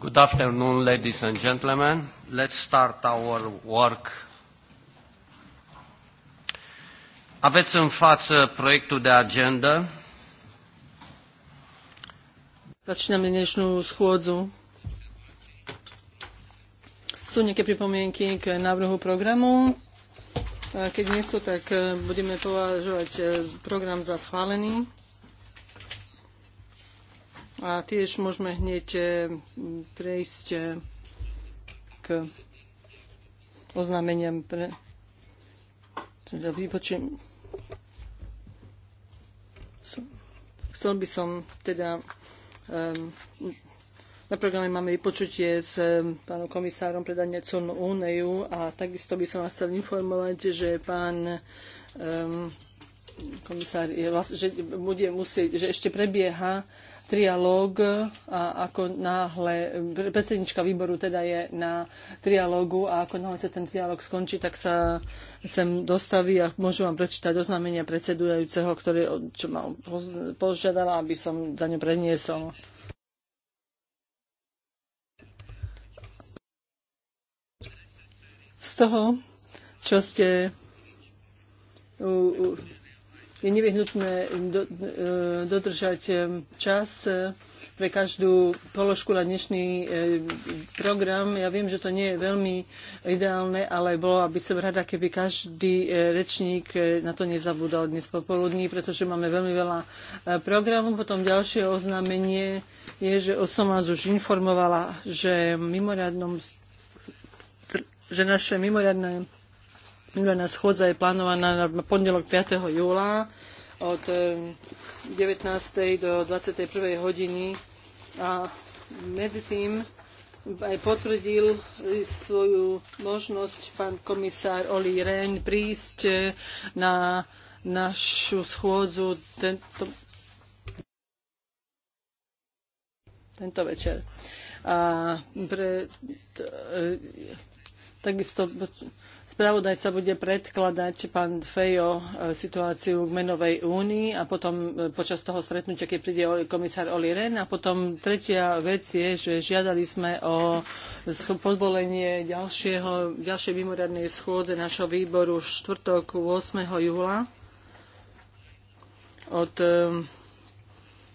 Good afternoon, ladies and gentlemen. Let's start our work. Aveți în față proiectul de agenda. Začíname dnešnú schôdzu. Sú nejaké pripomienky k návrhu programu? Keď nie sú, tak eh, budeme považovať eh, program za schválený. A tiež môžeme hneď e, prejsť e, k oznámeniam pre teda vypočujem. Chcel by som teda um, na programe máme vypočutie s e, pánom komisárom pre Danecom Úneju a takisto by som vás chcel informovať, že pán um, komisár je, že, bude musieť, že ešte prebieha trialóg a ako náhle, predsednička výboru teda je na trialógu a ako náhle sa ten trialóg skončí, tak sa sem dostaví a môžu vám prečítať oznámenia predsedujúceho, ktorý, čo ma požiadala, aby som za ňu predniesol. Z toho, čo ste je nevyhnutné do, e, dodržať e, čas e, pre každú položku na dnešný program. Ja viem, že to nie je veľmi ideálne, ale bolo, aby som rada, keby každý rečník na to nezabúdal dnes popoludní, pretože máme veľmi veľa programov. Potom ďalšie oznámenie je, že som vás už informovala, že, mimoriadnom, že naše mimoriadné Mimoriadná schôdza je plánovaná na pondelok 5. júla od 19. Eh, do 21. hodiny a medzi tým aj potvrdil svoju možnosť pán komisár Oli Rehn prísť eh, na našu schôdzu tento, tento večer. A pre, eh, takisto Spravodajca bude predkladať pán Fejo e, situáciu k menovej únii a potom e, počas toho stretnutia, keď príde komisár Oli Ren. A potom tretia vec je, že žiadali sme o podvolenie ďalšieho, ďalšej mimoriadnej schôdze našho výboru v štvrtok 8. júla od e,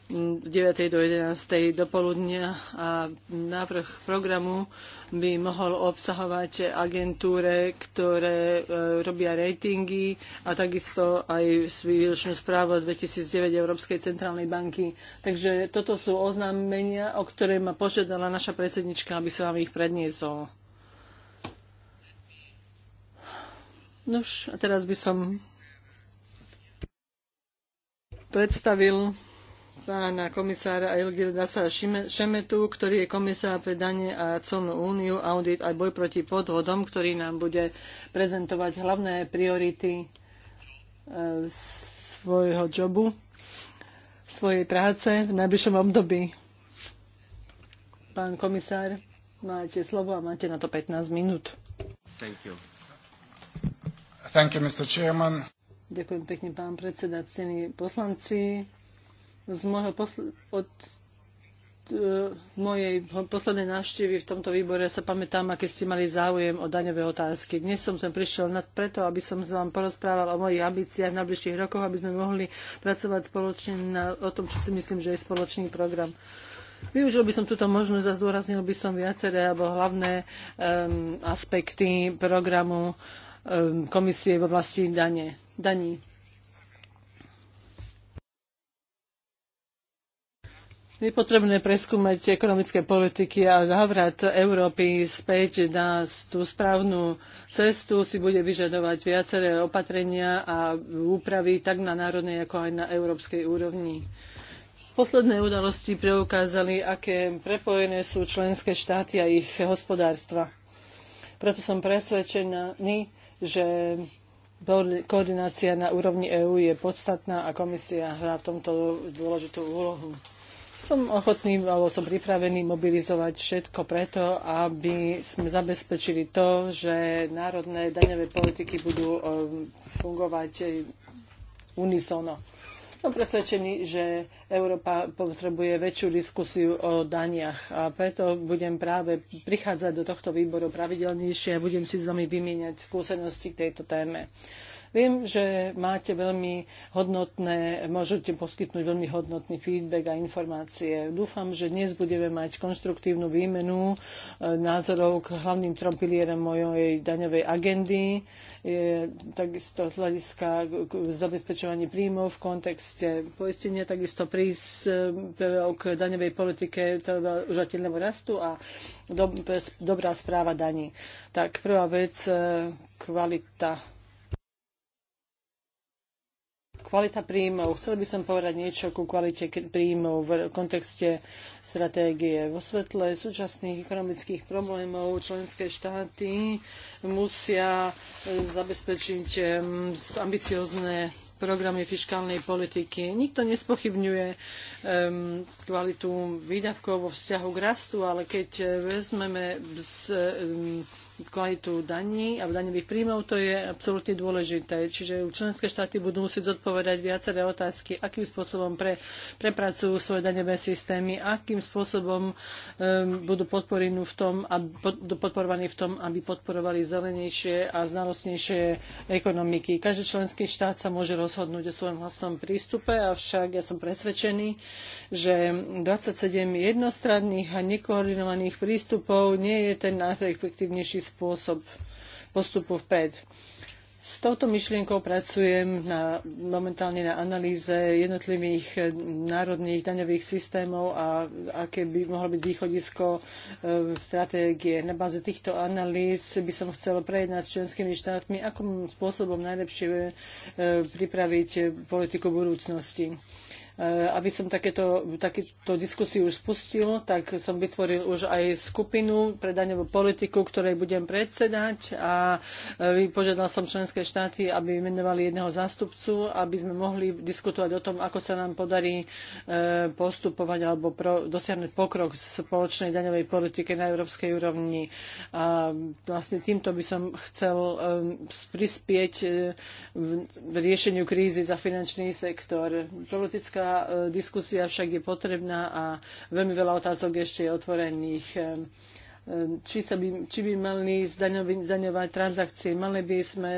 9. do 11. dopoludnia a návrh programu by mohol obsahovať agentúre, ktoré e, robia rejtingy a takisto aj výročnú správu 2009 Európskej centrálnej banky. Takže toto sú oznámenia, o ktoré ma požiadala naša predsednička, aby sa vám ich predniesol. Nož, a teraz by som predstavil pána komisára Elgirdasa Šemetu, ktorý je komisár pre dane a colnú úniu, audit aj boj proti podvodom, ktorý nám bude prezentovať hlavné priority e, svojho jobu, svojej práce v najbližšom období. Pán komisár, máte slovo a máte na to 15 minút. Thank you. Thank you, Ďakujem pekne, pán predseda, cení poslanci z môjho posl- od e, z mojej poslednej návštevy v tomto výbore sa pamätám, aké ste mali záujem o daňové otázky. Dnes som sem prišiel nad preto, aby som vám porozprával o mojich ambíciách v najbližších rokoch, aby sme mohli pracovať spoločne na, o tom, čo si myslím, že je spoločný program. Využil by som túto možnosť a zdôraznil by som viaceré alebo hlavné um, aspekty programu um, komisie v oblasti dane, daní Je potrebné preskúmať ekonomické politiky a návrat Európy späť na tú správnu cestu si bude vyžadovať viaceré opatrenia a úpravy tak na národnej, ako aj na európskej úrovni. Posledné udalosti preukázali, aké prepojené sú členské štáty a ich hospodárstva. Preto som presvedčená, že koordinácia na úrovni EÚ je podstatná a komisia hrá v tomto dôležitú úlohu. Som ochotný, alebo som pripravený mobilizovať všetko preto, aby sme zabezpečili to, že národné daňové politiky budú eh, fungovať unisono. Som presvedčený, že Európa potrebuje väčšiu diskusiu o daniach a preto budem práve prichádzať do tohto výboru pravidelnejšie a budem si s vami vymieňať skúsenosti k tejto téme. Viem, že máte veľmi hodnotné, môžete poskytnúť veľmi hodnotný feedback a informácie. Dúfam, že dnes budeme mať konštruktívnu výmenu e, názorov k hlavným trom pilierom mojej daňovej agendy, je, takisto z hľadiska zabezpečovania príjmov v kontexte poistenia, takisto príspevok k daňovej politike užateľného rastu a dobrá správa daní. Tak prvá vec, e, kvalita Kvalita príjmov. Chcel by som povedať niečo ku kvalite príjmov v kontexte stratégie. Vo svetle súčasných ekonomických problémov členské štáty musia eh, zabezpečiť ambiciozne programy fiskálnej politiky. Nikto nespochybňuje um, kvalitu výdavkov vo vzťahu k rastu, ale keď eh, vezmeme z, um, kvalitu daní a daňových príjmov, to je absolútne dôležité. Čiže členské štáty budú musieť zodpovedať viaceré otázky, akým spôsobom pre, prepracujú svoje daňové systémy, akým spôsobom um, budú podporení v tom, aby, podporovaní v tom, aby podporovali zelenejšie a znalostnejšie ekonomiky. Každý členský štát sa môže rozhodnúť o svojom vlastnom prístupe, avšak ja som presvedčený, že 27 jednostranných a nekoordinovaných prístupov nie je ten najefektívnejší spôsob postupu vpred. S touto myšlienkou pracujem na, momentálne na analýze jednotlivých eh, národných daňových systémov a aké by mohlo byť východisko e, stratégie. Na báze týchto analýz by som chcel prejednať s členskými štátmi, akým spôsobom najlepšie e, pripraviť politiku budúcnosti. Eh, aby som takéto, takéto diskusiu už spustil, tak som vytvoril už aj skupinu pre daňovú politiku, ktorej budem predsedať a eh, požiadal som členské štáty, aby menovali jedného zástupcu, aby sme mohli diskutovať o tom, ako sa nám podarí eh, postupovať alebo pro, dosiahnuť pokrok v spoločnej daňovej politike na európskej úrovni. A vlastne týmto by som chcel prispieť v riešeniu krízy za finančný sektor. Politická tá e, diskusia však je potrebná a veľmi veľa otázok ešte je otvorených e, e, či, sa by, či by mali zdaňovať transakcie. Mali by sme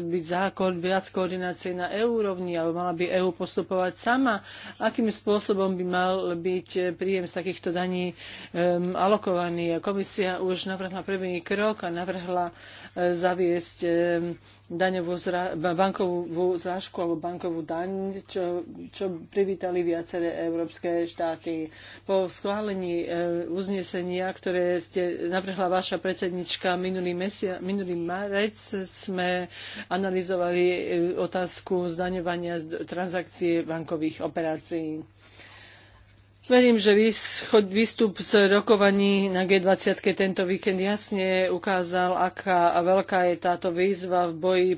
byť zákon viac koordinácie na EU rovni, alebo mala by EU postupovať sama. Akým spôsobom by mal byť príjem z takýchto daní um, alokovaný? Komisia už navrhla prvý krok a navrhla zaviesť eh, daňovú zra- bankovú zrážku alebo bankovú daň, čo, čo privítali viaceré európske štáty. Po schválení eh, uznesenia, ktoré ste navrhla vaša predsednička minulý, mesia- minulý marec, sme analyzovali eh, otázku zdaňovania transakcie bankových operácií. Verím, že výstup z rokovaní na G20 tento víkend jasne ukázal, aká veľká je táto výzva v boji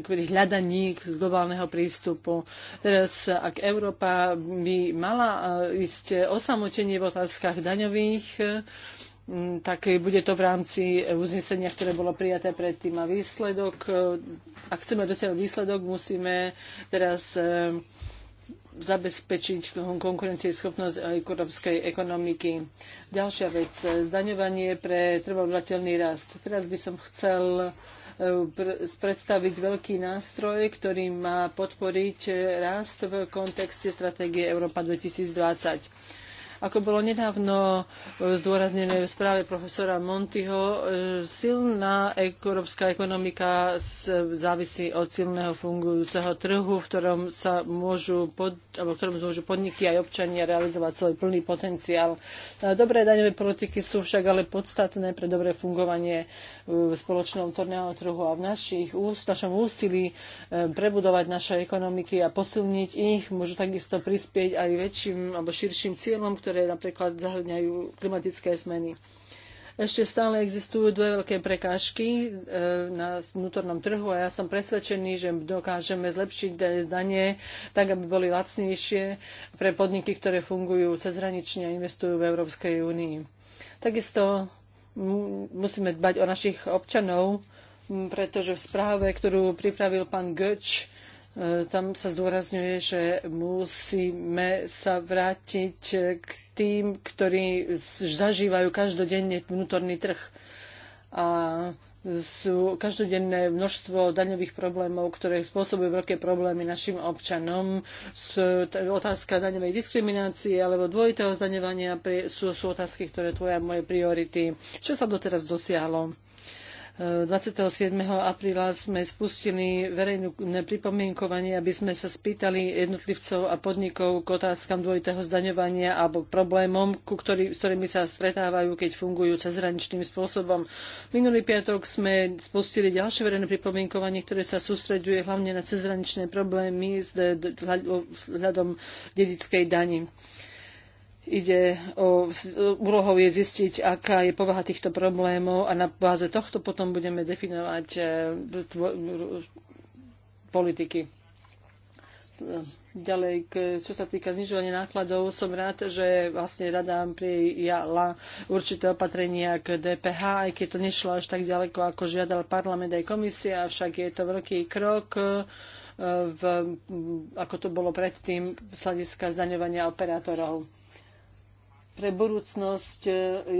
pri hľadaní globálneho prístupu. Teraz, ak Európa by mala eh, ísť osamotenie v otázkach daňových, mm, tak bude to v rámci uznesenia, ktoré bolo prijaté predtým. A výsledok, eh, ak chceme dosiahnuť výsledok, musíme teraz eh, zabezpečiť konkurencieschopnosť európskej ekonomiky. Ďalšia vec, zdaňovanie pre trvovateľný rast. Teraz by som chcel e, predstaviť veľký nástroj, ktorý má podporiť rast v kontexte stratégie Európa 2020 ako bolo nedávno e, zdôraznené v správe profesora Montyho, e, silná európska ekonomika závisí od silného fungujúceho trhu, v ktorom sa môžu, pod, alebo v ktorom môžu podniky aj občania realizovať svoj plný potenciál. E, dobré daňové politiky sú však ale podstatné pre dobré fungovanie v spoločnom torného trhu a v našich, našom úsilí prebudovať naše ekonomiky a posilniť ich môžu takisto prispieť aj väčším alebo širším cieľom, ktoré ktoré napríklad zahrňajú klimatické zmeny. Ešte stále existujú dve veľké prekážky e, na vnútornom trhu a ja som presvedčený, že dokážeme zlepšiť zdanie tak, aby boli lacnejšie pre podniky, ktoré fungujú cezhranične a investujú v Európskej únii. Takisto musíme dbať o našich občanov, pretože v správe, ktorú pripravil pán Göč, tam sa zdôrazňuje, že musíme sa vrátiť k tým, ktorí zažívajú každodenne vnútorný trh a sú každodenné množstvo daňových problémov, ktoré spôsobujú veľké problémy našim občanom. Otázka daňovej diskriminácie alebo dvojitého zdaňovania sú, sú otázky, ktoré tvoja moje priority. Čo sa doteraz dosiahlo? 27. apríla sme spustili verejné pripomienkovanie, aby sme sa spýtali jednotlivcov a podnikov k otázkam dvojitého zdaňovania alebo problémom, ku ktorý, s ktorými sa stretávajú, keď fungujú cezhraničným spôsobom. Minulý piatok sme spustili ďalšie verejné pripomienkovanie, ktoré sa sústreďuje hlavne na cezhraničné problémy s hľadom dedickej dani ide o, úlohou je zistiť, aká je povaha týchto problémov a na báze tohto potom budeme definovať e, politiky. Ďalej, čo sa týka znižovania nákladov, som rád, že vlastne rada prijala určité opatrenia k DPH, aj keď to nešlo až tak ďaleko, ako žiadal parlament aj komisia, avšak je to veľký krok e, v, ako to bolo predtým z hľadiska zdaňovania operátorov. Pre budúcnosť e,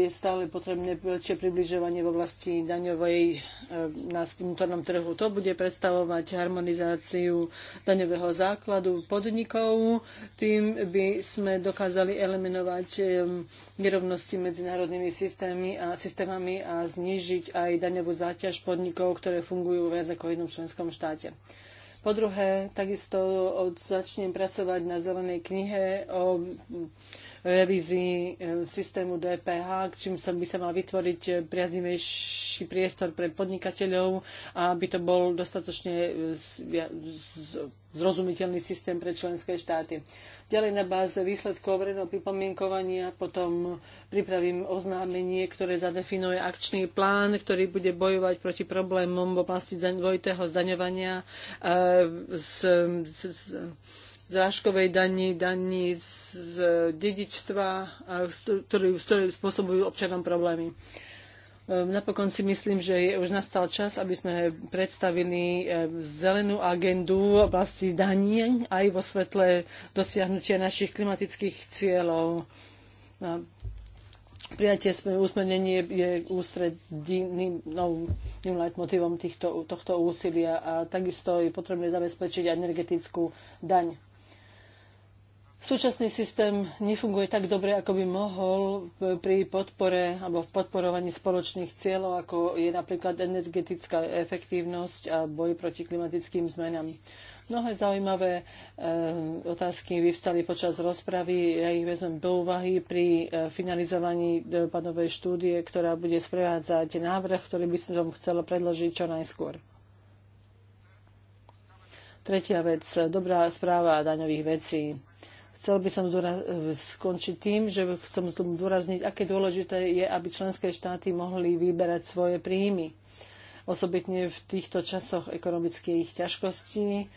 je stále potrebné väčšie približovanie v oblasti daňovej e, na vnútornom trhu. To bude predstavovať harmonizáciu daňového základu podnikov. Tým by sme dokázali eliminovať e, nerovnosti medzi národnými systémy a systémami a znížiť aj daňovú záťaž podnikov, ktoré fungujú viac ako v jednom členskom štáte. Po druhé, takisto začnem pracovať na zelenej knihe o revízii e, systému DPH, čím sa by sa mal vytvoriť e, priaznivejší priestor pre podnikateľov a aby to bol dostatočne e, zrozumiteľný systém pre členské štáty. Ďalej na báze výsledkov verejného pripomienkovania potom pripravím oznámenie, ktoré zadefinuje akčný plán, ktorý bude bojovať proti problémom v oblasti dvojitého zdaňovania s, s, s zrážkovej daní, daní z dedičstva, ktorú, ktorú spôsobujú občanom problémy. Ehm, napokon si myslím, že je, už nastal čas, aby sme predstavili ehm, zelenú agendu v oblasti daní aj vo svetle dosiahnutia našich klimatických cieľov. Prijatie úsmernenie je ústredným motivom týchto, tohto úsilia a takisto je potrebné zabezpečiť energetickú daň Súčasný systém nefunguje tak dobre, ako by mohol pri podpore alebo v podporovaní spoločných cieľov, ako je napríklad energetická efektívnosť a boj proti klimatickým zmenám. Mnohé zaujímavé e, otázky vyvstali počas rozpravy. Ja ich vezmem do úvahy pri e, finalizovaní eh, panovej štúdie, ktorá bude sprevádzať návrh, ktorý by som chcela predložiť čo najskôr. Tretia vec, dobrá správa daňových vecí Chcel by som e, skončiť tým, že chcem zdôrazniť, aké dôležité je, aby členské štáty mohli vyberať svoje príjmy. Osobitne v týchto časoch ekonomických ťažkostí,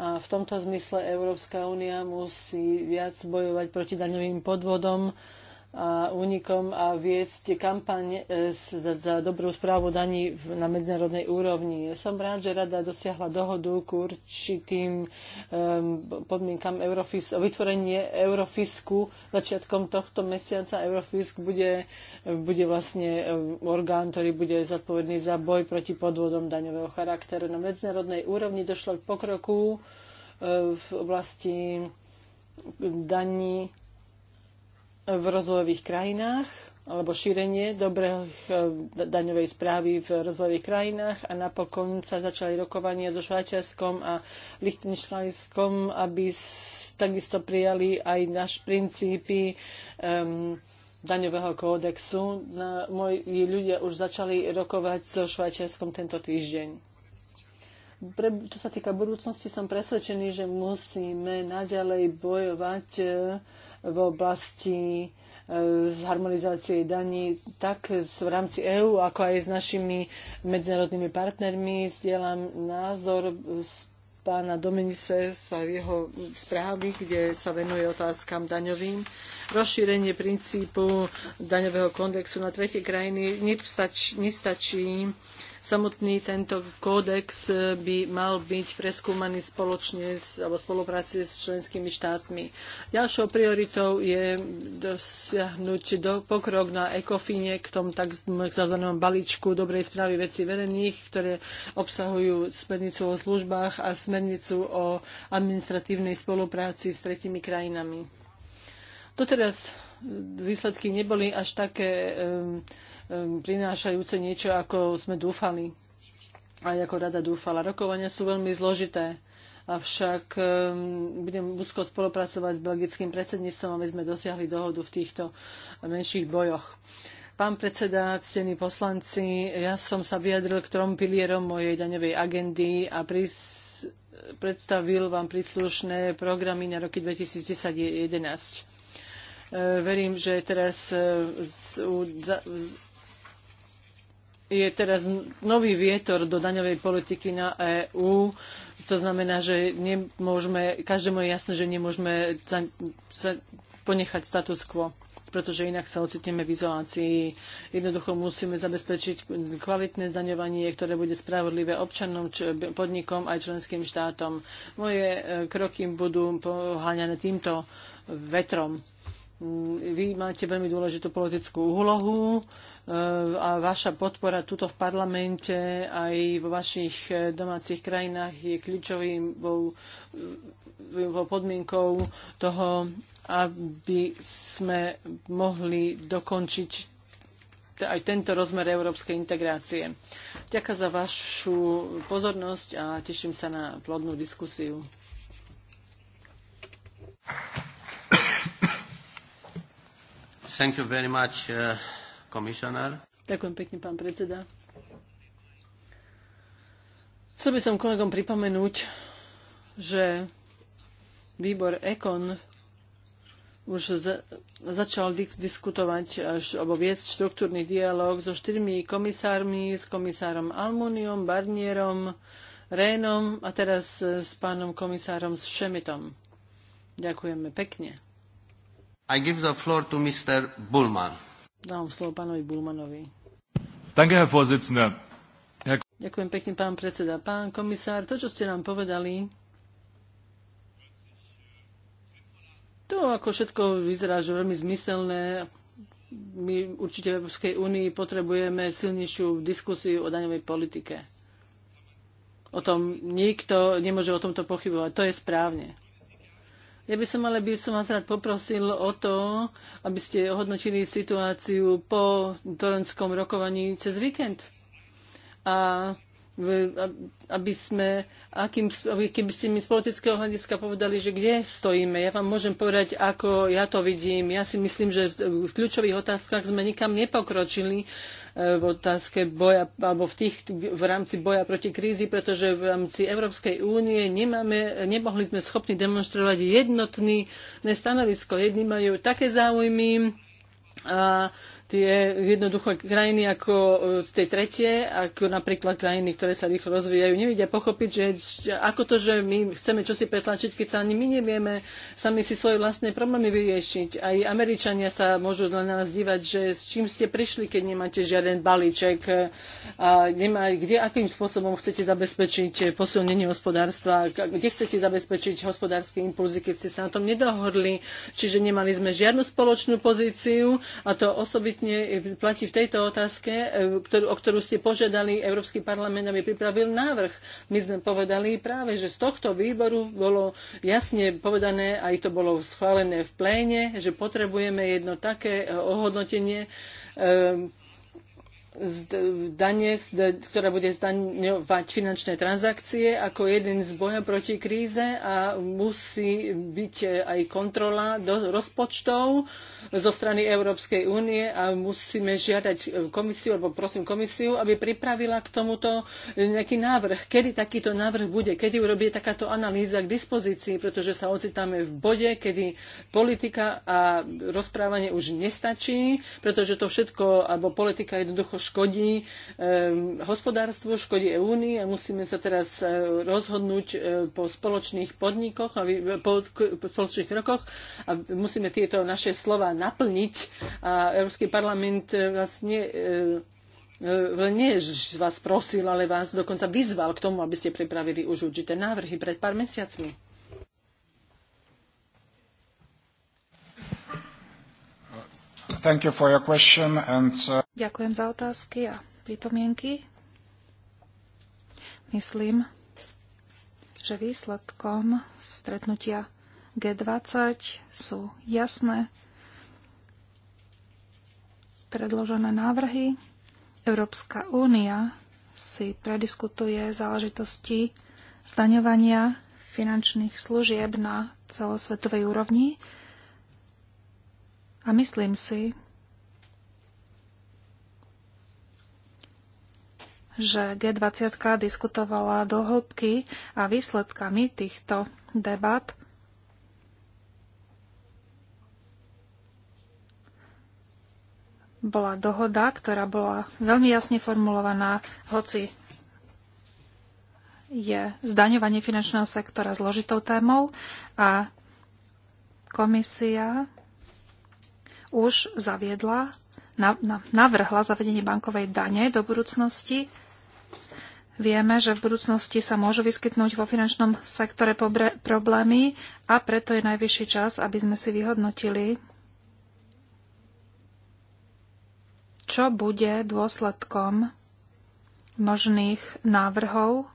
a v tomto zmysle Európska únia musí viac bojovať proti daňovým podvodom a únikom a viesť kampaň e, za dobrú správu daní na medzinárodnej úrovni. Som rád, že rada dosiahla dohodu k určitým podmienkam Eurofis, o vytvorenie Eurofisku začiatkom tohto mesiaca. Eurofisk bude, bude vlastne orgán, ktorý bude zodpovedný za boj proti podvodom daňového charakteru. Na medzinárodnej úrovni došlo k pokroku e, v oblasti daní v rozvojových krajinách alebo šírenie dobrej daňovej správy v rozvojových krajinách a napokon sa začali rokovania so Švajčiarskom a Lichtenštajskom, aby takisto prijali aj náš princípy um, daňového kódexu. Na, moji ľudia už začali rokovať so Švajčiarskom tento týždeň. Pre, čo sa týka budúcnosti, som presvedčený, že musíme naďalej bojovať uh, v oblasti e, z harmonizácie daní tak v rámci EÚ, ako aj s našimi medzinárodnými partnermi. Zdieľam názor z e, pána Domenice sa jeho správy, kde sa venuje otázkam daňovým. Rozšírenie princípu daňového kondexu na tretie krajiny nestačí, nestačí Samotný tento kódex e, by mal byť preskúmaný spoločne s, alebo spolupráci s členskými štátmi. Ďalšou prioritou je dosiahnuť do, pokrok na ECOFINE k tomu takzvanom balíčku dobrej správy veci verejných, ktoré obsahujú smernicu o službách a smernicu o administratívnej spolupráci s tretimi krajinami. Doteraz e, výsledky neboli až také um, prinášajúce niečo, ako sme dúfali. Aj ako rada dúfala. Rokovania sú veľmi zložité, avšak budem úzko spolupracovať s belgickým predsedníctvom, aby sme dosiahli dohodu v týchto menších bojoch. Pán predseda, ctení poslanci, ja som sa vyjadril k trom pilierom mojej daňovej agendy a prís, predstavil vám príslušné programy na roky 2010 E, Verím, že teraz je teraz nový vietor do daňovej politiky na EÚ. To znamená, že nemôžeme, každému je jasné, že nemôžeme za, za, ponechať status quo pretože inak sa ocitneme v izolácii. Jednoducho musíme zabezpečiť kvalitné zdaňovanie, ktoré bude spravodlivé občanom, podnikom aj členským štátom. Moje e, kroky budú poháňané týmto vetrom. Vy máte veľmi dôležitú politickú úlohu eh, a vaša podpora tuto v parlamente aj vo vašich eh, domácich krajinách je kľúčovým eh, podmienkou toho, aby sme mohli dokončiť aj tento rozmer európskej integrácie. Ďakujem za vašu pozornosť a teším sa na plodnú diskusiu. Thank you very much, uh, commissioner. Ďakujem pekne, pán predseda. Chcel by som kolegom pripomenúť, že výbor EKON už začal diskutovať až, alebo viesť štruktúrny dialog so štyrmi komisármi, s komisárom Almuniom, Barnierom, Rénom a teraz s pánom komisárom Šemitom. Ďakujeme pekne. I give the floor to Mr. Bullman. Dám slovo pánovi Bullmanovi. Danke, Herr Vorsitzender. Ďakujem pekne, pán predseda. Pán komisár, to, čo ste nám povedali, to ako všetko vyzerá, že veľmi zmyselné. My určite v Európskej únii potrebujeme silnejšiu diskusiu o daňovej politike. O tom nikto nemôže o tomto pochybovať. To je správne. Ja by som ale by som vás rád poprosil o to, aby ste hodnotili situáciu po torenskom rokovaní cez víkend. A aby sme, akým, keby ste mi z politického hľadiska povedali, že kde stojíme. Ja vám môžem povedať, ako ja to vidím. Ja si myslím, že v kľúčových otázkach sme nikam nepokročili Eh, v otázke boja, alebo v, tých, v rámci boja proti krízi, pretože v rámci Európskej únie nemáme, nemohli sme schopní demonstrovať jednotné stanovisko. Jedni majú také záujmy, a tie jednoducho krajiny ako z e, tej tretie, ako napríklad krajiny, ktoré sa rýchlo rozvíjajú, nevidia pochopiť, že ako to, že my chceme čosi pretlačiť, keď sa ani my nevieme sami si svoje vlastné problémy vyriešiť. Aj Američania sa môžu na nás dívať, že s čím ste prišli, keď nemáte žiaden balíček e, a nemá, kde, akým spôsobom chcete zabezpečiť posilnenie hospodárstva, kde chcete zabezpečiť hospodárske impulzy, keď ste sa na tom nedohodli, čiže nemali sme žiadnu spoločnú pozíciu a to osobitne osobitne e, platí v tejto otázke, e, ktorú, o ktorú ste požiadali Európsky parlament, aby pripravil návrh. My sme povedali práve, že z tohto výboru bolo jasne povedané, aj to bolo schválené v pléne, že potrebujeme jedno také e, ohodnotenie, dane, ktorá bude zdaňovať finančné transakcie ako jeden z boja proti kríze a musí byť e, aj kontrola do rozpočtov zo strany Európskej únie a musíme žiadať e, komisiu, alebo prosím komisiu, aby pripravila k tomuto e, nejaký návrh. Kedy takýto návrh bude? Kedy urobí takáto analýza k dispozícii? Pretože sa ocitáme v bode, kedy politika a rozprávanie už nestačí, pretože to všetko, alebo politika jednoducho škodí eh, hospodárstvu, škodí Únii e a musíme sa teraz eh, rozhodnúť eh, po spoločných podnikoch a po, spoločných rokoch a musíme tieto naše slova naplniť a Európsky parlament vlastne nie vás prosil, ale vás dokonca vyzval k tomu, aby ste pripravili už určité návrhy pred pár mesiacmi. Thank you for your question and, uh... Ďakujem za otázky a pripomienky. Myslím, že výsledkom stretnutia G20 sú jasné predložené návrhy. Európska únia si prediskutuje záležitosti zdaňovania finančných služieb na celosvetovej úrovni a myslím si, že G20 diskutovala do hĺbky a výsledkami týchto debat bola dohoda, ktorá bola veľmi jasne formulovaná, hoci je zdaňovanie finančného sektora zložitou témou a komisia už zaviedla, navrhla zavedenie bankovej dane do budúcnosti. Vieme, že v budúcnosti sa môžu vyskytnúť vo finančnom sektore problémy a preto je najvyšší čas, aby sme si vyhodnotili, čo bude dôsledkom možných návrhov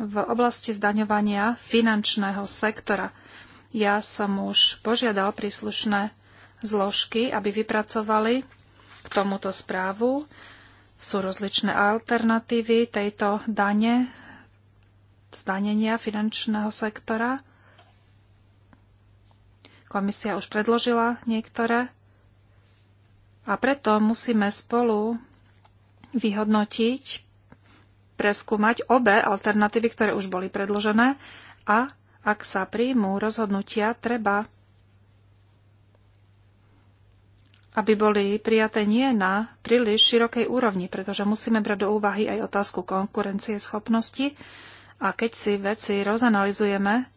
v oblasti zdaňovania finančného sektora. Ja som už požiadal príslušné zložky, aby vypracovali k tomuto správu. Sú rozličné alternatívy tejto dane, zdanenia finančného sektora. Komisia už predložila niektoré a preto musíme spolu vyhodnotiť, preskúmať obe alternatívy, ktoré už boli predložené a ak sa príjmú rozhodnutia, treba, aby boli prijaté nie na príliš širokej úrovni, pretože musíme brať do úvahy aj otázku konkurencie schopnosti a keď si veci rozanalizujeme,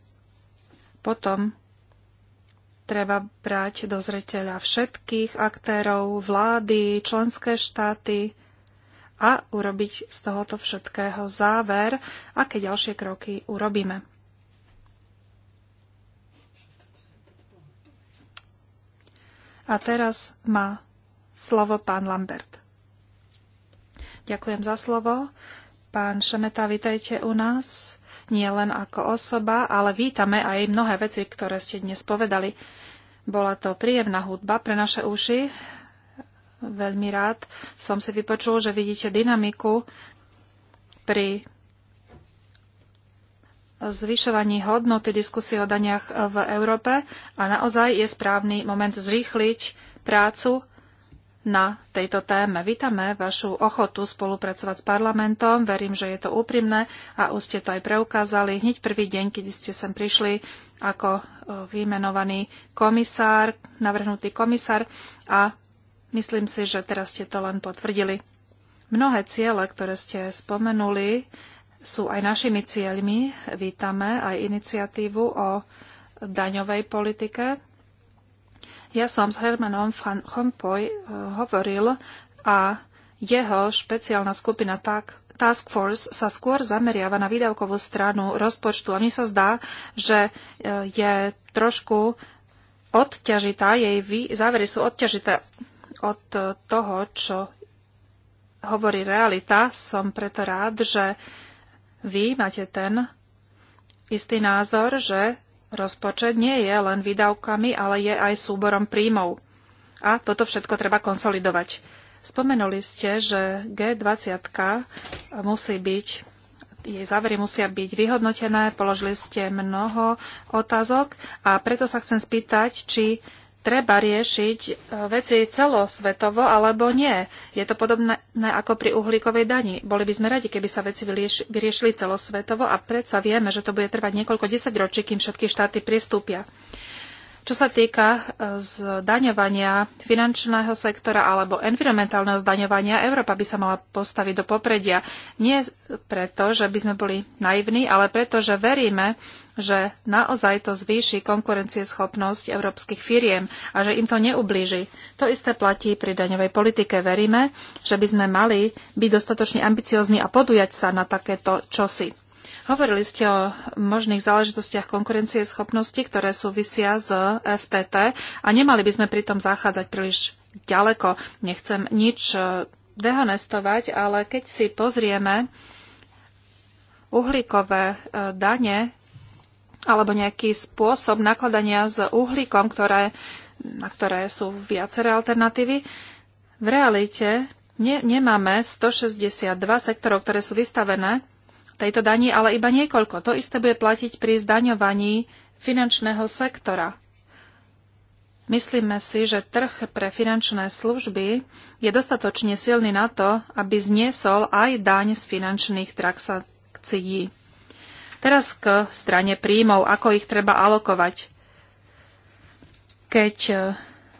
potom treba brať do zreteľa všetkých aktérov, vlády, členské štáty a urobiť z tohoto všetkého záver, aké ďalšie kroky urobíme. A teraz má slovo pán Lambert. Ďakujem za slovo. Pán Šemeta, vitajte u nás. Nie len ako osoba, ale vítame aj mnohé veci, ktoré ste dnes povedali. Bola to príjemná hudba pre naše uši. Veľmi rád som si vypočul, že vidíte dynamiku pri zvyšovaní hodnoty diskusie o daniach v Európe a naozaj je správny moment zrýchliť prácu na tejto téme. Vítame vašu ochotu spolupracovať s parlamentom. Verím, že je to úprimné a už ste to aj preukázali hneď prvý deň, keď ste sem prišli ako e, vymenovaný komisár, navrhnutý komisár a myslím si, že teraz ste to len potvrdili. Mnohé ciele, ktoré ste spomenuli, sú aj našimi cieľmi. Vítame aj iniciatívu o daňovej politike. Ja som s Hermanom van Hompoy eh, hovoril a jeho špeciálna skupina tak Task Force sa skôr zameriava na výdavkovú stranu rozpočtu a mi sa zdá, že eh, je trošku odťažitá, jej vý... závery sú odťažité od eh, toho, čo hovorí realita. Som preto rád, že vy máte ten istý názor, že rozpočet nie je len výdavkami, ale je aj súborom príjmov. A toto všetko treba konsolidovať. Spomenuli ste, že G20 musí byť, jej závery musia byť vyhodnotené, položili ste mnoho otázok a preto sa chcem spýtať, či treba riešiť e, veci celosvetovo alebo nie. Je to podobné ako pri uhlíkovej dani. Boli by sme radi, keby sa veci vyriešili celosvetovo a predsa vieme, že to bude trvať niekoľko desaťročí, kým všetky štáty pristúpia. Čo sa týka e, zdaňovania finančného sektora alebo environmentálneho zdaňovania, Európa by sa mala postaviť do popredia. Nie preto, že by sme boli naivní, ale preto, že veríme, že naozaj to zvýši konkurencieschopnosť európskych firiem a že im to neublíži. To isté platí pri daňovej politike. Veríme, že by sme mali byť dostatočne ambiciozni a podujať sa na takéto čosi. Hovorili ste o možných záležitostiach konkurencie schopnosti, ktoré súvisia s FTT a nemali by sme pritom zachádzať príliš ďaleko. Nechcem nič e, dehonestovať, ale keď si pozrieme uhlíkové e, dane alebo nejaký spôsob nakladania s uhlíkom, ktoré, na ktoré sú viaceré alternatívy, v realite ne, nemáme 162 sektorov, ktoré sú vystavené tejto dani, ale iba niekoľko. To isté bude platiť pri zdaňovaní finančného sektora. Myslíme si, že trh pre finančné služby je dostatočne silný na to, aby zniesol aj daň z finančných transakcií. Teraz k strane príjmov, ako ich treba alokovať. Keď e,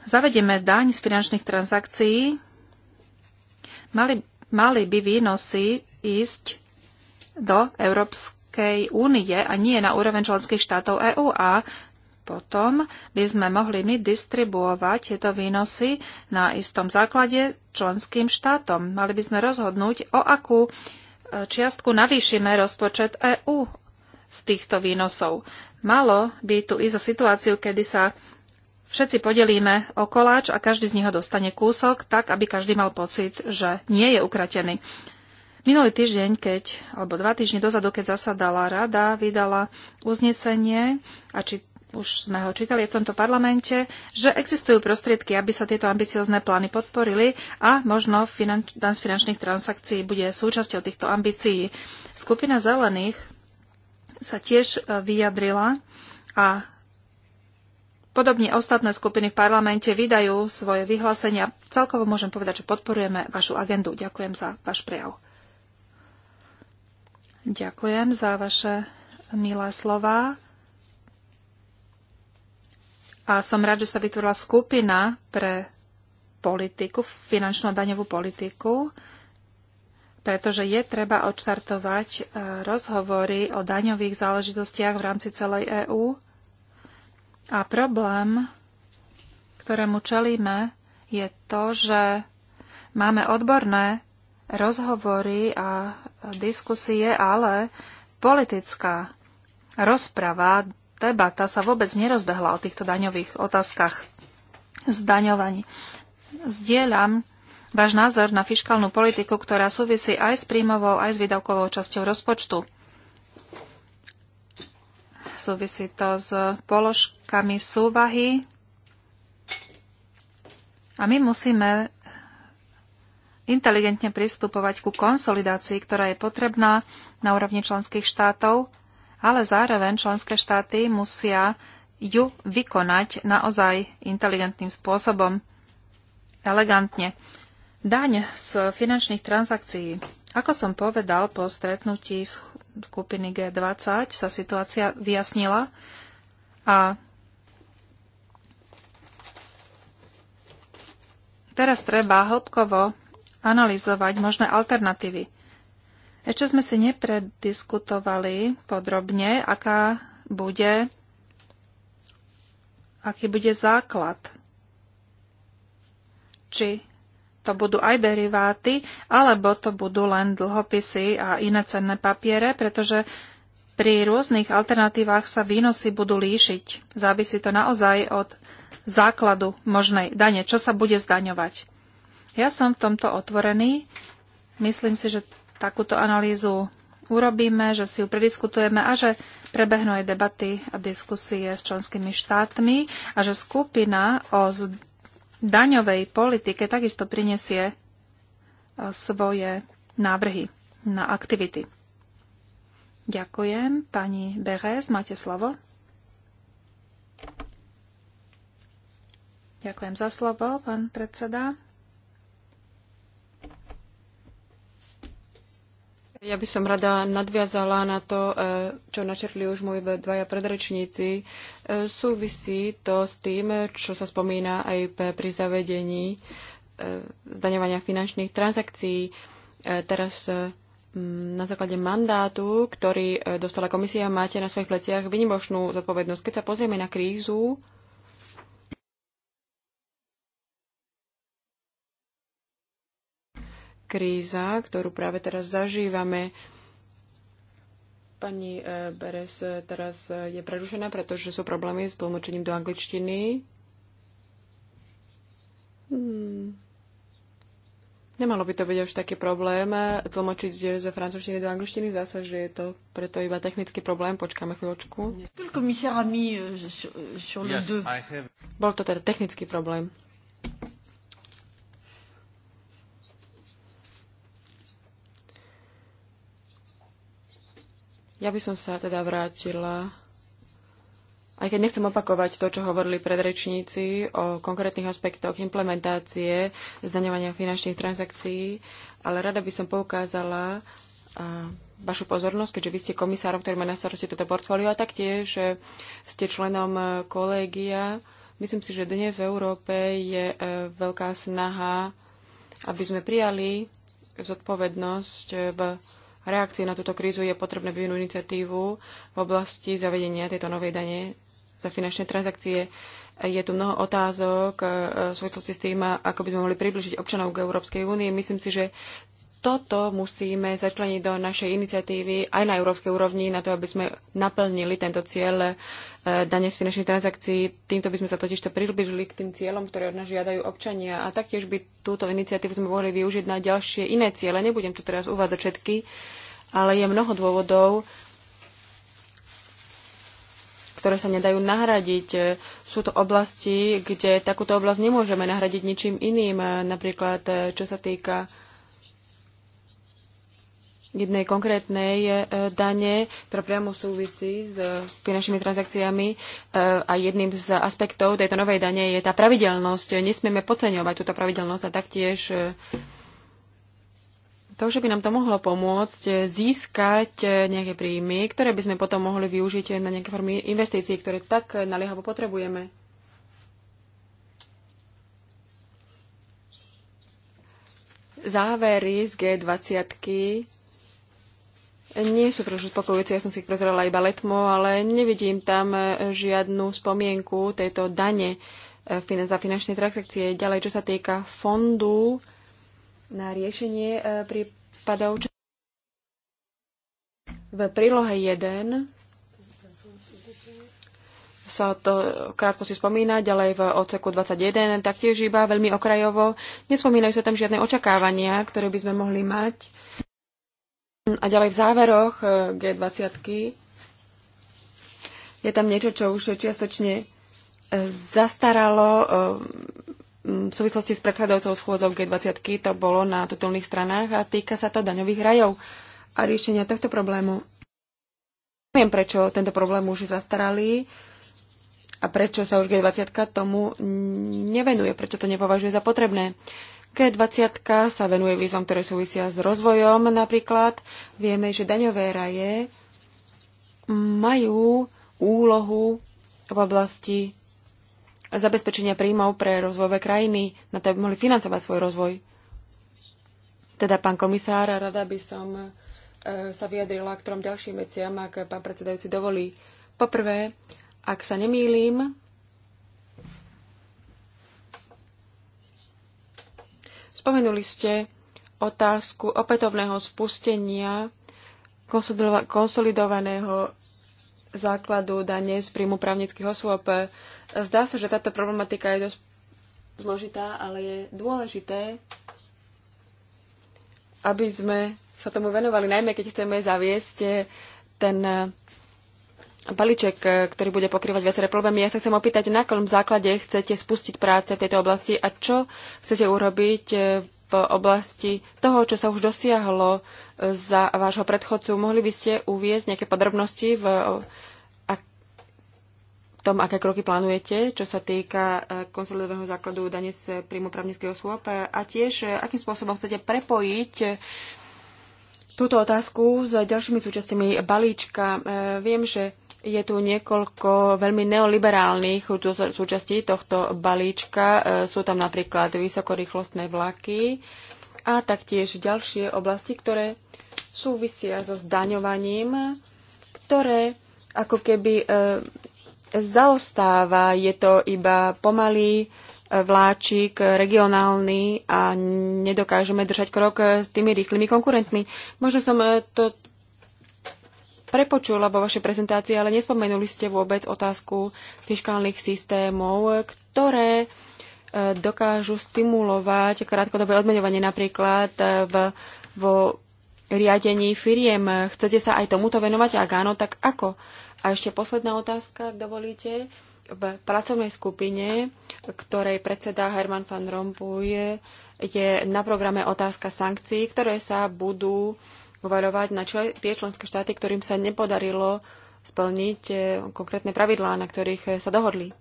zavedieme daň z finančných transakcií, mali, mali by výnosy ísť do Európskej únie a nie na úroveň členských štátov EÚ a potom by sme mohli my distribuovať tieto výnosy na istom základe členským štátom. Mali by sme rozhodnúť, o akú e, čiastku navýšime rozpočet EÚ z týchto výnosov. Malo by tu ísť o situáciu, kedy sa všetci podelíme o koláč a každý z nich ho dostane kúsok, tak aby každý mal pocit, že nie je ukratený. Minulý týždeň, keď, alebo dva týždne dozadu, keď zasadala rada, vydala uznesenie, a či už sme ho čítali v tomto parlamente, že existujú prostriedky, aby sa tieto ambiciozne plány podporili a možno finanč, dan z finančných transakcií bude súčasťou týchto ambícií. Skupina zelených sa tiež e, vyjadrila a podobne ostatné skupiny v parlamente vydajú svoje vyhlásenia. Celkovo môžem povedať, že podporujeme vašu agendu. Ďakujem za váš prejav. Ďakujem za vaše milé slova. A som rád, že sa vytvorila skupina pre politiku, finančnú a daňovú politiku, pretože je treba odštartovať eh, rozhovory o daňových záležitostiach v rámci celej EÚ. A problém, ktorému čelíme, je to, že máme odborné rozhovory a diskusie, ale politická rozprava, debata sa vôbec nerozbehla o týchto daňových otázkach zdaňovaní. Zdieľam váš názor na fiskálnu politiku, ktorá súvisí aj s príjmovou, aj s výdavkovou časťou rozpočtu. Súvisí to s položkami súvahy a my musíme inteligentne pristupovať ku konsolidácii, ktorá je potrebná na úrovni členských štátov, ale zároveň členské štáty musia ju vykonať naozaj inteligentným spôsobom, elegantne. Daň z finančných transakcií. Ako som povedal, po stretnutí skupiny G20 sa situácia vyjasnila a teraz treba hĺbkovo analyzovať možné alternatívy. Ešte sme si neprediskutovali podrobne, aká bude, aký bude základ. Či to budú aj deriváty, alebo to budú len dlhopisy a iné cenné papiere, pretože pri rôznych alternatívach sa výnosy budú líšiť. Závisí to naozaj od základu možnej dane, čo sa bude zdaňovať. Ja som v tomto otvorený. Myslím si, že takúto analýzu urobíme, že si ju prediskutujeme a že prebehnú aj debaty a diskusie s členskými štátmi a že skupina o daňovej politike takisto prinesie e, svoje návrhy na aktivity. Ďakujem. Pani Beres, máte slovo. Ďakujem za slovo, pán predseda. Ja by som rada nadviazala na to, e, čo načrtli už moji dvaja predrečníci. E, súvisí to s tým, čo sa spomína aj pri zavedení e, zdaňovania finančných transakcií. Teraz na základe mandátu, ktorý dostala komisia, máte na svojich pleciach vynimočnú zodpovednosť. Keď sa pozrieme na krízu, kríza, ktorú práve teraz zažívame. Pani eh, Beres eh, teraz eh, je prerušená, pretože sú problémy s tlmočením do angličtiny. Hmm. Nemalo by to byť až taký problém tlmočiť ze francúzštiny do angličtiny. zase, že je to preto iba technický problém. Počkáme chvíľočku. Euh, Bol to teda technický problém. Ja by som sa teda vrátila, aj keď nechcem opakovať to, čo hovorili predrečníci o konkrétnych aspektoch implementácie zdaňovania finančných transakcií, ale rada by som poukázala vašu pozornosť, keďže vy ste komisárom, ktorý má na starosti toto portfólio a taktiež ste členom kolégia. Myslím si, že dnes v Európe je e, veľká snaha, aby sme prijali zodpovednosť v reakcie na túto krízu je potrebné vyvinúť iniciatívu v oblasti zavedenia tejto novej dane za finančné transakcie. Je tu mnoho otázok e, e, v súvislosti s tým, ako by sme mohli približiť občanov k Európskej únii. Myslím si, že toto musíme začleniť do našej iniciatívy aj na európskej úrovni, na to, aby sme naplnili tento cieľ eh, dane z finančných transakcií. Týmto by sme sa totižto priblížili k tým cieľom, ktoré od nás žiadajú občania. A taktiež by túto iniciatívu sme mohli využiť na ďalšie iné ciele. Nebudem tu teraz uvádzať všetky, ale je mnoho dôvodov, ktoré sa nedajú nahradiť. Sú to oblasti, kde takúto oblasť nemôžeme nahradiť ničím iným. Napríklad, eh, čo sa týka jednej konkrétnej e, dane, ktorá priamo súvisí s e, finančnými transakciami e, a jedným z aspektov tejto novej dane je tá pravidelnosť. Nesmieme podceňovať túto pravidelnosť a taktiež to, že by nám to mohlo pomôcť získať nejaké príjmy, ktoré by sme potom mohli využiť na nejaké formy investícií, ktoré tak naliehavo potrebujeme. Závery z G20 nie sú príliš uspokojujúce. Ja som si ich prezrela iba letmo, ale nevidím tam e, žiadnu spomienku tejto dane e, za finančné transakcie. Ďalej, čo sa týka fondu na riešenie e, prípadov. V prílohe 1 sa to krátko si spomína, ďalej v odseku 21, taktiež iba veľmi okrajovo. Nespomínajú sa tam žiadne očakávania, ktoré by sme mohli mať a ďalej v záveroch e, G20 je tam niečo, čo už čiastočne e, zastaralo e, v súvislosti s predchádzajúcou schôdzou G20. To bolo na totálnych stranách a týka sa to daňových rajov a riešenia tohto problému. Neviem, prečo tento problém už je zastaralý a prečo sa už G20 tomu nevenuje, prečo to nepovažuje za potrebné. G20 sa venuje výzvam, ktoré súvisia s rozvojom napríklad. Vieme, že daňové raje majú úlohu v oblasti zabezpečenia príjmov pre rozvojové krajiny, na to, aby mohli financovať svoj rozvoj. Teda, pán komisár, rada by som e, sa vyjadrila k trom ďalším veciam, ak pán predsedajúci dovolí. Poprvé, ak sa nemýlim, Spomenuli ste otázku opätovného spustenia konsolidovaného základu dane z príjmu právnických osôb. Zdá sa, že táto problematika je dosť zložitá, ale je dôležité, aby sme sa tomu venovali, najmä keď chceme zaviesť ten balíček, e, ktorý bude pokrývať viaceré problémy. Ja sa chcem opýtať, na akom základe chcete spustiť práce v tejto oblasti a čo chcete urobiť e, v oblasti toho, čo sa už dosiahlo e, za vášho predchodcu. Mohli by ste uviezť nejaké podrobnosti v tom, aké kroky plánujete, čo sa týka konsolidového základu dane z príjmu právnických osôb a tiež akým spôsobom chcete prepojiť túto otázku s ďalšími súčasťami balíčka. Viem, že je tu niekoľko veľmi neoliberálnych súčastí tohto balíčka. E, sú tam napríklad vysokorýchlostné vlaky a taktiež ďalšie oblasti, ktoré súvisia so zdaňovaním, ktoré ako keby e, zaostáva. Je to iba pomalý e, vláčik regionálny a nedokážeme držať krok s tými rýchlymi konkurentmi. Možno som to prepočula vo vašej prezentácii, ale nespomenuli ste vôbec otázku fiskálnych systémov, ktoré e, dokážu stimulovať krátkodobé odmeňovanie napríklad e, v, vo riadení firiem. Chcete sa aj tomuto venovať? Ak áno, tak ako? A ešte posledná otázka, ak dovolíte. V pracovnej skupine, ktorej predseda Herman van Rompuy, je na programe otázka sankcií, ktoré sa budú uvaľovať na čl- tie členské štáty, ktorým sa nepodarilo splniť e, konkrétne pravidlá, na ktorých e, sa dohodli.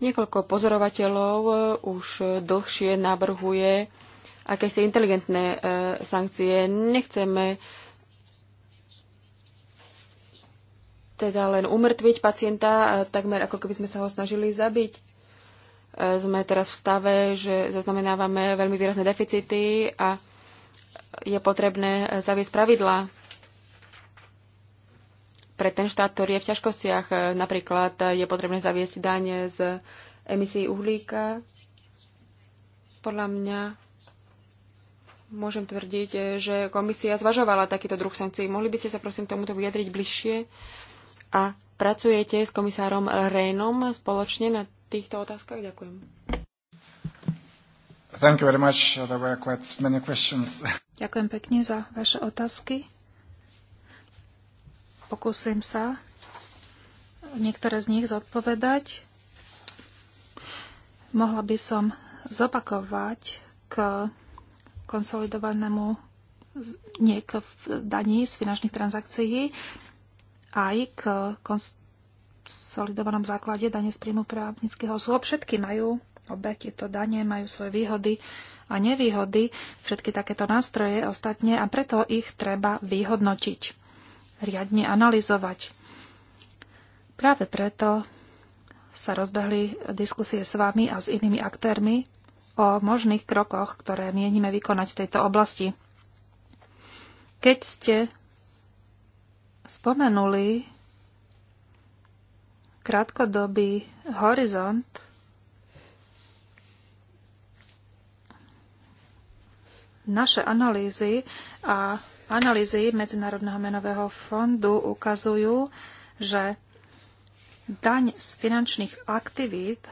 Niekoľko pozorovateľov e, už dlhšie navrhuje akési inteligentné sankcie. Nechceme teda len umrtviť pacienta, takmer ako keby sme sa ho snažili zabiť sme teraz v stave, že zaznamenávame veľmi výrazné deficity a je potrebné zaviesť pravidlá pre ten štát, ktorý je v ťažkostiach. Napríklad je potrebné zaviesť daň z emisí uhlíka. Podľa mňa môžem tvrdiť, že komisia zvažovala takýto druh sankcií. Mohli by ste sa prosím tomuto vyjadriť bližšie? A pracujete s komisárom Rénom spoločne na týchto otázkach? Ďakujem. Thank you very much. There were quite many questions. Ďakujem pekne za vaše otázky. Pokúsim sa niektoré z nich zodpovedať. Mohla by som zopakovať k konsolidovanému nie k daní z finančných transakcií, aj k konsolidovanom základe dane z príjmu právnických osôb. Všetky majú obe tieto dane, majú svoje výhody a nevýhody, všetky takéto nástroje ostatne a preto ich treba vyhodnotiť, riadne analyzovať. Práve preto sa rozbehli diskusie s vami a s inými aktérmi o možných krokoch, ktoré mienime vykonať v tejto oblasti. Keď ste spomenuli krátkodobý horizont naše analýzy a analýzy Medzinárodného menového fondu ukazujú, že daň z finančných aktivít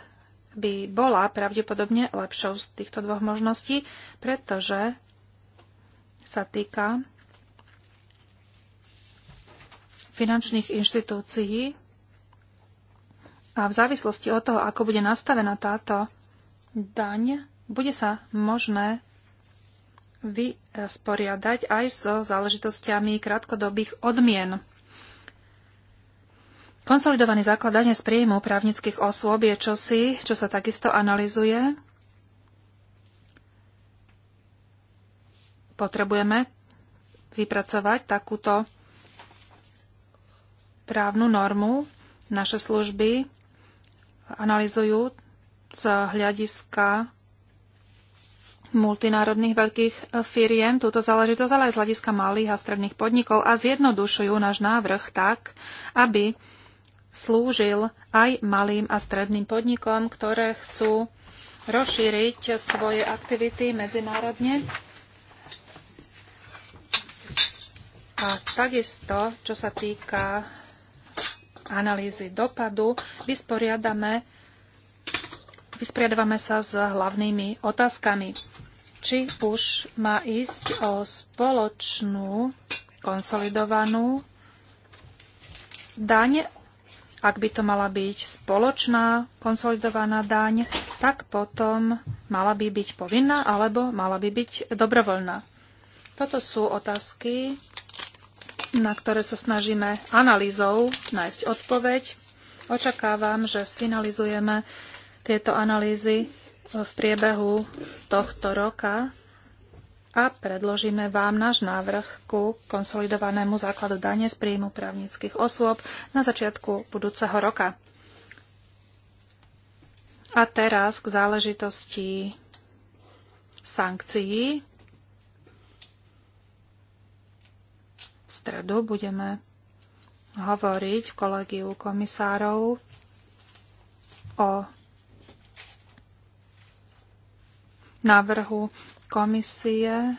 by bola pravdepodobne lepšou z týchto dvoch možností, pretože sa týka finančných inštitúcií, a v závislosti od toho, ako bude nastavená táto daň, bude sa možné vysporiadať aj so záležitostiami krátkodobých odmien. Konsolidovaný základanie z príjmu právnických osôb je čosi, čo sa takisto analizuje. Potrebujeme vypracovať takúto právnu normu. Naše služby analyzujú z hľadiska multinárodných veľkých e, firiem túto záležitosť, ale aj z hľadiska malých a stredných podnikov a zjednodušujú náš návrh tak, aby slúžil aj malým a stredným podnikom, ktoré chcú rozšíriť svoje aktivity medzinárodne. A takisto, čo sa týka analýzy dopadu vysporiadame, sa s hlavnými otázkami. Či už má ísť o spoločnú konsolidovanú daň, ak by to mala byť spoločná konsolidovaná daň, tak potom mala by byť povinná alebo mala by byť dobrovoľná. Toto sú otázky, na ktoré sa snažíme analýzou nájsť odpoveď. Očakávam, že sfinalizujeme tieto analýzy v priebehu tohto roka a predložíme vám náš návrh ku konsolidovanému základu dane z príjmu právnických osôb na začiatku budúceho roka. A teraz k záležitosti sankcií stredu budeme hovoriť v kolegiu komisárov o návrhu komisie,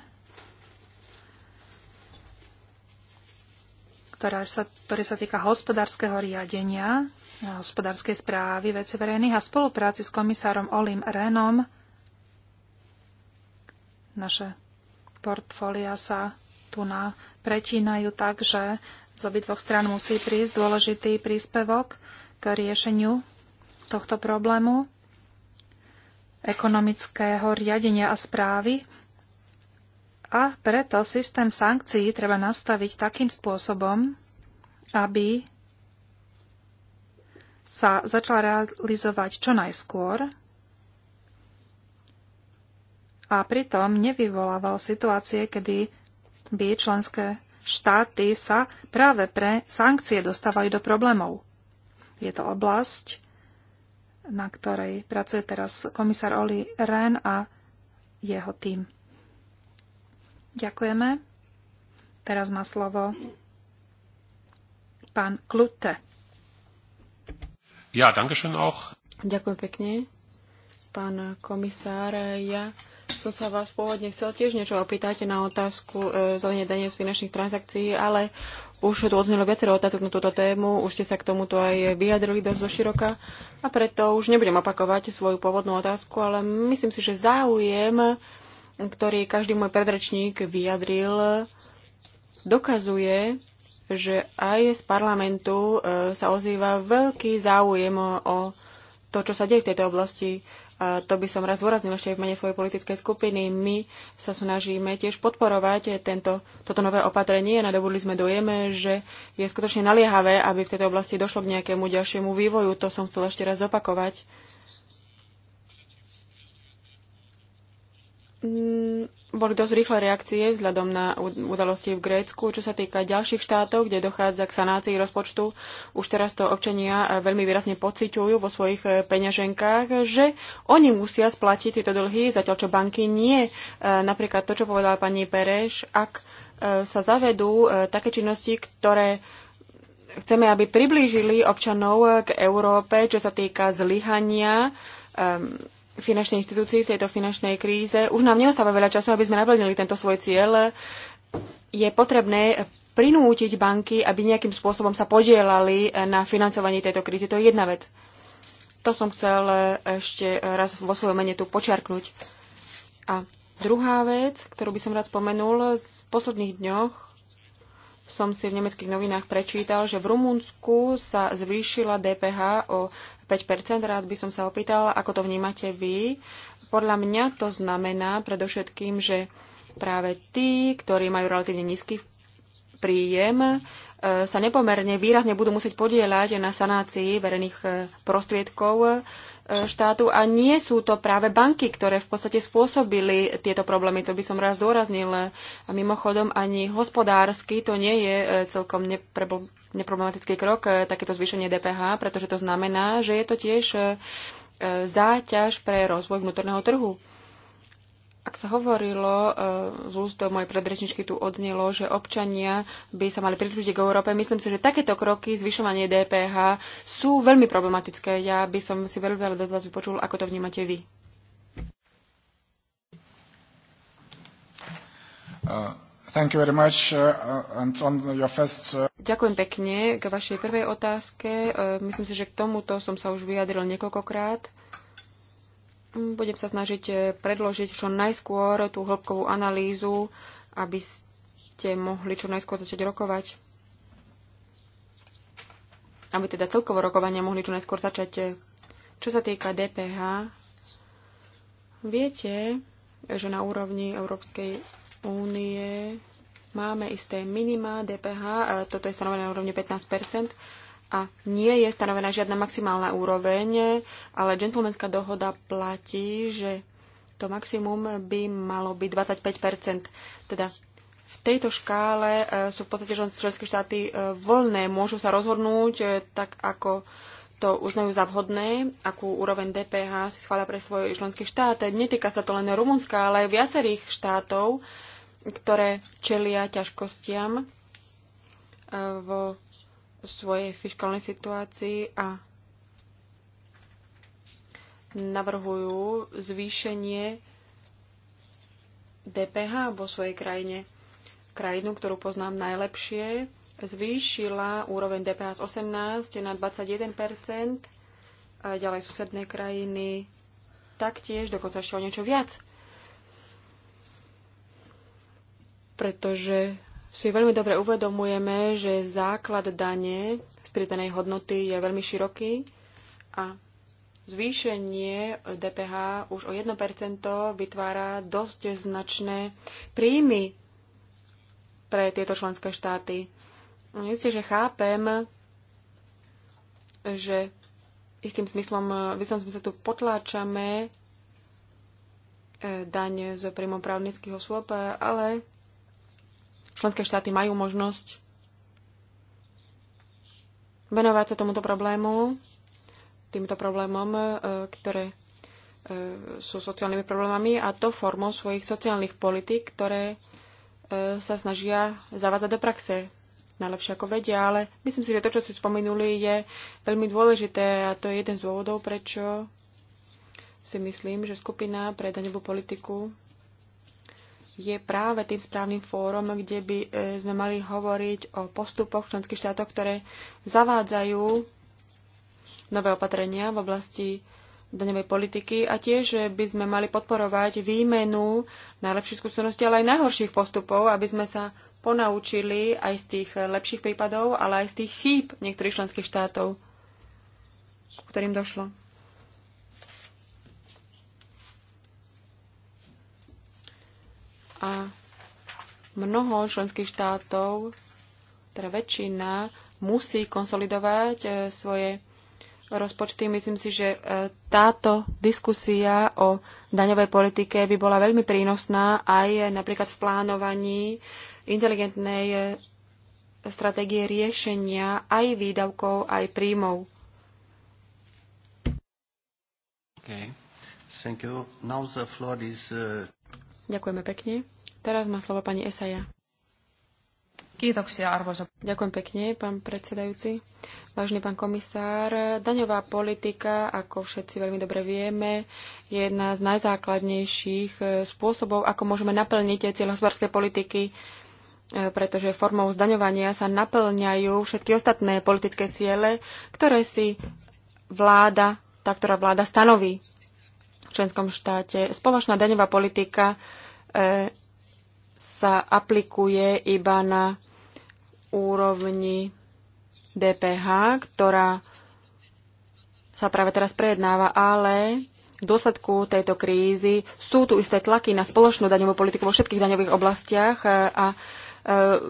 ktorá sa, ktorý sa týka hospodárskeho riadenia, hospodárskej správy veci verejných a spolupráci s komisárom Olim Renom. Naše portfólia sa tu na, pretínajú tak, že z obidvoch strán musí prísť dôležitý príspevok k riešeniu tohto problému ekonomického riadenia a správy. A preto systém sankcií treba nastaviť takým spôsobom, aby sa začala realizovať čo najskôr, a pritom nevyvolával situácie, kedy by členské štáty sa práve pre sankcie dostávajú do problémov. Je to oblasť, na ktorej pracuje teraz komisár Oli Rehn a jeho tým. Ďakujeme. Teraz má slovo pán Klute. Ja, danke schön auch. Ďakujem pekne. Pán komisár, ja som sa vás pôvodne chcel tiež niečo opýtať na otázku e, zelenie dane z finančných transakcií, ale už tu odznelo viacero otázok na túto tému, už ste sa k tomuto aj vyjadrili dosť zoširoka a preto už nebudem opakovať svoju pôvodnú otázku, ale myslím si, že záujem, ktorý každý môj predrečník vyjadril, dokazuje, že aj z parlamentu e, sa ozýva veľký záujem o, o to, čo sa deje v tejto oblasti to by som raz zúraznil ešte v mene svojej politickej skupiny. My sa snažíme tiež podporovať tento, toto nové opatrenie. Nadobudli sme dojeme, že je skutočne naliehavé, aby v tejto oblasti došlo k nejakému ďalšiemu vývoju. To som chcel ešte raz zopakovať. Mm, boli dosť rýchle reakcie vzhľadom na udalosti v Grécku. Čo sa týka ďalších štátov, kde dochádza k sanácii rozpočtu, už teraz to občania eh, veľmi výrazne pociťujú vo svojich eh, peňaženkách, že oni musia splatiť tieto dlhy, zatiaľ čo banky nie. Eh, napríklad to, čo povedala pani Pereš, ak sa zavedú také činnosti, ktoré chceme, aby priblížili občanov k Európe, čo sa týka zlyhania ehm, finančnej inštitúcii v tejto finančnej kríze. Už nám neostáva veľa času, aby sme naplnili tento svoj cieľ. Je potrebné prinútiť banky, aby nejakým spôsobom sa podielali na financovanie tejto krízy. To je jedna vec. To som chcel ešte raz vo svojom mene tu počiarknúť. A druhá vec, ktorú by som rád spomenul, v posledných dňoch som si v nemeckých novinách prečítal, že v Rumunsku sa zvýšila DPH o 5%. Rád by som sa opýtala, ako to vnímate vy. Podľa mňa to znamená predovšetkým, že práve tí, ktorí majú relatívne nízky príjem, e, sa nepomerne výrazne budú musieť podielať na sanácii verejných e, prostriedkov štátu a nie sú to práve banky, ktoré v podstate spôsobili tieto problémy. To by som raz dôraznil. A mimochodom ani hospodársky to nie je e, celkom neproblematický krok, e, takéto zvýšenie DPH, pretože to znamená, že je to tiež e, záťaž pre rozvoj vnútorného trhu. Ak sa hovorilo, eh, z ústov mojej predrečničky tu odznelo, že občania by sa mali pridružiť k Európe, myslím si, že takéto kroky, zvyšovanie DPH, sú veľmi problematické. Ja by som si veľmi veľa do vás vypočul, ako to vnímate vy. Uh, uh, uh, Ďakujem pekne k vašej prvej otázke. Eh, myslím si, že k tomuto som sa už vyjadril niekoľkokrát. Budem sa snažiť eh, predložiť čo najskôr tú hĺbkovú analýzu, aby ste mohli čo najskôr začať rokovať. Aby teda celkovo rokovania mohli čo najskôr začať. Eh. Čo sa týka DPH, viete, že na úrovni Európskej únie máme isté minima DPH, toto je stanovené na úrovni 15 a nie je stanovená žiadna maximálna úroveň, ale džentlmenská dohoda platí, že to maximum by malo byť 25 Teda v tejto škále e, sú v podstate členské štáty e, voľné, môžu sa rozhodnúť e, tak, ako to uznajú za vhodné, akú úroveň DPH si schvália pre svoj členský štát. Netýka sa to len Rumunska, ale aj viacerých štátov, ktoré čelia ťažkostiam v svojej fiskálnej situácii a navrhujú zvýšenie DPH vo svojej krajine. Krajinu, ktorú poznám najlepšie, zvýšila úroveň DPH z 18 na 21 a ďalej susedné krajiny taktiež, dokonca ešte o niečo viac. Pretože si veľmi dobre uvedomujeme, že základ dane z pridanej hodnoty je veľmi široký a zvýšenie DPH už o 1% vytvára dosť značné príjmy pre tieto členské štáty. Myslím, že chápem, že istým smyslom, v istom smysle tu potláčame eh, daň z príjmom právnických osôb, ale Členské štáty majú možnosť venovať sa tomuto problému, týmto problémom, e, ktoré e, sú sociálnymi problémami a to formou svojich sociálnych politik, ktoré e, sa snažia zavádzať do praxe najlepšie ako vedia, ale myslím si, že to, čo ste spomenuli, je veľmi dôležité a to je jeden z dôvodov, prečo si myslím, že skupina pre daňovú politiku je práve tým správnym fórom, kde by e, sme mali hovoriť o postupoch v členských štátoch, ktoré zavádzajú nové opatrenia v oblasti daňovej politiky a tiež e, by sme mali podporovať výmenu najlepších skúseností, ale aj najhorších postupov, aby sme sa ponaučili aj z tých lepších prípadov, ale aj z tých chýb niektorých členských štátov, k ktorým došlo. a mnoho členských štátov, teda väčšina, musí konsolidovať e, svoje rozpočty. Myslím si, že e, táto diskusia o daňovej politike by bola veľmi prínosná aj e, napríklad v plánovaní inteligentnej stratégie riešenia aj výdavkov, aj príjmov. Okay. Is, uh... Ďakujeme pekne. Teraz má slovo pani Esaja. arvoisa. Ďakujem pekne, pán predsedajúci. Vážny pán komisár, daňová politika, ako všetci veľmi dobre vieme, je jedna z najzákladnejších eh, spôsobov, ako môžeme naplniť cieľ hospodárskej politiky, eh, pretože formou zdaňovania sa naplňajú všetky ostatné politické ciele, ktoré si vláda, tá, ktorá vláda stanoví v členskom štáte. Spoločná daňová politika eh, sa aplikuje iba na úrovni DPH, ktorá sa práve teraz prejednáva, ale v dôsledku tejto krízy sú tu isté tlaky na spoločnú daňovú politiku vo všetkých daňových oblastiach a e,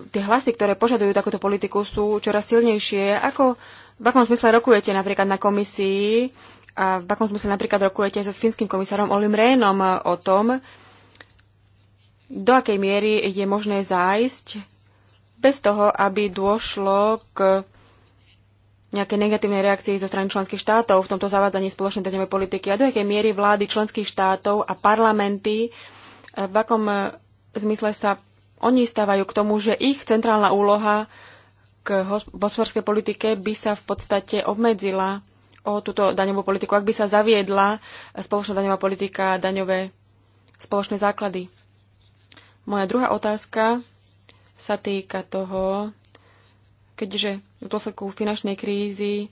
tie hlasy, ktoré požadujú takúto politiku, sú čoraz silnejšie. Ako, v akom smysle rokujete napríklad na komisii a v akom smysle napríklad rokujete so finským komisárom Olim Rénom o tom, do akej miery je možné zájsť bez toho, aby dôšlo k nejaké negatívnej reakcii zo strany členských štátov v tomto zavádzaní spoločnej daňovej politiky a do akej miery vlády členských štátov a parlamenty e, v akom e, zmysle sa oni stávajú k tomu, že ich centrálna úloha k hospodárskej politike by sa v podstate obmedzila o túto daňovú politiku, ak by sa zaviedla spoločná daňová politika a daňové spoločné základy. Moja druhá otázka sa týka toho, keďže v dôsledku finančnej krízy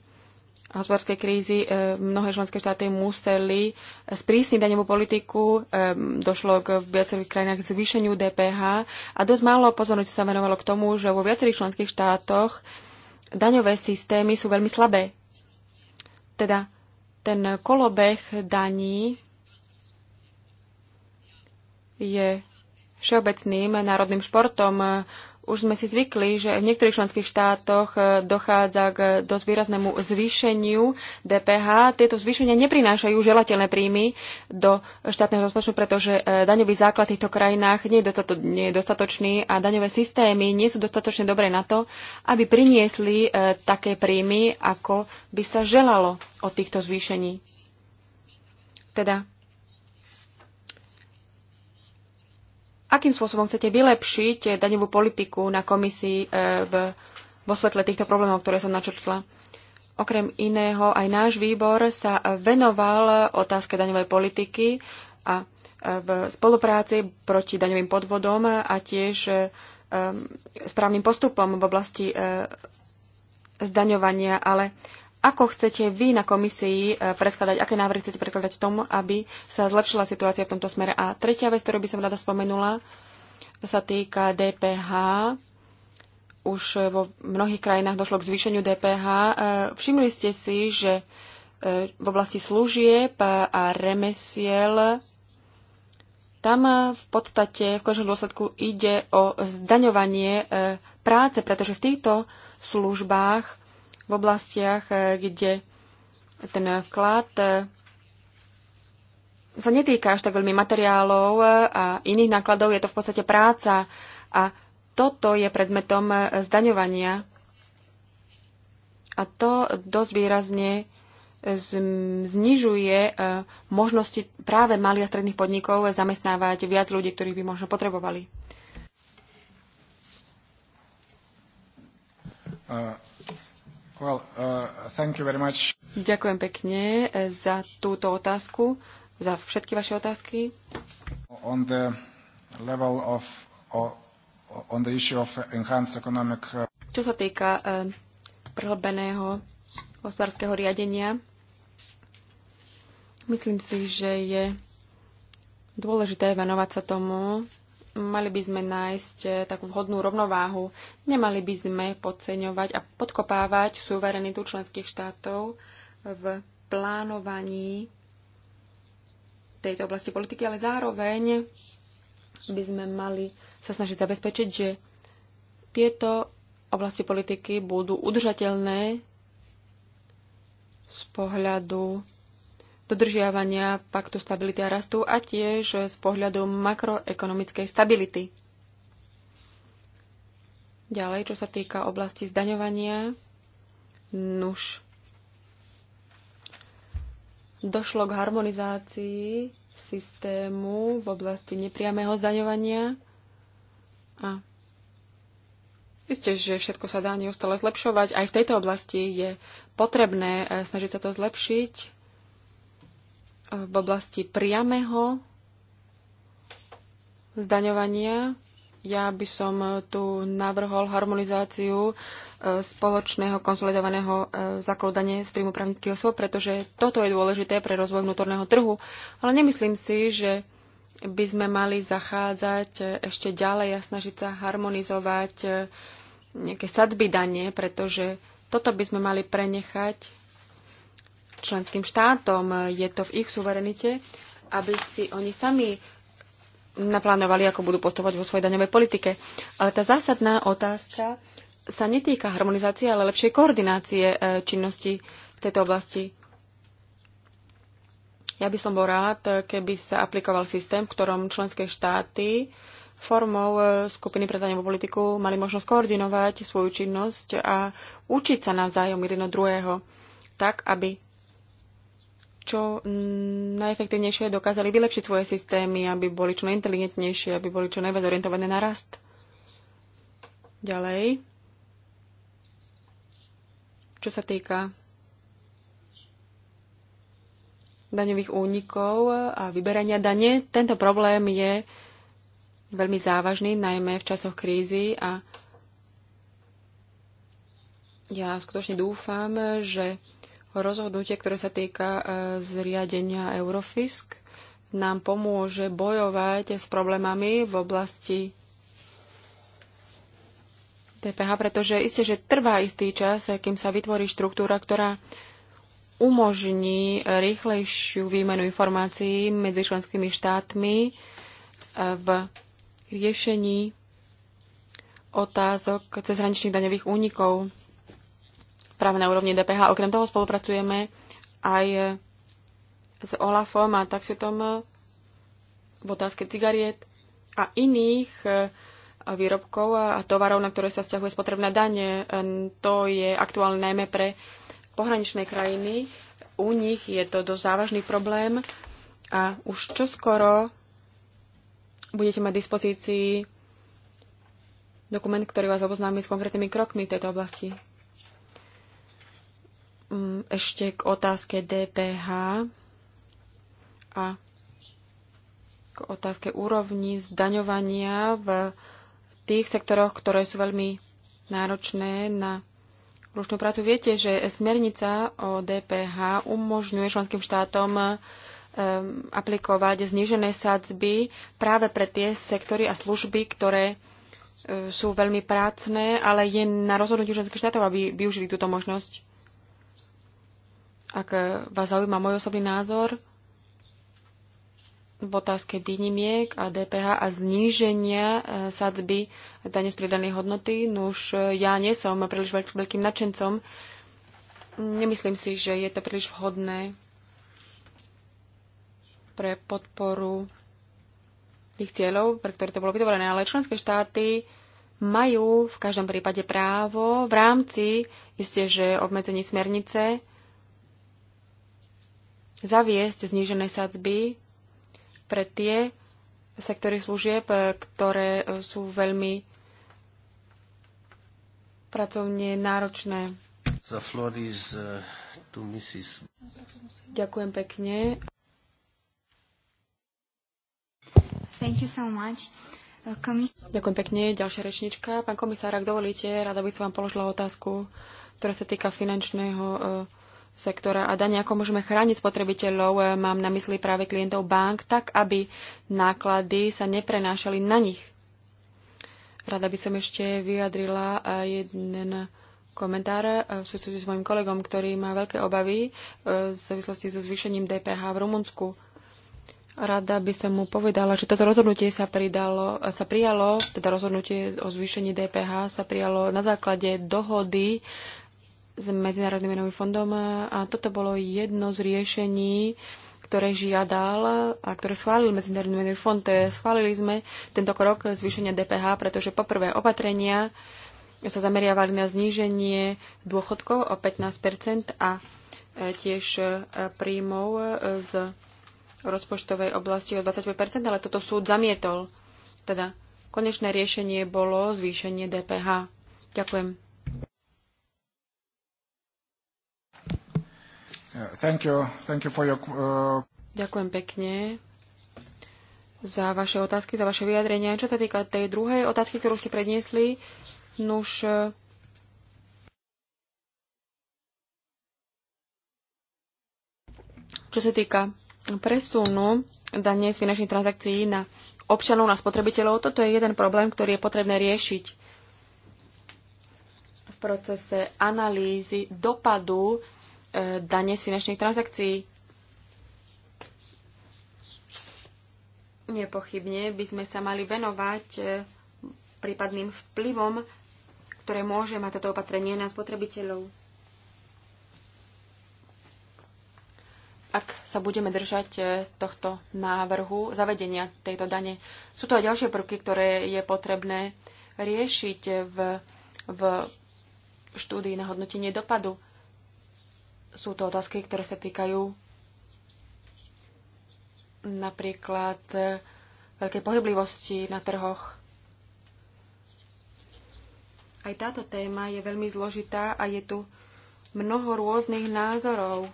a hospodárskej krízy e, mnohé členské štáty museli sprísniť daňovú politiku, e, došlo k v viacerých krajinách zvýšeniu DPH a dosť málo pozornosti sa venovalo k tomu, že vo viacerých členských štátoch daňové systémy sú veľmi slabé. Teda ten kolobeh daní je všeobecným národným športom. Už sme si zvykli, že v niektorých členských štátoch eh, dochádza k dosť výraznému zvýšeniu DPH. Tieto zvýšenia neprinášajú želateľné príjmy do štátneho rozpočtu, pretože eh, daňový základ v týchto krajinách nie je, dostato- nie je dostatočný a daňové systémy nie sú dostatočne dobré na to, aby priniesli eh, také príjmy, ako by sa želalo od týchto zvýšení. Teda akým spôsobom chcete vylepšiť eh, daňovú politiku na komisii eh, v, vo svetle týchto problémov, ktoré som načrtla. Okrem iného, aj náš výbor sa venoval otázke daňovej politiky a eh, v spolupráci proti daňovým podvodom a tiež správnym postupom v oblasti zdaňovania, ale ako chcete vy na komisii e, predkladať, aké návrhy chcete predkladať tomu, aby sa zlepšila situácia v tomto smere? A tretia vec, ktorú by som rada spomenula, sa týka DPH. Už vo mnohých krajinách došlo k zvýšeniu DPH. E, všimli ste si, že e, v oblasti služieb a remesiel tam v podstate v končnom dôsledku ide o zdaňovanie práce, pretože v týchto službách v oblastiach, e, kde ten vklad e, sa netýka až tak veľmi materiálov e, a iných nákladov, je to v podstate práca a toto je predmetom zdaňovania. A to dosť výrazne znižuje možnosti práve malých a stredných podnikov zamestnávať viac ľudí, ktorých by možno potrebovali. Well, uh, Ďakujem pekne eh, za túto otázku, za všetky vaše otázky. On the level of, on the issue of enhanced economic... Uh, Čo sa týka uh, prehlbeného hospodárskeho riadenia, myslím si, že je dôležité venovať sa tomu, Mali by sme nájsť eh, takú vhodnú rovnováhu. Nemali by sme podceňovať a podkopávať suverenitu členských štátov v plánovaní tejto oblasti politiky, ale zároveň by sme mali sa snažiť zabezpečiť, že tieto oblasti politiky budú udržateľné z pohľadu dodržiavania paktu stability a rastu a tiež z pohľadu makroekonomickej stability. Ďalej, čo sa týka oblasti zdaňovania, nuž. Došlo k harmonizácii systému v oblasti nepriamého zdaňovania a Isté, že všetko sa dá neustále zlepšovať. Aj v tejto oblasti je potrebné eh, snažiť sa to zlepšiť v oblasti priameho zdaňovania. Ja by som tu navrhol harmonizáciu e, spoločného konsolidovaného e, zakladania z príjmu právnických osôb, pretože toto je dôležité pre rozvoj vnútorného trhu. Ale nemyslím si, že by sme mali zachádzať e, ešte ďalej a snažiť sa harmonizovať nejaké sadby danie, pretože toto by sme mali prenechať členským štátom. Je to v ich suverenite, aby si oni sami naplánovali, ako budú postovať vo svojej daňovej politike. Ale tá zásadná otázka sa netýka harmonizácie, ale lepšej koordinácie e, činnosti v tejto oblasti. Ja by som bol rád, keby sa aplikoval systém, v ktorom členské štáty formou e, skupiny pre daňovú politiku mali možnosť koordinovať svoju činnosť a učiť sa navzájom jedno druhého, tak aby čo najefektívnejšie dokázali vylepšiť svoje systémy, aby boli čo najinteligentnejšie, aby boli čo najviac orientované na rast. Ďalej. Čo sa týka daňových únikov a vyberania dane, tento problém je veľmi závažný, najmä v časoch krízy a ja skutočne dúfam, že Rozhodnutie, ktoré sa týka e, zriadenia Eurofisk, nám pomôže bojovať s problémami v oblasti DPH, pretože isté, že trvá istý čas, kým sa vytvorí štruktúra, ktorá umožní rýchlejšiu výmenu informácií medzi členskými štátmi e, v riešení otázok cezhraničných daňových únikov práve na úrovni DPH. Okrem toho spolupracujeme aj s OLAFom a taxutom v otázke cigariet a iných e, výrobkov a tovarov, na ktoré sa vzťahuje spotrebná daň. E, to je aktuálne najmä pre pohraničné krajiny. U nich je to dosť závažný problém a už čoskoro budete mať dispozícii dokument, ktorý vás oboznámi s konkrétnymi krokmi v tejto oblasti. Mm, ešte k otázke DPH a k otázke úrovni zdaňovania v tých sektoroch, ktoré sú veľmi náročné na ručnú prácu. Viete, že smernica o DPH umožňuje členským štátom um, aplikovať znížené sadzby práve pre tie sektory a služby, ktoré uh, sú veľmi prácne, ale je na rozhodnutí členských štátov, aby využili túto možnosť. Ak eh, vás zaujíma môj osobný názor v otázke výnimiek a DPH a zníženia eh, sadzby dane z pridanej hodnoty, no už eh, ja nie som príliš veľkým nadšencom. Nemyslím si, že je to príliš vhodné pre podporu tých cieľov, pre ktoré to bolo vytvorené, ale členské štáty majú v každom prípade právo v rámci, isté, že obmedzení smernice, zaviesť znížené sadzby pre tie sektory služieb, ktoré e, sú veľmi pracovne náročné. The floor is, uh, Mrs. Ďakujem pekne. Thank you so much. Uh, Ďakujem pekne. Ďalšia rečnička. Pán komisár, ak dovolíte, rada by som vám položila otázku, ktorá sa týka finančného uh, sektora a dane, ako môžeme chrániť spotrebiteľov, eh, mám na mysli práve klientov bank, tak aby náklady sa neprenášali na nich. Rada by som ešte vyjadrila eh, jeden komentár eh, v súvislosti s mojim kolegom, ktorý má veľké obavy v súvislosti so zvýšením DPH v Rumunsku. Rada by som mu povedala, že toto rozhodnutie sa, pridalo, sa prijalo, teda rozhodnutie o zvýšení DPH sa prijalo na základe dohody s Medzinárodným menovým fondom a toto bolo jedno z riešení, ktoré žiadal a ktoré schválil Medzinárodný menový fond. Schválili sme tento krok zvýšenia DPH, pretože poprvé opatrenia sa zameriavali na zníženie dôchodkov o 15 a e, tiež e, príjmov e, z rozpočtovej oblasti o 25 ale toto súd zamietol. Teda konečné riešenie bolo zvýšenie DPH. Ďakujem. Thank you. Thank you for your, uh... Ďakujem pekne za vaše otázky, za vaše vyjadrenia. Čo sa týka tej druhej otázky, ktorú ste predniesli, nuž e, čo sa týka presunu danie z finančných transakcií na občanov, na spotrebiteľov, toto je jeden problém, ktorý je potrebné riešiť v procese analýzy dopadu dane z finančných transakcií. Nepochybne by sme sa mali venovať e, prípadným vplyvom, ktoré môže mať toto opatrenie na spotrebiteľov. Ak sa budeme držať e, tohto návrhu zavedenia tejto dane, sú to aj ďalšie prvky, ktoré je potrebné riešiť v, v štúdii na hodnotenie dopadu. Sú to otázky, ktoré sa týkajú napríklad eh, veľkej pohyblivosti na trhoch. Aj táto téma je veľmi zložitá a je tu mnoho rôznych názorov.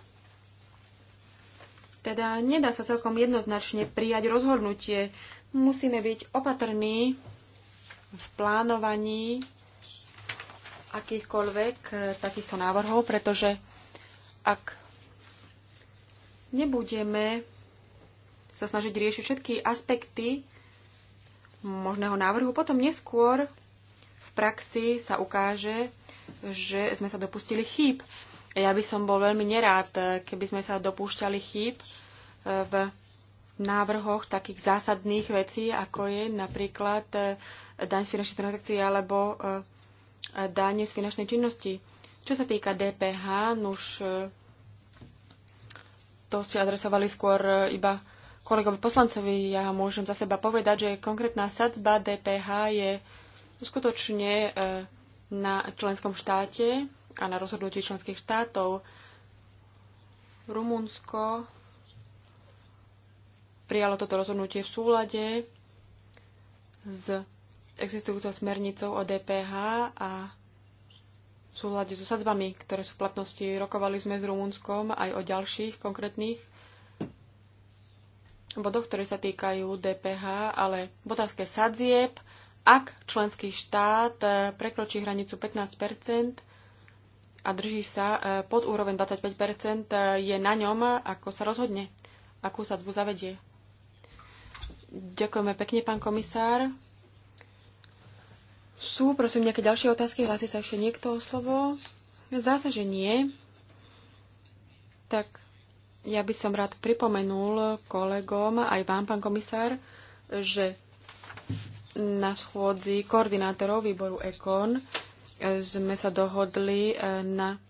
Teda nedá sa celkom jednoznačne prijať rozhodnutie. Musíme byť opatrní v plánovaní akýchkoľvek eh, takýchto návrhov, pretože ak nebudeme sa snažiť riešiť všetky aspekty možného návrhu, potom neskôr v praxi sa ukáže, že sme sa dopustili chýb. Ja by som bol veľmi nerád, keby sme sa dopúšťali chýb e, v návrhoch takých zásadných vecí, ako je napríklad e, daň z finančnej transakcie alebo e, daň z finančnej činnosti. Čo sa týka DPH, nuž e, to ste adresovali skôr e, iba kolegovi poslancovi. Ja môžem za seba povedať, že konkrétna sadzba DPH je skutočne e, na členskom štáte a na rozhodnutí členských štátov. Rumunsko prijalo toto rozhodnutie v súlade s existujúcou smernicou o DPH a v súhľade so sadzbami, ktoré sú v platnosti. Rokovali sme s Rumunskom aj o ďalších konkrétnych bodoch, ktoré sa týkajú DPH, ale v otázke sadzieb, ak členský štát eh, prekročí hranicu 15 a drží sa eh, pod úroveň 25 eh, je na ňom, ako sa rozhodne, akú sadzbu zavedie. Ďakujeme pekne, pán komisár. Sú, prosím, nejaké ďalšie otázky? Hlási sa ešte niekto o slovo? Zdá sa, že nie. Tak ja by som rád pripomenul kolegom, aj vám, pán komisár, že na schôdzi koordinátorov výboru EKON e, sme sa dohodli e, na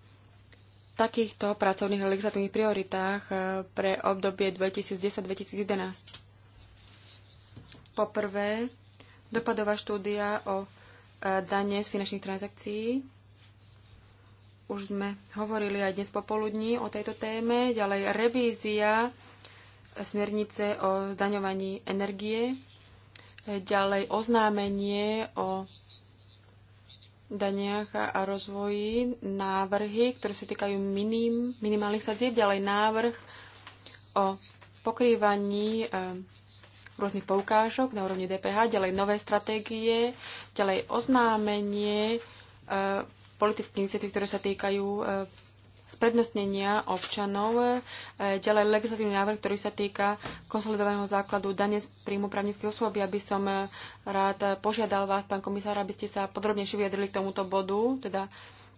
takýchto pracovných legislatívnych prioritách e, pre obdobie 2010-2011. Poprvé, dopadová štúdia o dane z finančných transakcií. Už sme hovorili aj dnes popoludní o tejto téme. Ďalej revízia smernice o zdaňovaní energie. Ďalej oznámenie o daniach a rozvoji, návrhy, ktoré sa týkajú minim, minimálnych sadzieb, ďalej návrh o pokrývaní eh, rôznych poukážok na úrovni DPH, ďalej nové stratégie, ďalej oznámenie e, politických iniciatív, ktoré sa týkajú e, sprednostnenia občanov, e, ďalej legislatívny návrh, ktorý sa týka konsolidovaného základu dane z príjmu právnických osôb. Ja by som e, rád požiadal vás, pán komisár, aby ste sa podrobnejšie vyjadrili k tomuto bodu, teda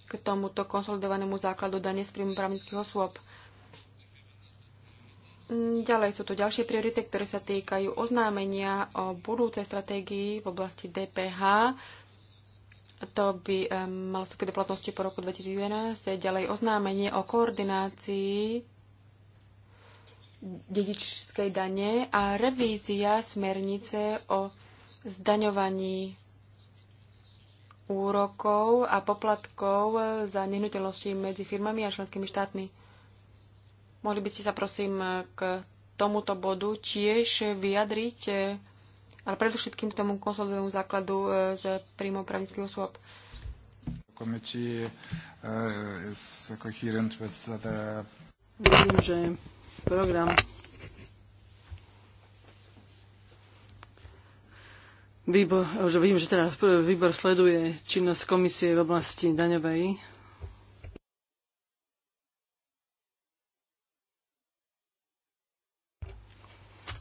k tomuto konsolidovanému základu dane z príjmu právnických osôb. Ďalej sú tu ďalšie priority, ktoré sa týkajú oznámenia o budúcej stratégii v oblasti DPH. To by um, malo vstúpiť do platnosti po roku 2011. Ďalej oznámenie o koordinácii dedičskej dane a revízia smernice o zdaňovaní úrokov a poplatkov za nehnuteľnosti medzi firmami a členskými štátmi. Mohli by ste sa prosím k tomuto bodu tiež vyjadriť, e, ale predovšetkým k tomu konsolidovému základu e, z príjmov právnických osôb. E, vidím, že program Výbor, že vidím, že teda výbor sleduje činnosť komisie v oblasti daňovej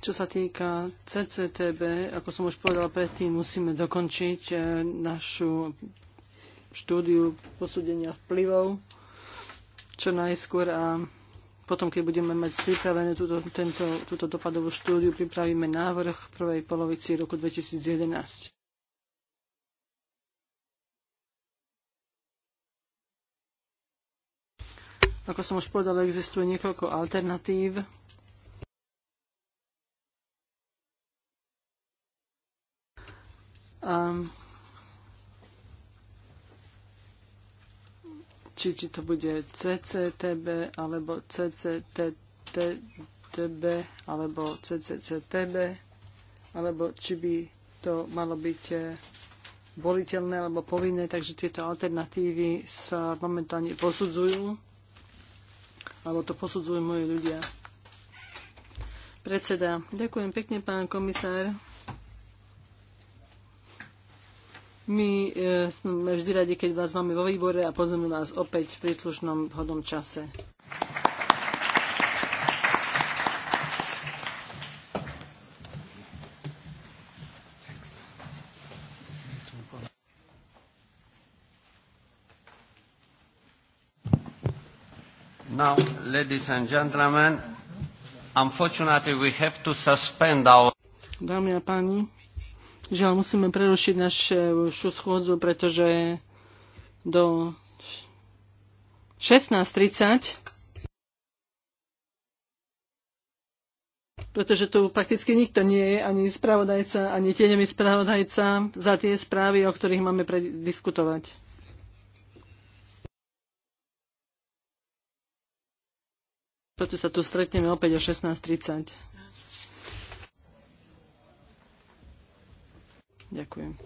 Čo sa týka CCTB, ako som už povedala predtým, musíme dokončiť eh, našu štúdiu posúdenia vplyvov čo najskôr a potom, keď budeme mať pripravenú túto, tento, túto dopadovú štúdiu, pripravíme návrh v prvej polovici roku 2011. Ako som už povedal, existuje niekoľko alternatív Ehm, či, či to bude CCTB alebo CCTTB alebo CCCTB alebo či by to malo byť eh, voliteľné alebo povinné, takže tieto alternatívy sa momentálne posudzujú, alebo to posudzujú moji ľudia. Predseda, ďakujem pekne, pán komisár. My e, sme vždy radi, keď vás máme vo výbore a pozveme vás opäť v príslušnom hodnom čase. Now, ladies and gentlemen, unfortunately we have to suspend our... Dámy a páni, Žiaľ, musíme prerušiť našu schôdzu, pretože do 16.30 pretože tu prakticky nikto nie je, ani spravodajca, ani tieňový spravodajca za tie správy, o ktorých máme prediskutovať. Preto sa tu stretneme opäť o 16.30. Ďakujem.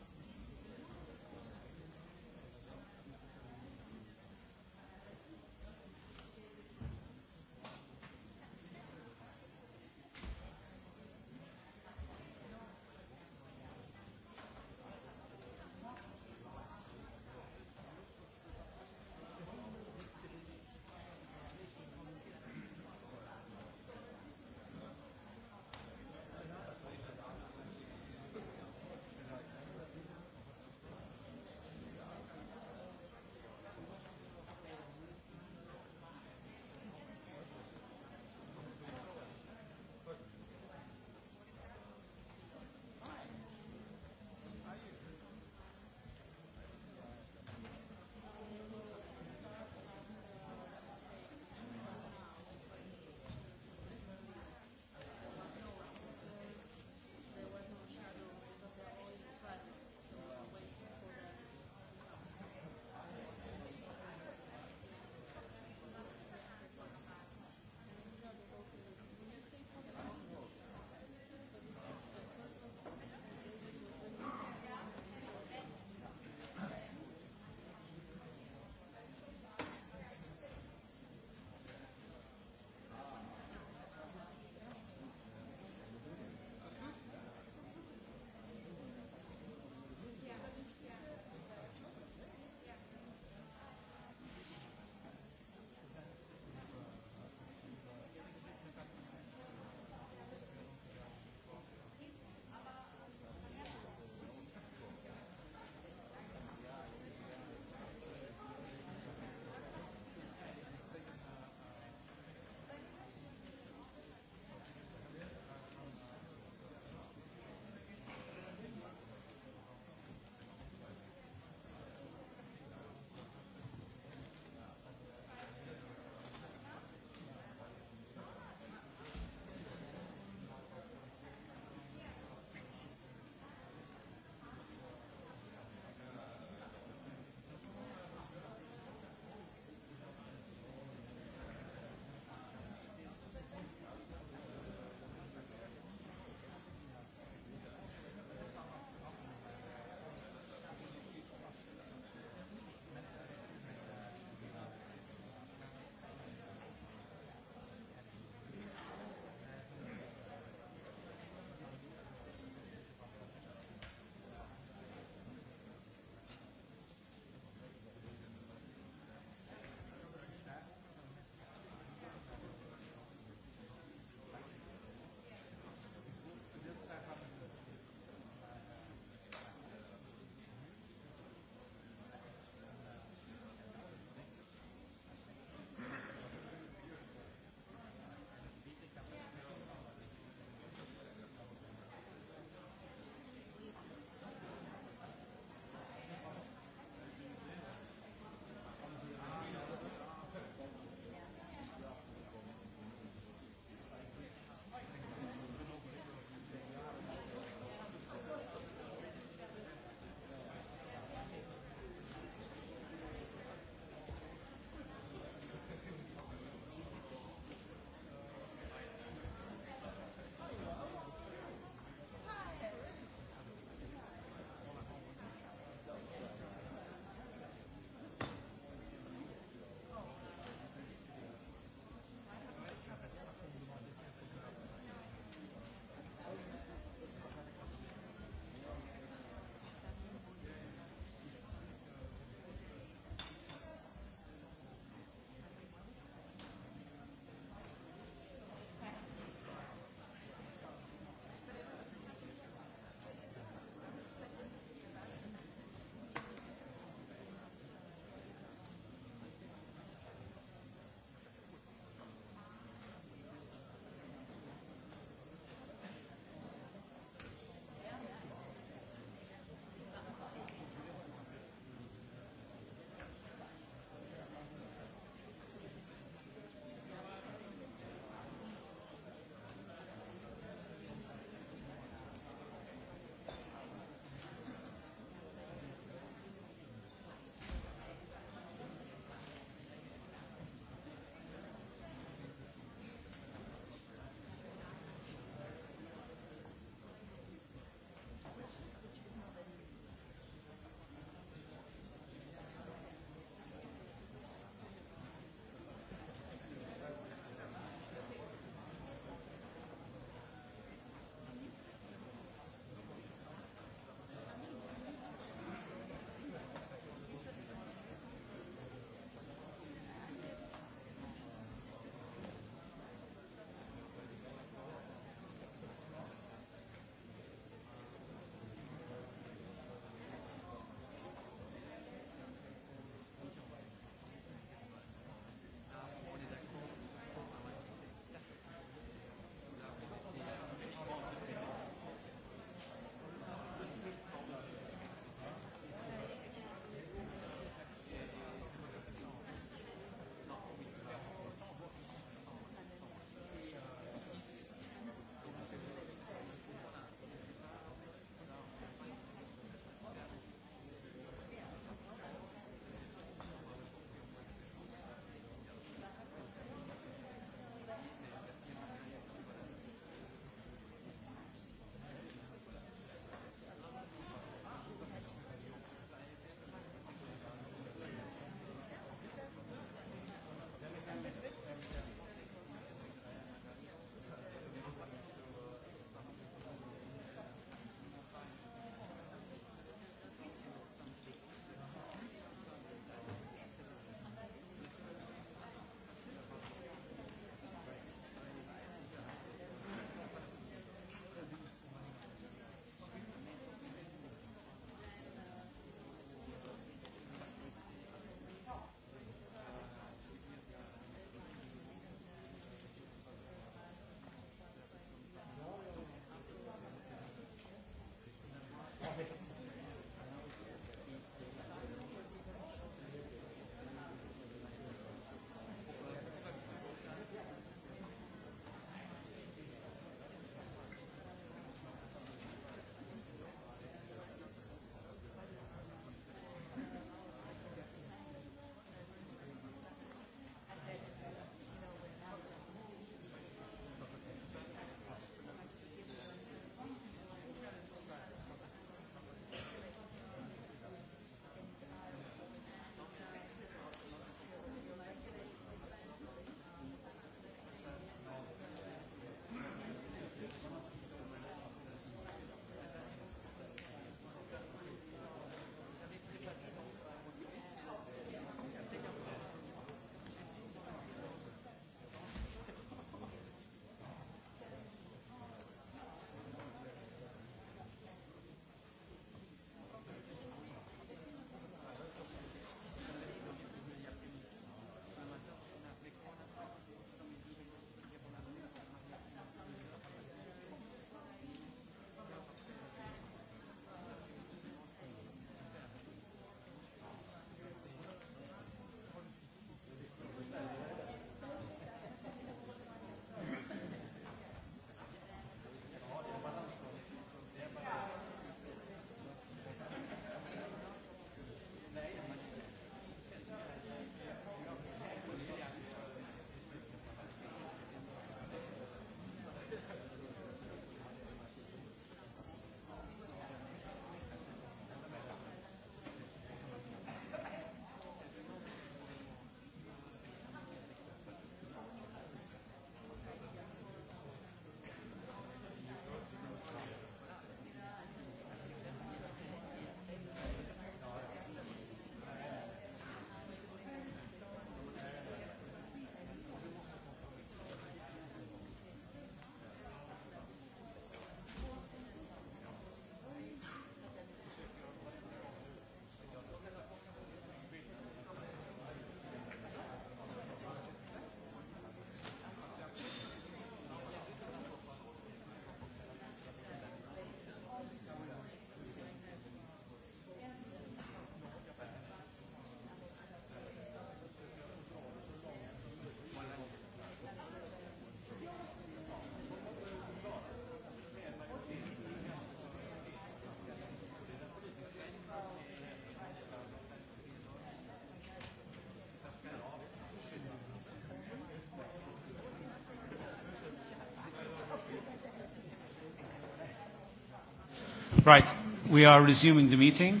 Right. We are resuming the meeting.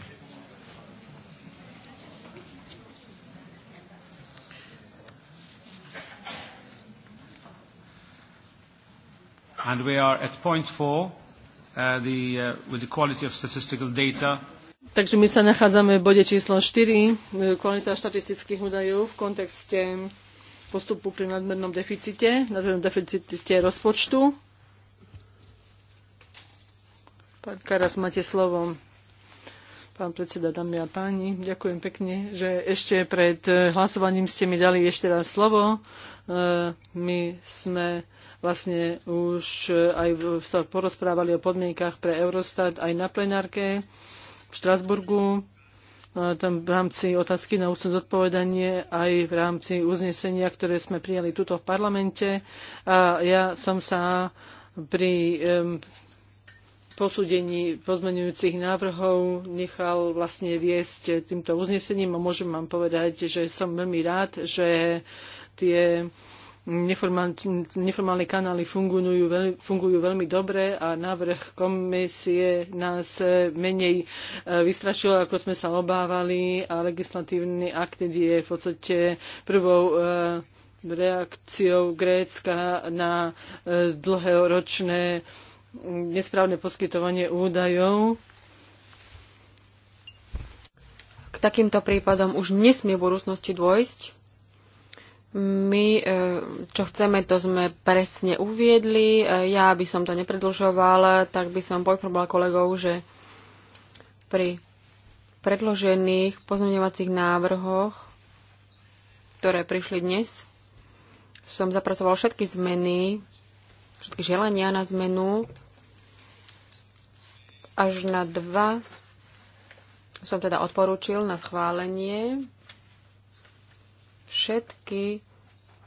And we are at point four, uh, the, uh, with the quality of statistical data. Takže my sa nachádzame v bode číslo 4, e, kvalita štatistických údajov v kontexte postupu pri nadmernom deficite, nadmernom deficite rozpočtu. Pán Karas, máte slovo. Pán predseda, dámy a páni, ďakujem pekne, že ešte pred eh, hlasovaním ste mi dali ešte raz slovo. Eh, my sme vlastne už eh, aj sa porozprávali o podmienkach pre Eurostat aj na plenárke v Štrasburgu tam v rámci otázky na ústne zodpovedanie aj v rámci uznesenia, ktoré sme prijali tuto v parlamente. A ja som sa pri um, posúdení pozmenujúcich návrhov nechal vlastne viesť týmto uznesením a môžem vám povedať, že som veľmi rád, že tie neformálne kanály fungujú, veľ, fungujú veľmi dobre a návrh komisie nás menej e, vystrašil, ako sme sa obávali a legislatívny akt je v podstate prvou e, reakciou Grécka na e, dlhoročné ročné nesprávne poskytovanie údajov. K takýmto prípadom už nesmie v budúcnosti dôjsť. My, e, čo chceme, to sme presne uviedli. E, ja by som to nepredlžoval, tak by som poinformoval kolegov, že pri predložených pozmeňovacích návrhoch, ktoré prišli dnes, som zapracoval všetky zmeny, všetky želania na zmenu až na dva, som teda odporúčil na schválenie. Všetky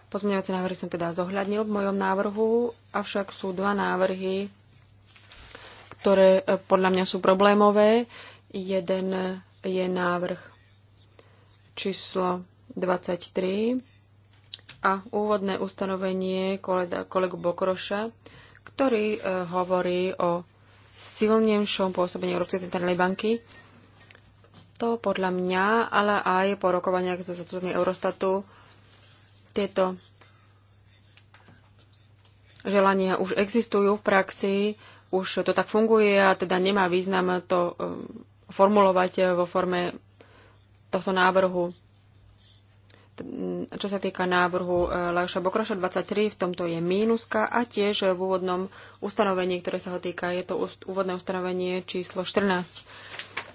pozmeňovacie návrhy som teda zohľadnil v mojom návrhu, avšak sú dva návrhy, ktoré e, podľa mňa sú problémové. Jeden je návrh číslo 23 a úvodné ustanovenie kolegu Bokroša, ktorý e, hovorí o silnejšom pôsobení Európskej centrálnej banky. To podľa mňa, ale aj po rokovaniach so zastupcami Eurostatu tieto želania už existujú v praxi, už to tak funguje a teda nemá význam to ehm, formulovať eh, vo forme tohto návrhu. Čo sa týka návrhu e, Lajša Bokroša 23, v tomto je mínuska a tiež v úvodnom ustanovení, ktoré sa ho týka, je to úvodné ustanovenie číslo 14.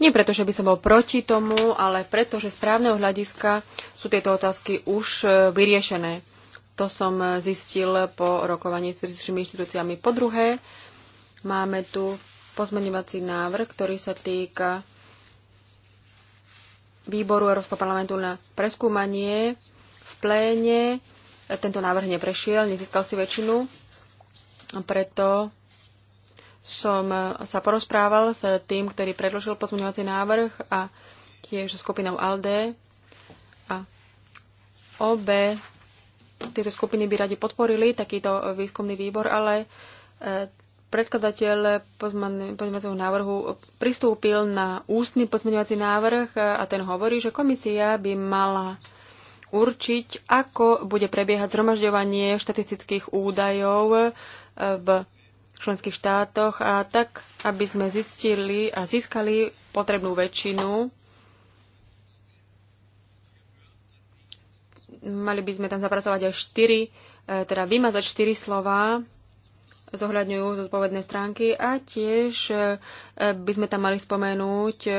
Nie preto, že by som bol proti tomu, ale preto, že z právneho hľadiska sú tieto otázky už e, vyriešené. To som e, zistil po rokovaní s príslušnými inštitúciami. Po druhé, máme tu pozmeňovací návrh, ktorý sa týka výboru Európskeho parlamentu na preskúmanie v pléne. Tento návrh neprešiel, nezískal si väčšinu, preto som sa porozprával s tým, ktorý predložil pozmeňovací návrh a tiež skupinou ALDE. A obe tieto skupiny by radi podporili takýto výskumný výbor, ale e, predkladateľ pozmeňovacieho návrhu pristúpil na ústny pozmeňovací návrh a ten hovorí, že komisia by mala určiť, ako bude prebiehať zhromažďovanie štatistických údajov e, v členských štátoch a tak, aby sme zistili a získali potrebnú väčšinu. Mali by sme tam zapracovať aj štyri, e, teda vymazať štyri slova, zohľadňujú zodpovedné stránky a tiež e, by sme tam mali spomenúť e,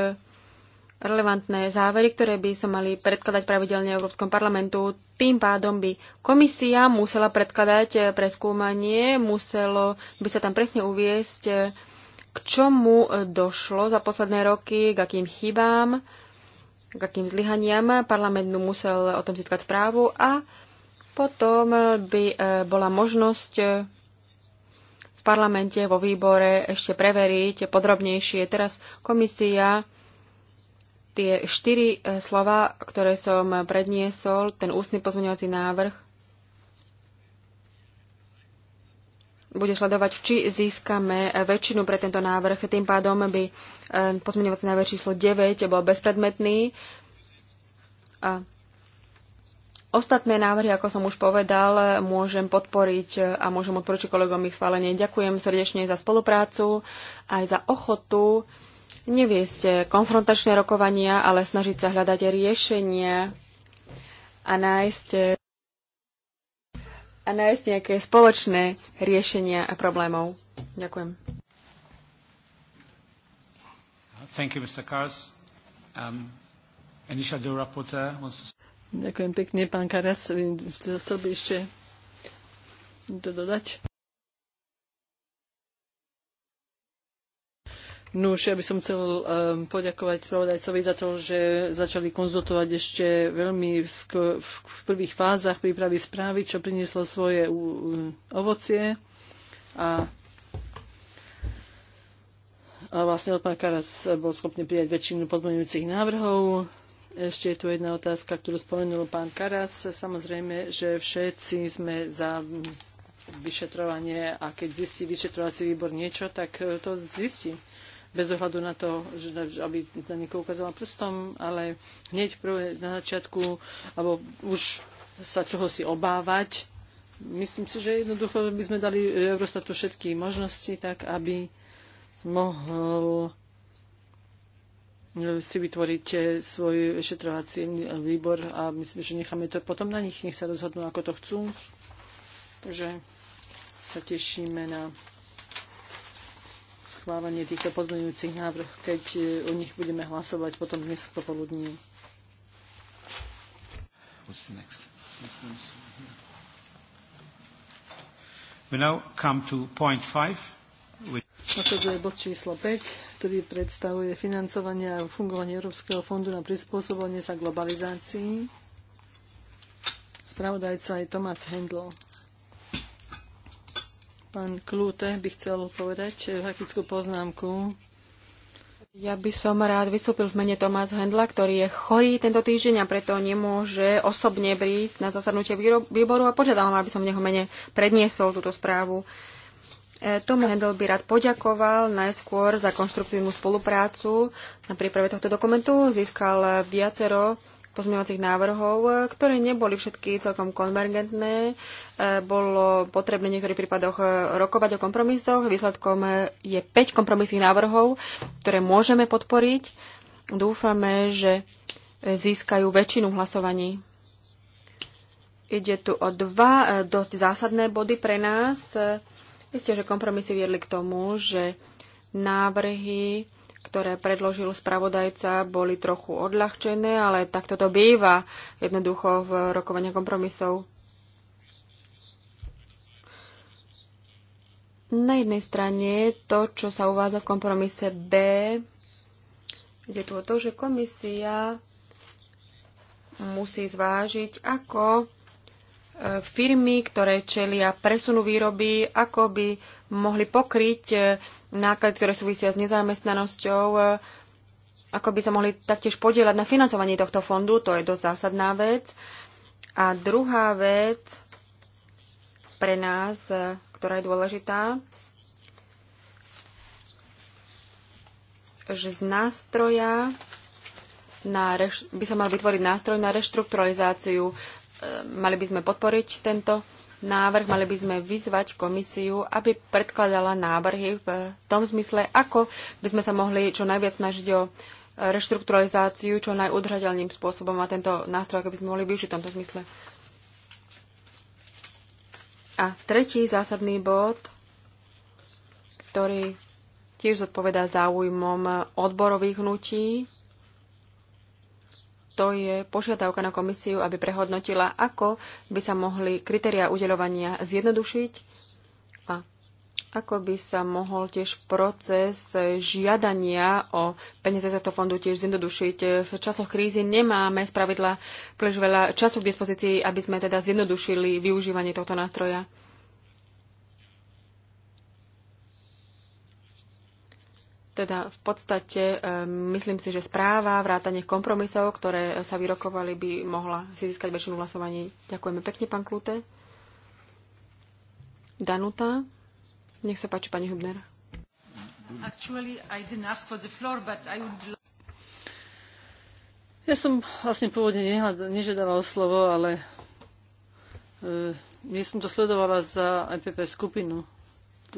relevantné závery, ktoré by sa mali predkladať pravidelne Európskom parlamentu. Tým pádom by komisia musela predkladať e, preskúmanie, muselo by sa tam presne uviesť, k čomu došlo za posledné roky, k akým chybám, k akým zlyhaniam. Parlament by musel o tom získať správu a potom by bola možnosť parlamente, vo výbore ešte preveriť podrobnejšie. Teraz komisia tie štyri e, slova, ktoré som predniesol, ten ústny pozmeňovací návrh, bude sledovať, či získame väčšinu pre tento návrh. Tým pádom by e, pozmeňovací návrh číslo 9 bol bezpredmetný. A Ostatné návrhy, ako som už povedal, môžem podporiť a môžem odporučiť kolegom ich schválenie. Ďakujem srdečne za spoluprácu, aj za ochotu neviesť konfrontačné rokovania, ale snažiť sa hľadať riešenia a nájsť a nájsť nejaké spoločné riešenia a problémov. Ďakujem. Thank you, Mr. Kars. Um, initial rapporteur wants to... Ďakujem pekne, pán Karas. Chcel by ešte to dodať? No už ja by som chcel um, poďakovať spravodajcovi za to, že začali konzultovať ešte veľmi v, v prvých fázach prípravy správy, čo prinieslo svoje u- ovocie. A, a vlastne pán Karas bol schopný prijať väčšinu pozmeňujúcich návrhov. Ešte je tu jedna otázka, ktorú spomenul pán Karas. Samozrejme, že všetci sme za vyšetrovanie a keď zistí vyšetrovací výbor niečo, tak e, to zistí bez ohľadu na to, že, aby na niekoho ukázala prstom, ale hneď prvé na začiatku, alebo už sa čoho si obávať. Myslím si, že jednoducho by sme dali Eurostatu všetky možnosti, tak aby mohol si vytvoriť eh, svoj vyšetrovací výbor a myslím, že necháme to potom na nich, nech sa rozhodnú, ako to chcú. Takže sa tešíme na schválenie týchto pozmeňujúcich návrh, keď eh, o nich budeme hlasovať potom dnes popoludní. What's the next? We now come to point five. Nasleduje bod číslo 5, ktorý predstavuje financovanie a fungovanie Európskeho fondu na prispôsobenie sa globalizácii. Spravodajca je Tomás Hendl. Pán Klúte by chcel povedať faktickú poznámku. Ja by som rád vystúpil v mene Tomás Hendla, ktorý je chorý tento týždeň a preto nemôže osobne prísť na zasadnutie výboru a požiadal ma, aby som v neho mene predniesol túto správu. Tomu Hendel by rád poďakoval najskôr za konštruktívnu spoluprácu na príprave tohto dokumentu. Získal viacero pozmeňovacích návrhov, ktoré neboli všetky celkom konvergentné. E, bolo potrebné v niektorých prípadoch rokovať o kompromisoch. Výsledkom je 5 kompromisných návrhov, ktoré môžeme podporiť. Dúfame, že získajú väčšinu hlasovaní. Ide tu o dva e, dosť zásadné body pre nás. Isté, že kompromisy viedli k tomu, že návrhy, ktoré predložil spravodajca, boli trochu odľahčené, ale takto to býva jednoducho v rokovaní kompromisov. Na jednej strane to, čo sa uvádza v kompromise B, je tu o to, že komisia musí zvážiť, ako firmy, ktoré čelia presunu výroby, ako by mohli pokryť e, náklady, ktoré súvisia s nezamestnanosťou, e, ako by sa mohli taktiež podielať na financovanie tohto fondu, to je dosť zásadná vec. A druhá vec pre nás, e, ktorá je dôležitá, že z nástroja na, by sa mal vytvoriť nástroj na reštrukturalizáciu E, mali by sme podporiť tento návrh, mali by sme vyzvať komisiu, aby predkladala návrhy v tom zmysle, ako by sme sa mohli čo najviac snažiť o reštrukturalizáciu čo najudržateľným spôsobom a tento nástroj, ako by sme mohli využiť v tomto zmysle. A tretí zásadný bod, ktorý tiež zodpovedá záujmom odborových hnutí, to je požiadavka na komisiu, aby prehodnotila, ako by sa mohli kritériá udeľovania zjednodušiť a ako by sa mohol tiež proces žiadania o peniaze z tohto fondu tiež zjednodušiť. V časoch krízy nemáme spravidla príliš veľa času k dispozícii, aby sme teda zjednodušili využívanie tohto nástroja. Teda v podstate e, myslím si, že správa, vrátanie kompromisov, ktoré sa vyrokovali, by mohla si získať väčšinu hlasovaní. Ďakujeme pekne, pán Klute. Danuta, nech sa páči, pani Hübner. Ja som vlastne pôvodne nežiadala o slovo, ale e, nie som to sledovala za IPP e skupinu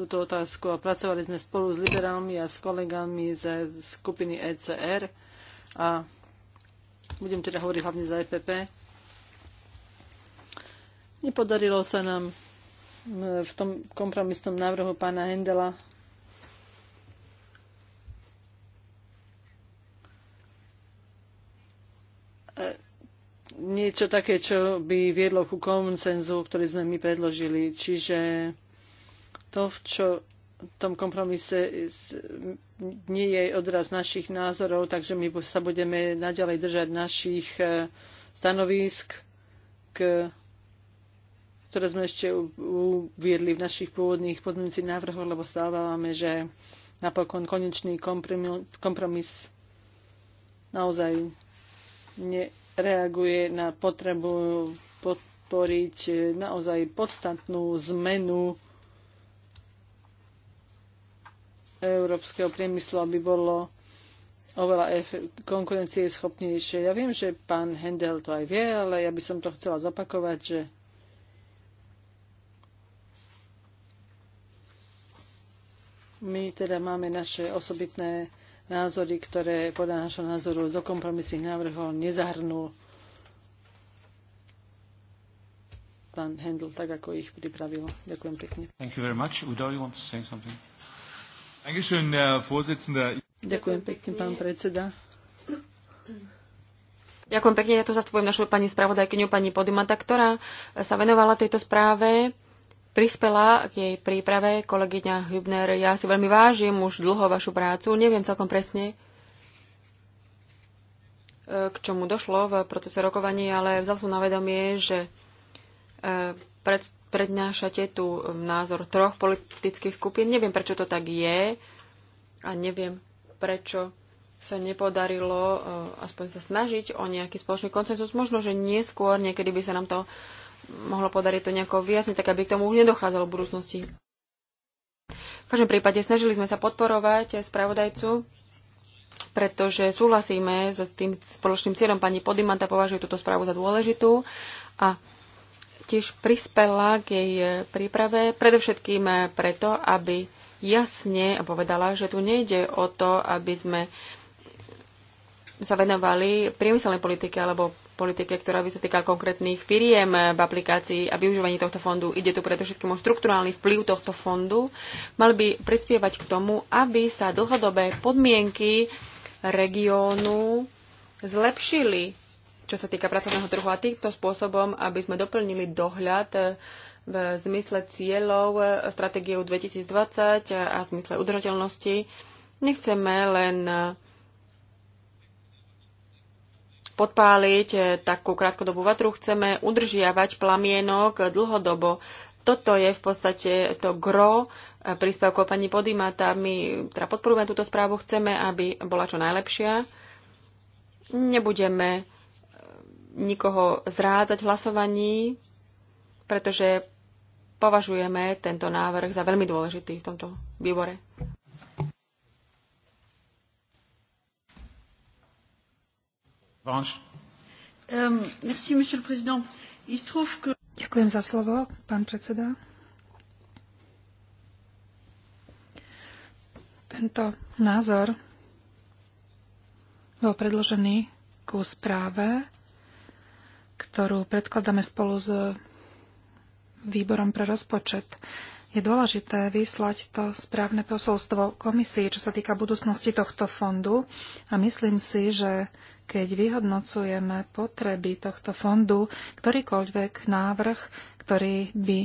túto otázku a pracovali sme spolu s liberálmi a s kolegami ze skupiny ECR a budem teda hovoriť hlavne za EPP. Nepodarilo sa nám e, v tom kompromisnom návrhu pána Hendela e, niečo také, čo by viedlo ku konsenzu, ktorý sme my predložili. Čiže to, v čo v tom kompromise nie je odraz našich názorov, takže my sa budeme naďalej držať našich e, stanovísk, k, ktoré sme ešte uviedli v našich pôvodných podmienci návrhov, lebo stávame, že napokon konečný kompromis naozaj nereaguje na potrebu podporiť e, naozaj podstatnú zmenu európskeho priemyslu, aby bolo oveľa konkurencieschopnejšie. Ja viem, že pán Hendel to aj vie, ale ja by som to chcela zopakovať, že my teda máme naše osobitné názory, ktoré podľa našho názoru do kompromisných návrhov nezahrnul pán Hendel, tak ako ich pripravil. Ďakujem pekne. Thank you very much. Udo, you want to say something? Ďakujem pekne, pán predseda. Ďakujem pekne, ja tu zastupujem našu pani spravodajkyňu, pani Podimata, ktorá sa venovala tejto správe, prispela k jej príprave. Kolegyňa Hübner, ja si veľmi vážim už dlho vašu prácu, neviem celkom presne, e, k čomu došlo v procese rokovania, ale vzal som na vedomie, že e, pred prednášate tu um, názor troch politických skupín. Neviem, prečo to tak je a neviem, prečo sa nepodarilo uh, aspoň sa snažiť o nejaký spoločný koncensus. Možno, že neskôr niekedy by sa nám to mohlo podariť to nejako vyjasniť, tak aby k tomu už nedochádzalo v budúcnosti. V každom prípade snažili sme sa podporovať spravodajcu, pretože súhlasíme s tým spoločným cieľom. Pani Podimanta považuje túto správu za dôležitú a tiež prispela k jej e, príprave, predovšetkým e, preto, aby jasne povedala, že tu nejde o to, aby sme sa venovali priemyselnej politike alebo politike, ktorá by sa týka konkrétnych firiem e, v aplikácii a využívaní tohto fondu. Ide tu predovšetkým o štruktúrálny vplyv tohto fondu. Mal by prispievať k tomu, aby sa dlhodobé podmienky regiónu zlepšili čo sa týka pracovného trhu a týmto spôsobom, aby sme doplnili dohľad eh, v zmysle cieľov eh, stratégie 2020 a v zmysle udržateľnosti. Nechceme len eh, podpáliť takú krátkodobú vatru, chceme udržiavať plamienok dlhodobo. Toto je v podstate to gro príspevkov pani Podimata. My teda podporujeme túto správu, chceme, aby bola čo najlepšia. Nebudeme nikoho zrádzať v hlasovaní, pretože považujeme tento návrh za veľmi dôležitý v tomto výbore. Ehm, Ďakujem za slovo, pán predseda. Tento názor bol predložený ku správe ktorú predkladáme spolu s výborom pre rozpočet. Je dôležité vyslať to správne posolstvo komisii, čo sa týka budúcnosti tohto fondu a myslím si, že keď vyhodnocujeme potreby tohto fondu, ktorýkoľvek návrh, ktorý by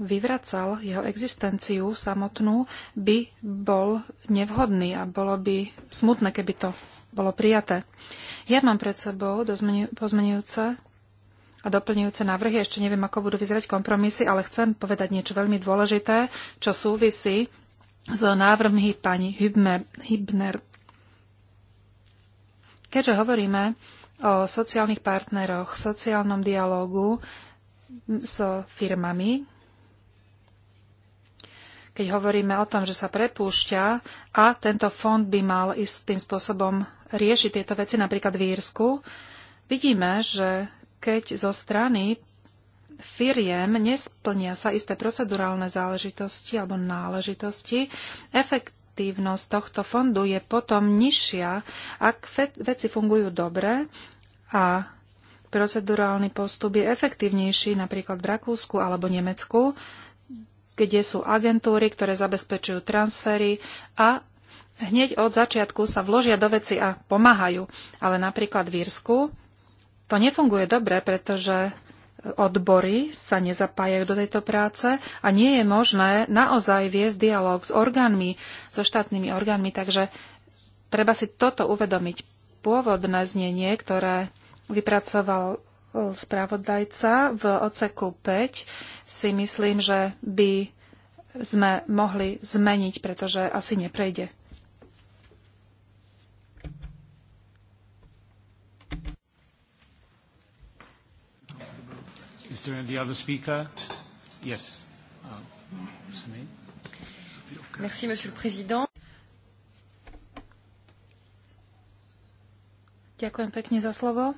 vyvracal jeho existenciu samotnú, by bol nevhodný a bolo by smutné, keby to bolo prijaté. Ja mám pred sebou pozmenujúce a doplňujúce návrhy. Ešte neviem, ako budú vyzerať kompromisy, ale chcem povedať niečo veľmi dôležité, čo súvisí s návrhmi pani Hübner. Hübner. Keďže hovoríme o sociálnych partneroch, sociálnom dialógu s firmami, keď hovoríme o tom, že sa prepúšťa a tento fond by mal istým spôsobom riešiť tieto veci, napríklad v Írsku, vidíme, že keď zo strany firiem nesplnia sa isté procedurálne záležitosti alebo náležitosti, efektívnosť tohto fondu je potom nižšia, ak veci fungujú dobre a procedurálny postup je efektívnejší napríklad v Rakúsku alebo Nemecku, kde sú agentúry, ktoré zabezpečujú transfery a hneď od začiatku sa vložia do veci a pomáhajú. Ale napríklad v Írsku to nefunguje dobre, pretože odbory sa nezapájajú do tejto práce a nie je možné naozaj viesť dialog s orgánmi, so štátnymi orgánmi, takže treba si toto uvedomiť. Pôvodné znenie, ktoré vypracoval spravodajca v oceku 5 si myslím, že by sme mohli zmeniť, pretože asi neprejde. Is there any other speaker? Yes. Merci, Monsieur le Président. Ďakujem pekne za slovo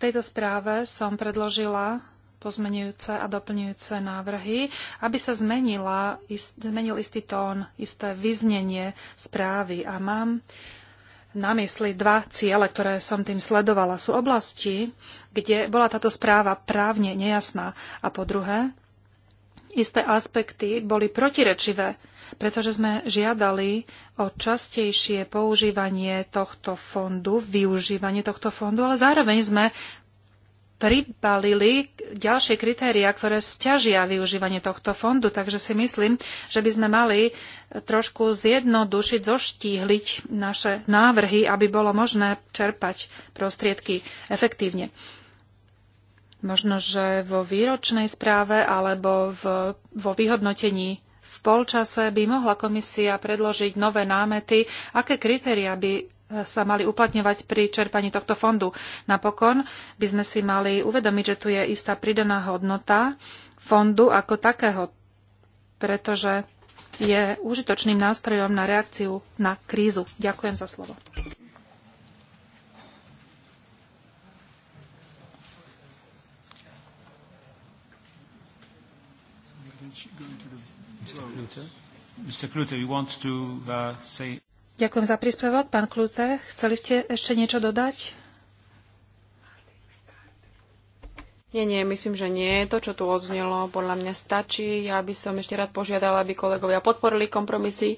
tejto správe som predložila pozmenujúce a doplňujúce návrhy, aby sa zmenila, ist, zmenil istý tón, isté vyznenie správy. A mám na mysli dva ciele, ktoré som tým sledovala. Sú oblasti, kde bola táto správa právne nejasná. A po druhé, isté aspekty boli protirečivé, pretože sme žiadali o častejšie používanie tohto fondu, využívanie tohto fondu, ale zároveň sme pribalili ďalšie kritéria, ktoré stiažia využívanie tohto fondu. Takže si myslím, že by sme mali trošku zjednodušiť, zoštíhliť naše návrhy, aby bolo možné čerpať prostriedky efektívne. Možno, že vo výročnej správe alebo v, vo vyhodnotení v polčase by mohla komisia predložiť nové námety, aké kritéria by e, sa mali uplatňovať pri čerpaní tohto fondu. Napokon by sme si mali uvedomiť, že tu je istá pridaná hodnota fondu ako takého, pretože je užitočným nástrojom na reakciu na krízu. Ďakujem za slovo. Uh, Ďakujem za príspevok. Pán Klute, chceli ste ešte niečo dodať? Nie, nie, myslím, že nie. To, čo tu odznelo, podľa mňa stačí. Ja by som ešte rád požiadala, aby kolegovia podporili kompromisy,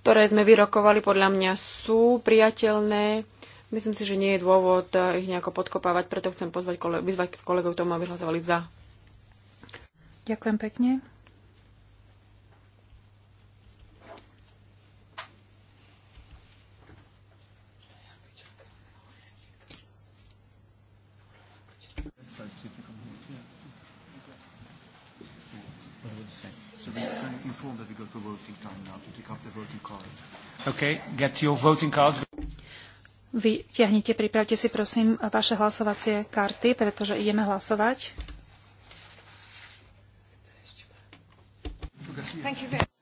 ktoré sme vyrokovali, podľa mňa sú priateľné. Myslím si, že nie je dôvod eh, ich nejako podkopávať, preto chcem pozvať kole- vyzvať kolegov tomu, aby hlasovali za. Ďakujem pekne. informed that we go to voting time now to take up the voting card. Okay, get your voting cards. Vyťahnite, pripravte si prosím vaše hlasovacie karty, pretože ideme hlasovať. Thank you very much.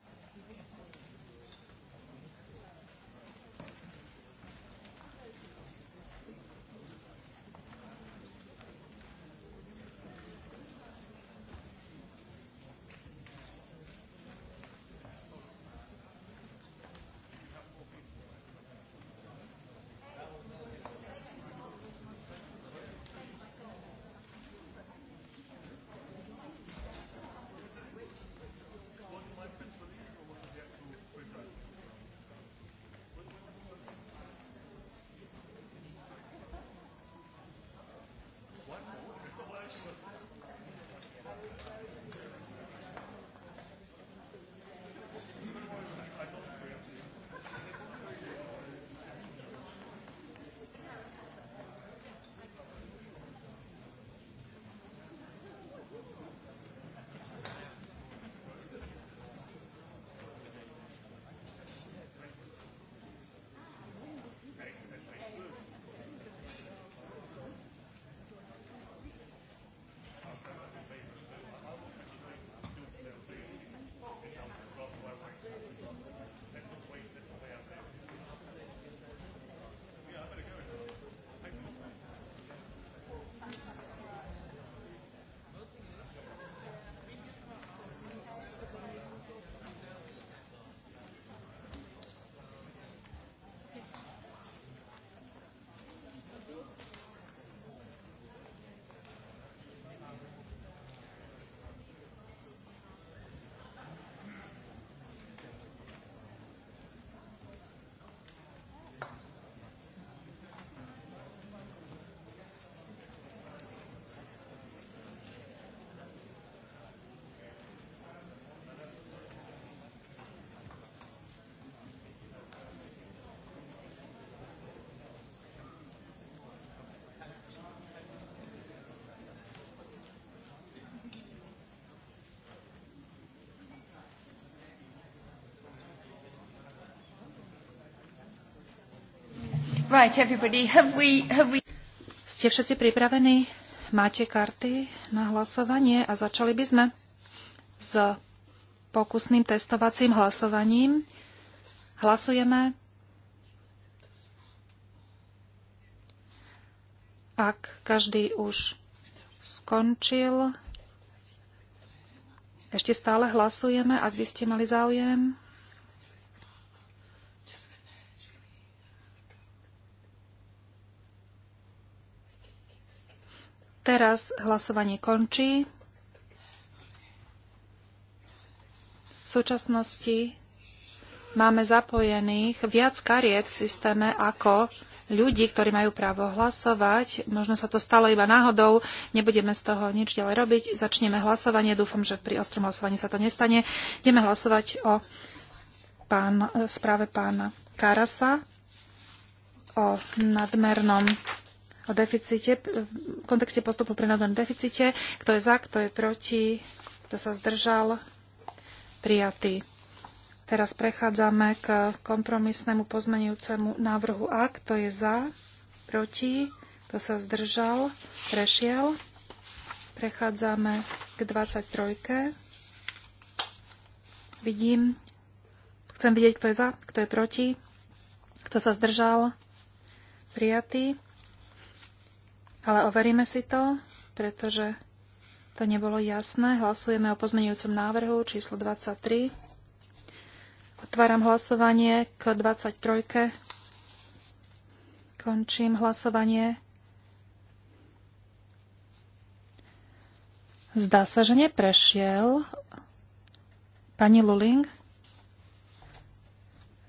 Right, everybody, have we, have we... Ste všetci pripravení? Máte karty na hlasovanie a začali by sme s pokusným testovacím hlasovaním. Hlasujeme. Ak každý už skončil, ešte stále hlasujeme, ak by ste mali záujem. Teraz hlasovanie končí. V súčasnosti máme zapojených viac kariet v systéme ako ľudí, ktorí majú právo hlasovať. Možno sa to stalo iba náhodou, nebudeme z toho nič ďalej robiť. Začneme hlasovanie, dúfam, že pri ostrom hlasovaní sa to nestane. Ideme hlasovať o pán, správe pána Karasa o nadmernom o deficite, v kontexte postupu pri nadmernom deficite. Kto je za, kto je proti, kto sa zdržal, prijatý. Teraz prechádzame k kompromisnému pozmenujúcemu návrhu A. Kto je za, proti, kto sa zdržal, prešiel. Prechádzame k 23. Vidím, chcem vidieť, kto je za, kto je proti, kto sa zdržal, prijatý. Ale overíme si to, pretože to nebolo jasné. Hlasujeme o pozmenujúcom návrhu číslo 23. Otváram hlasovanie k 23. Končím hlasovanie. Zdá sa, že neprešiel. Pani Luling?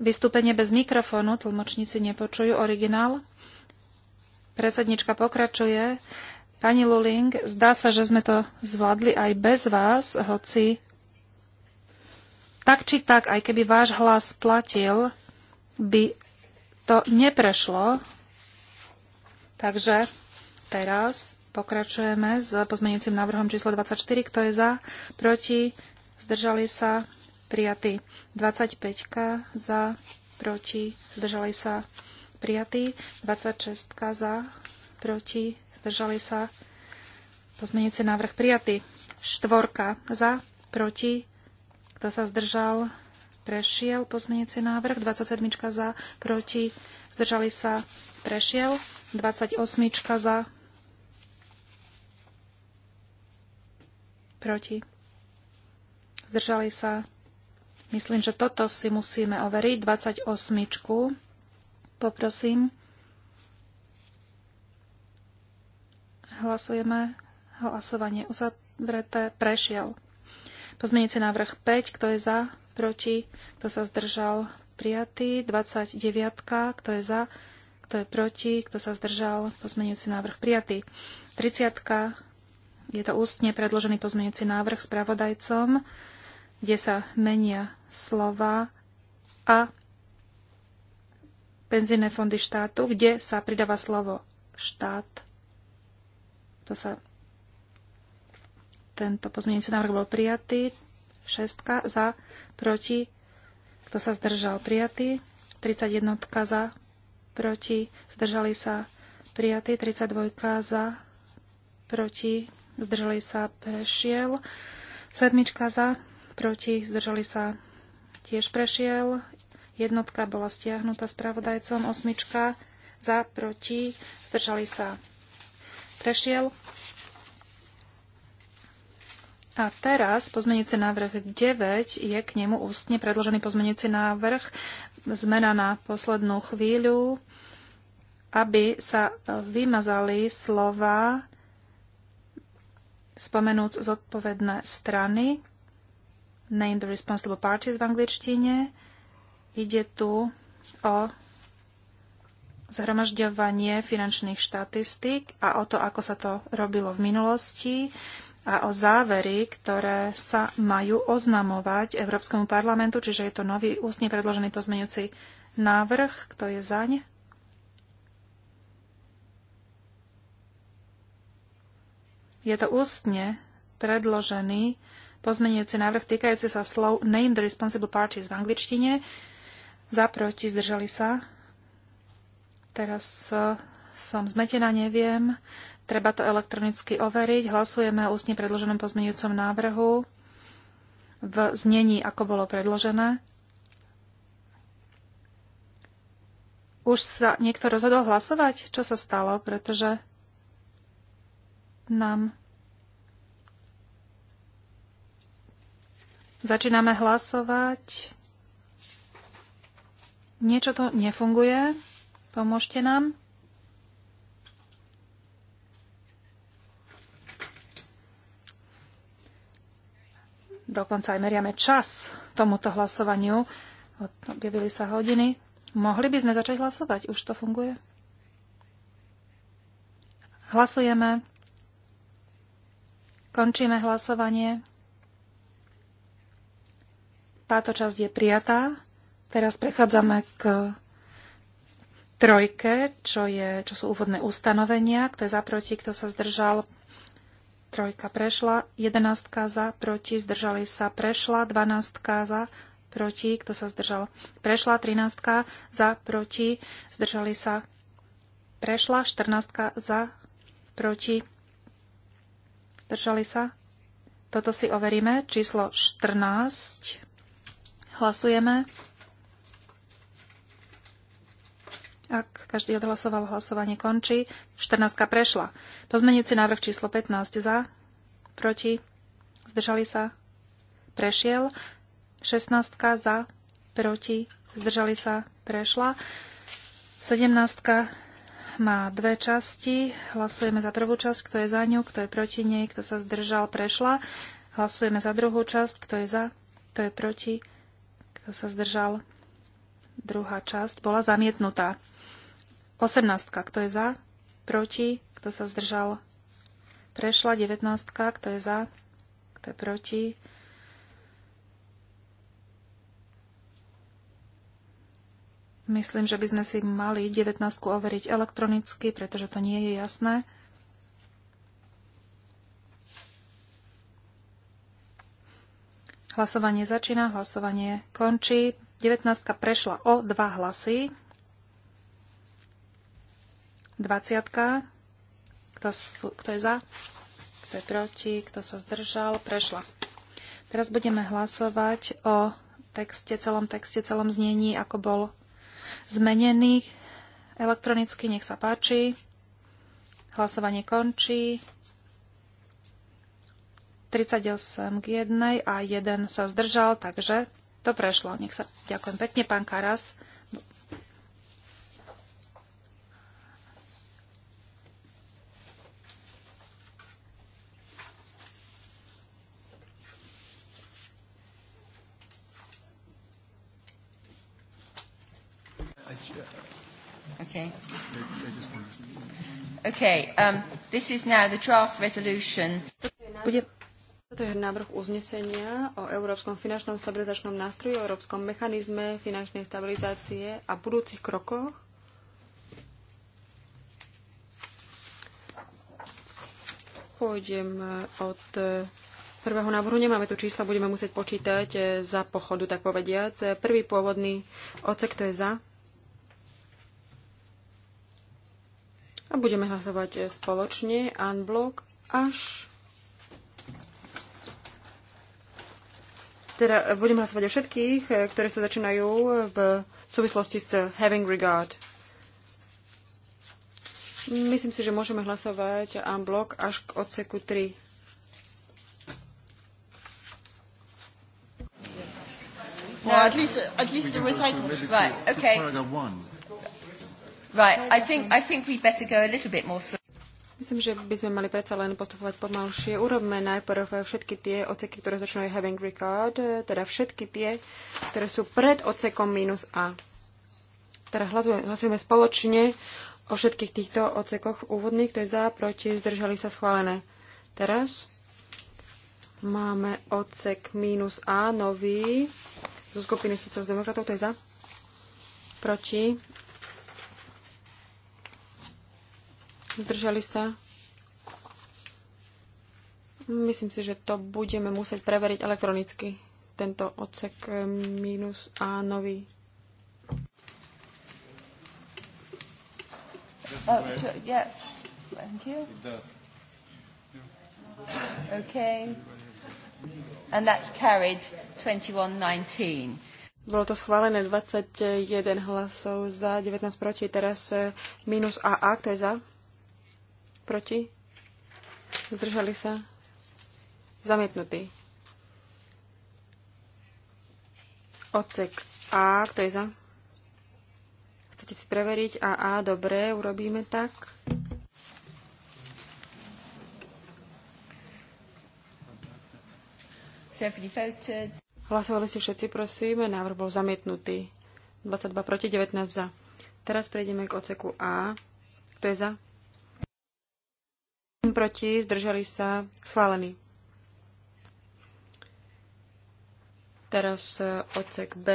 Vystúpenie bez mikrofónu, tlmočníci nepočujú originál. Predsednička pokračuje. Pani Luling, zdá sa, že sme to zvládli aj bez vás, hoci tak či tak, aj keby váš hlas platil, by to neprešlo. Takže teraz pokračujeme s pozmeňujúcim návrhom číslo 24. Kto je za? Proti? Zdržali sa? Prijatý. 25. Za? Proti? Zdržali sa? prijatý. 26 za, proti, zdržali sa. Pozmeňujúci návrh prijatý. Štvorka za, proti, kto sa zdržal, prešiel. Pozmeňujúci návrh. 27 za, proti, zdržali sa, prešiel. 28 za, proti. Zdržali sa. Myslím, že toto si musíme overiť. 28. Poprosím. Hlasujeme. Hlasovanie uzavreté. Prešiel. Pozmienujúci návrh 5. Kto je za? Proti? Kto sa zdržal? Prijatý. 29. Kto je za? Kto je proti? Kto sa zdržal? pozmenujúci návrh prijatý. 30. Je to ústne predložený pozmeňujúci návrh spravodajcom, kde sa menia slova a penzijné fondy štátu, kde sa pridáva slovo štát. To sa... Tento pozmeňujúci návrh bol prijatý. Šestka za, proti. Kto sa zdržal? Prijatý. 31 za, proti. Zdržali sa prijatý. 32 za, proti. Zdržali sa prešiel. Sedmička za, proti. Zdržali sa tiež prešiel. Jednotka bola stiahnutá spravodajcom, osmička za, proti, zdržali sa. Prešiel. A teraz pozmenujúci návrh 9 je k nemu ústne predložený pozmenujúci návrh. Zmena na poslednú chvíľu, aby sa vymazali slova spomenúc zodpovedné strany, name the responsible parties v angličtine, Ide tu o zhromažďovanie finančných štatistík a o to, ako sa to robilo v minulosti a o závery, ktoré sa majú oznamovať Európskemu parlamentu, čiže je to nový ústne predložený pozmeňujúci návrh. Kto je zaň? Je to ústne predložený pozmeňujúci návrh týkajúci sa slov named responsible parties v angličtine za, proti, zdržali sa. Teraz e, som zmetená, neviem. Treba to elektronicky overiť. Hlasujeme o ústne predloženom pozmeňujúcom návrhu v znení, ako bolo predložené. Už sa niekto rozhodol hlasovať? Čo sa stalo? Pretože nám Začíname hlasovať. Niečo to nefunguje. Pomôžte nám. Dokonca aj meriame čas tomuto hlasovaniu. Objavili sa hodiny. Mohli by sme začať hlasovať? Už to funguje? Hlasujeme. Končíme hlasovanie. Táto časť je prijatá. Teraz prechádzame k trojke, čo, je, čo sú úvodné ustanovenia. Kto je za proti, kto sa zdržal, trojka prešla. Jedenáctka za proti, zdržali sa, prešla. Dvanáctka za proti, kto sa zdržal, prešla. Trináctka za proti, zdržali sa, prešla. Štrnáctka za proti, zdržali sa. Toto si overíme. Číslo 14. Hlasujeme. Ak každý odhlasoval, hlasovanie končí. 14 prešla. Pozmenujúci návrh číslo 15 za, proti, zdržali sa, prešiel. 16 za, proti, zdržali sa, prešla. 17 má dve časti. Hlasujeme za prvú časť, kto je za ňu, kto je proti nej, kto sa zdržal, prešla. Hlasujeme za druhú časť, kto je za, kto je proti, kto sa zdržal. Druhá časť bola zamietnutá. 18. Kto je za? Proti? Kto sa zdržal? Prešla 19. Kto je za? Kto je proti? Myslím, že by sme si mali 19 overiť elektronicky, pretože to nie je jasné. Hlasovanie začína, hlasovanie končí. 19 prešla o dva hlasy. 20. Kto, kto je za? Kto je proti? Kto sa zdržal? Prešla. Teraz budeme hlasovať o texte, celom texte, celom znení, ako bol zmenený elektronicky. Nech sa páči. Hlasovanie končí. 38 k 1 a 1 sa zdržal, takže to prešlo. Nech sa ďakujem pekne, pán Karas. Okay. Okay, um, this is now the draft resolution. toto je návrh uznesenia o Európskom finančnom stabilizačnom nástroji, o Európskom mechanizme finančnej stabilizácie a budúcich krokoch. Pôjdem e, od e, prvého návrhu. Nemáme tu čísla, budeme musieť počítať e, za pochodu, tak povediac. Prvý pôvodný ocek, to je za A budeme hlasovať eh, spoločne, unblock, až... Teda eh, budeme hlasovať o všetkých, eh, ktoré sa začínajú v súvislosti s having regard. Myslím si, že môžeme hlasovať unblock až k odseku 3. Well, no, at least, at least the recital. Right, okay. Right, I think, I think we better go a little bit more slow. Myslím, že by sme mali predsa len postupovať pomalšie. Urobme najprv všetky tie oceky, ktoré začínajú having record, teda všetky tie, ktoré sú pred ocekom minus A. Teda hlasujeme spoločne o všetkých týchto ocekoch úvodných, ktoré za, proti, zdržali sa schválené. Teraz máme ocek minus A, nový, zo skupiny sociálnych demokratov, to je za, proti, zdržali sa. Myslím si, že to budeme musieť preveriť elektronicky. Tento odsek eh, minus a nový. Oh, yeah. Thank you. Okay. And that's carried 2119. Bolo to schválené 21 hlasov za, 19 proti, teraz eh, minus AA, kto je za? proti, zdržali sa, zamietnutý. Odsek A, kto je za? Chcete si preveriť A, A, dobre, urobíme tak. Hlasovali ste všetci, prosím. Návrh bol zamietnutý. 22 proti, 19 za. Teraz prejdeme k oceku A. Kto je za? Proti, zdržali sa, schválený. Teraz e, odsek B.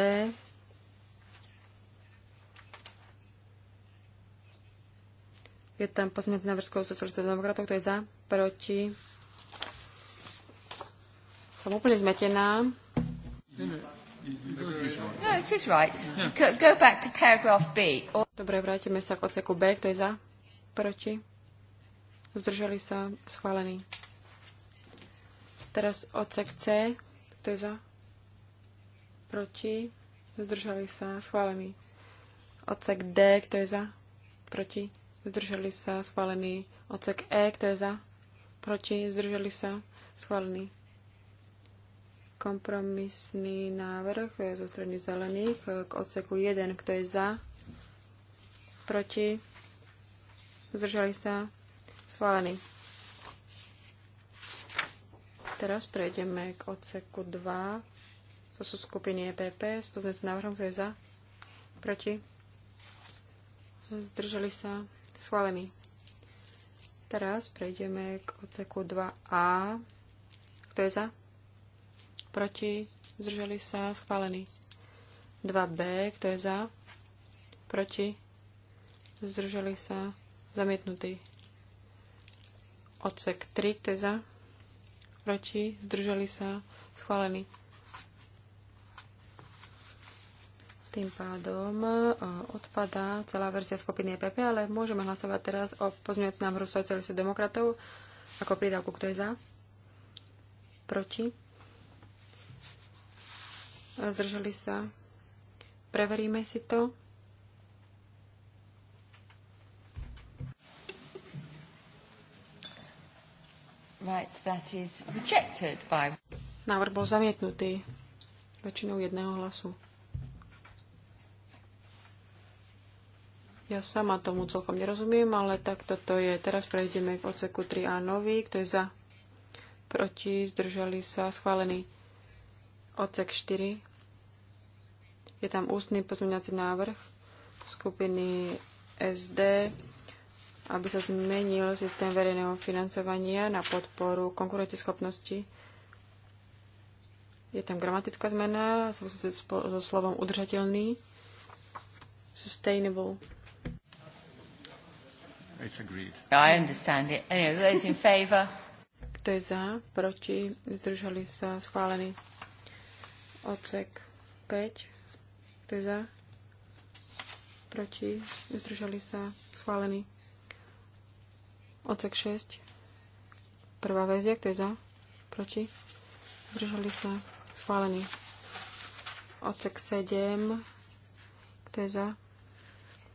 Je tam pozmec na vrskou socialistov demokratov, kto je za, proti. Som úplne zmetená. No, this right. Go back to paragraph B. Dobre, vrátime sa k odseku B, kto je za, proti zdržali sa, schválený. Teraz odsek C, kto je za, proti, zdržali sa, schválený. Odsek D, kto je za, proti, zdržali sa, schválený. Odsek E, kto je za, proti, zdržali sa, schválený. Kompromisný návrh zo strany zelených k odseku 1, kto je za, proti, zdržali sa, Schválený. Teraz prejdeme k odseku 2. To sú skupiny EPP. Spoznať s návrhom, kto je za? Proti? Zdržali sa? Schválený. Teraz prejdeme k odseku 2a. Kto je za? Proti? Zdržali sa? Schválený. 2b. Kto je za? Proti? Zdržali sa? Zamietnutý. Odsek 3, kto je za? Proti? Zdržali sa? Schválený. Tým pádom e, odpadá celá verzia skupiny EPP, ale môžeme hlasovať teraz o pozmeňujúcom návrhu socialistov demokratov ako prídavku. Kto je za? Proti? Zdržali sa? Preveríme si to. Right, that is rejected by... Návrh bol zamietnutý väčšinou jedného hlasu. Ja sama tomu celkom nerozumiem, ale tak toto je. Teraz prejdeme k oceku 3a nový. Kto je za? Proti? Zdržali sa? Schválený. ocek 4. Je tam ústny pozmeňací návrh skupiny SD aby sa zmenil systém verejného financovania na podporu konkurenceschopnosti. Je tam gramatická zmena súvisí so slovom udržateľný, sustainable. It's agreed. I understand it. Anyway, those in favor? Kto je za, proti, zdržali sa, schválený. Ocek 5. Kto je za? Proti, zdržali sa, schválený. Odsek 6. Prvá väzia, kto je za? Proti? Zdržali sa? Schválený. Odsek 7. Kto je za?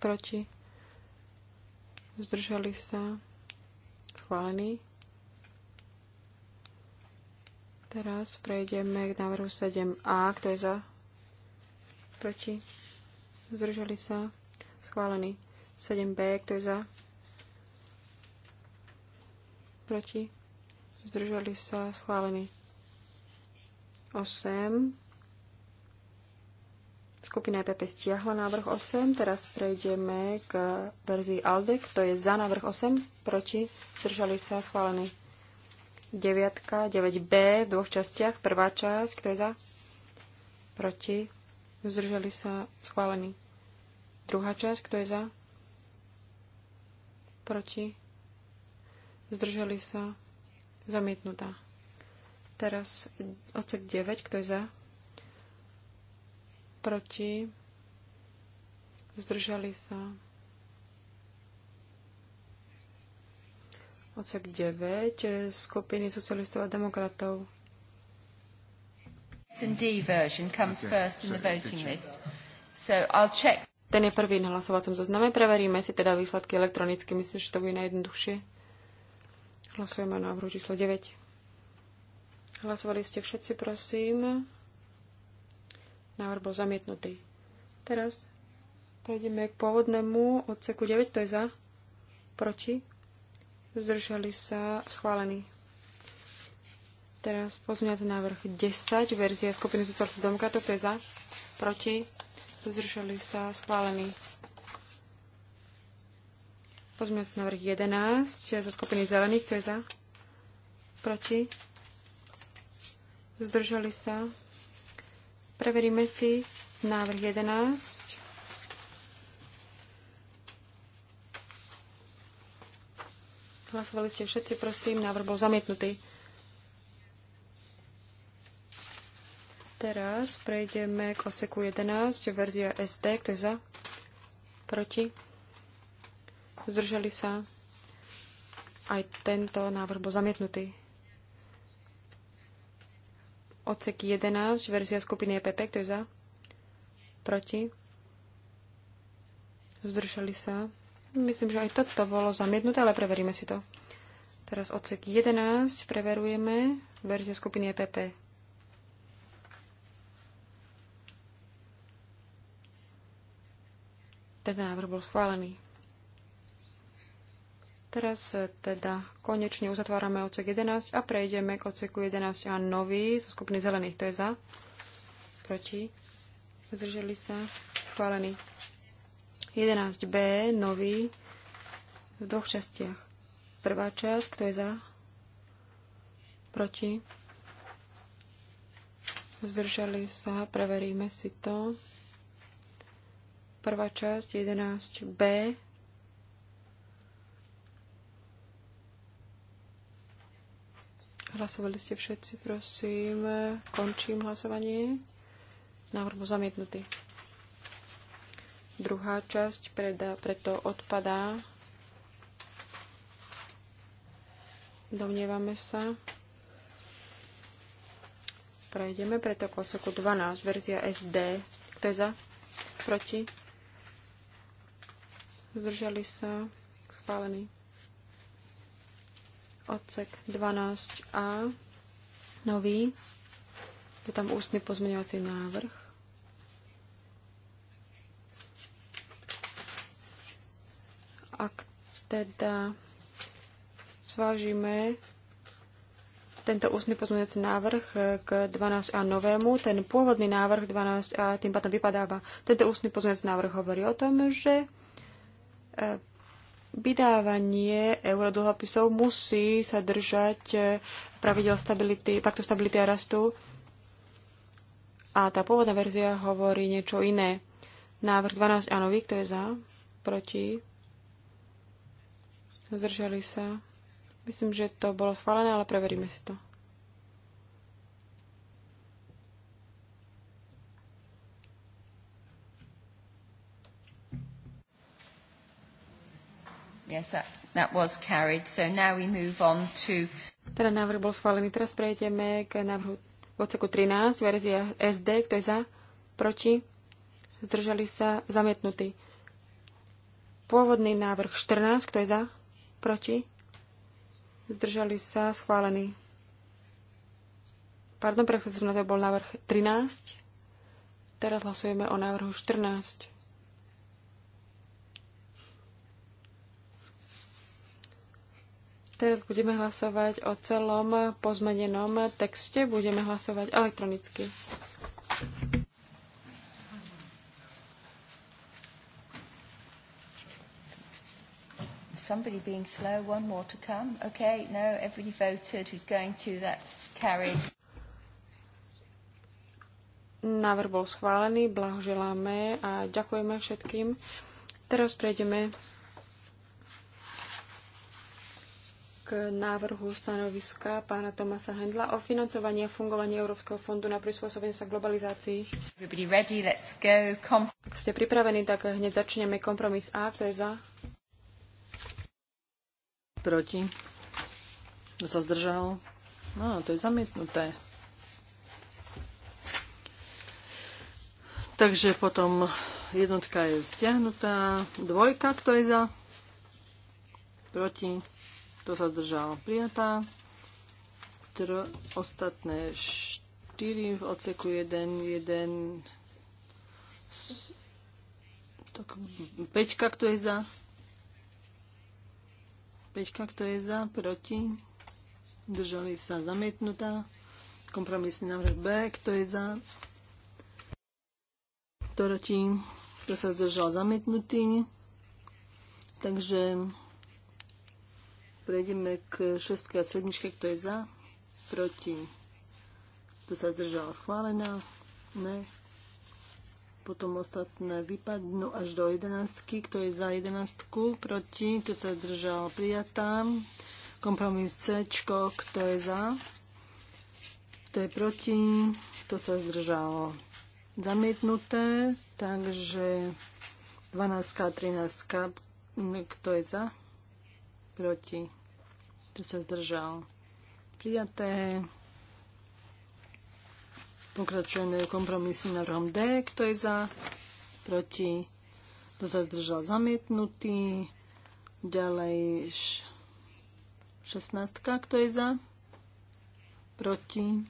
Proti? Zdržali sa? Schválený. Teraz prejdeme k návrhu 7a. Kto je za? Proti? Zdržali sa? Schválený. 7b. Kto je za? proti, zdržali sa, schválený. 8. Skupina EPP stiahla návrh 8. Teraz prejdeme k verzii ALDE. Kto je za návrh 8? Proti? Zdržali sa? Schválený. 9. 9b v dvoch častiach. Prvá časť. Kto je za? Proti? Zdržali sa? Schválený. Druhá časť. Kto je za? Proti? zdržali sa, zamietnutá. Teraz odsek 9, kto je za, proti, zdržali sa, odsek 9 skupiny socialistov a demokratov. Ten je prvý na hlasovacom zozname. Preveríme si teda výsledky elektronicky. Myslím, že to bude najjednoduchšie. Hlasujeme o návrhu číslo 9. Hlasovali ste všetci, prosím. Návrh bol zamietnutý. Teraz prejdeme k pôvodnému odseku 9, to je za, proti, zdržali sa, schválený. Teraz pozmeňací návrh 10, verzia skupiny sociálnych domka, to je za, proti, zdržali sa, schválený. Pozmeňujúci návrh 11 zo skupiny zelených. Kto je za? Proti? Zdržali sa? Preveríme si návrh 11. Hlasovali ste všetci, prosím. Návrh bol zamietnutý. Teraz prejdeme k oceku 11, verzia SD. Kto je za? Proti? zdržali sa. Aj tento návrh bol zamietnutý. Odsek 11, verzia skupiny EPP, kto je za? Proti? Zdržali sa. Myslím, že aj toto bolo zamietnuté, ale preveríme si to. Teraz odsek 11 preverujeme, verzia skupiny EPP. Ten návrh bol schválený. Teraz eh, teda konečne uzatvárame ocek 11 a prejdeme k odseku 11 a nový zo skupiny zelených. To je za. Proti. Zdrželi sa. Schválený. 11b, nový, v dvoch častiach. Prvá časť, kto je za? Proti. Zdržali sa, preveríme si to. Prvá časť, 11b, Hlasovali ste všetci, prosím. Končím hlasovanie. Návrh bol zamietnutý. Druhá časť preda, preto odpadá. Domnievame sa. Prejdeme preto k odseku 12, verzia SD. Kto je za? Proti? Zdržali sa? Schválený odsek 12a, nový, je tam ústny pozmeňovací návrh. Ak teda zvážime tento ústny pozmeňovací návrh k 12a novému, ten pôvodný návrh 12a tým pádom vypadáva. Tento ústny pozmeňovací návrh hovorí o tom, že vydávanie eurodlhopisov musí sa držať eh, pravidel stability, paktu stability a rastu. A tá pôvodná verzia hovorí niečo iné. Návrh 12, áno, vy, kto je za? Proti? Zdržali sa? Myslím, že to bolo schválené, ale preveríme si to. Yes, that, that was carried. So now we move on to... Teda návrh bol schválený. Teraz prejdeme k návrhu v odseku 13, verzia SD, kto je za, proti, zdržali sa, zamietnutí. Pôvodný návrh 14, kto je za, proti, zdržali sa, schválený. Pardon, prechádzam na to bol návrh 13. Teraz hlasujeme o návrhu 14. Teraz budeme hlasovať o celom pozmenenom texte. Budeme hlasovať elektronicky. Somebody being slow, one more to come. Okay, no, everybody voted who's going to, that's carried. Návrh bol schválený, blahoželáme a ďakujeme všetkým. Teraz prejdeme k návrhu stanoviska pána Tomasa Hendla o financovanie a fungovanie Európskeho fondu na prispôsobenie sa globalizácii. Ready, Ak ste pripravení, tak hneď začneme kompromis A, kto je za? Proti. Kto sa zdržal? No, to je zamietnuté. Takže potom jednotka je stiahnutá. Dvojka, kto je za? Proti to sa držalo prijatá. Tr- ostatné 4 v odseku 1, 1, tak 5, kto je za? 5, kto je za? Proti? Držali sa zamietnutá. Kompromisný návrh B, kto je za? Proti? Kto sa držal zamietnutý? Takže Prejdeme k 6 a sedmičke, kto je za, proti, kto sa zdržal schválená, ne. Potom ostatné vypadnú až do jedenáctky, kto je za jedenáctku, proti, kto sa zdržal prijatá. Kompromis C, kto je za, kto je proti, kto sa zdržal zamietnuté, takže 12 a 13, kto je za, proti kto sa zdržal. Prijaté. Pokračujeme kompromisným návrhom D. Kto je za? Proti? Kto sa zdržal? Zamietnutý. Ďalej 16. Kto je za? Proti?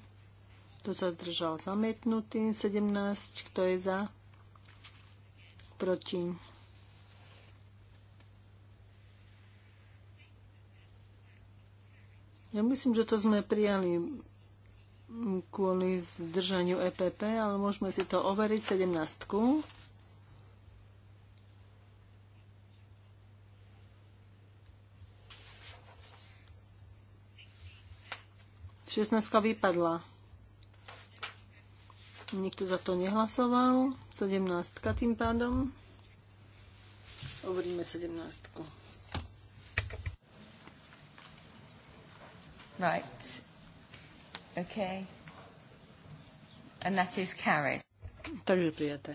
Kto sa zdržal? Zamietnutý. 17. Kto je za? Proti? Ja myslím, že to sme prijali kvôli zdržaniu EPP, ale môžeme si to overiť 17. Šestnáctka vypadla. Nikto za to nehlasoval. Sedemnáctka tým pádom. Overíme sedemnáctku. Right. Okay. And that is carried. Takže prijaté.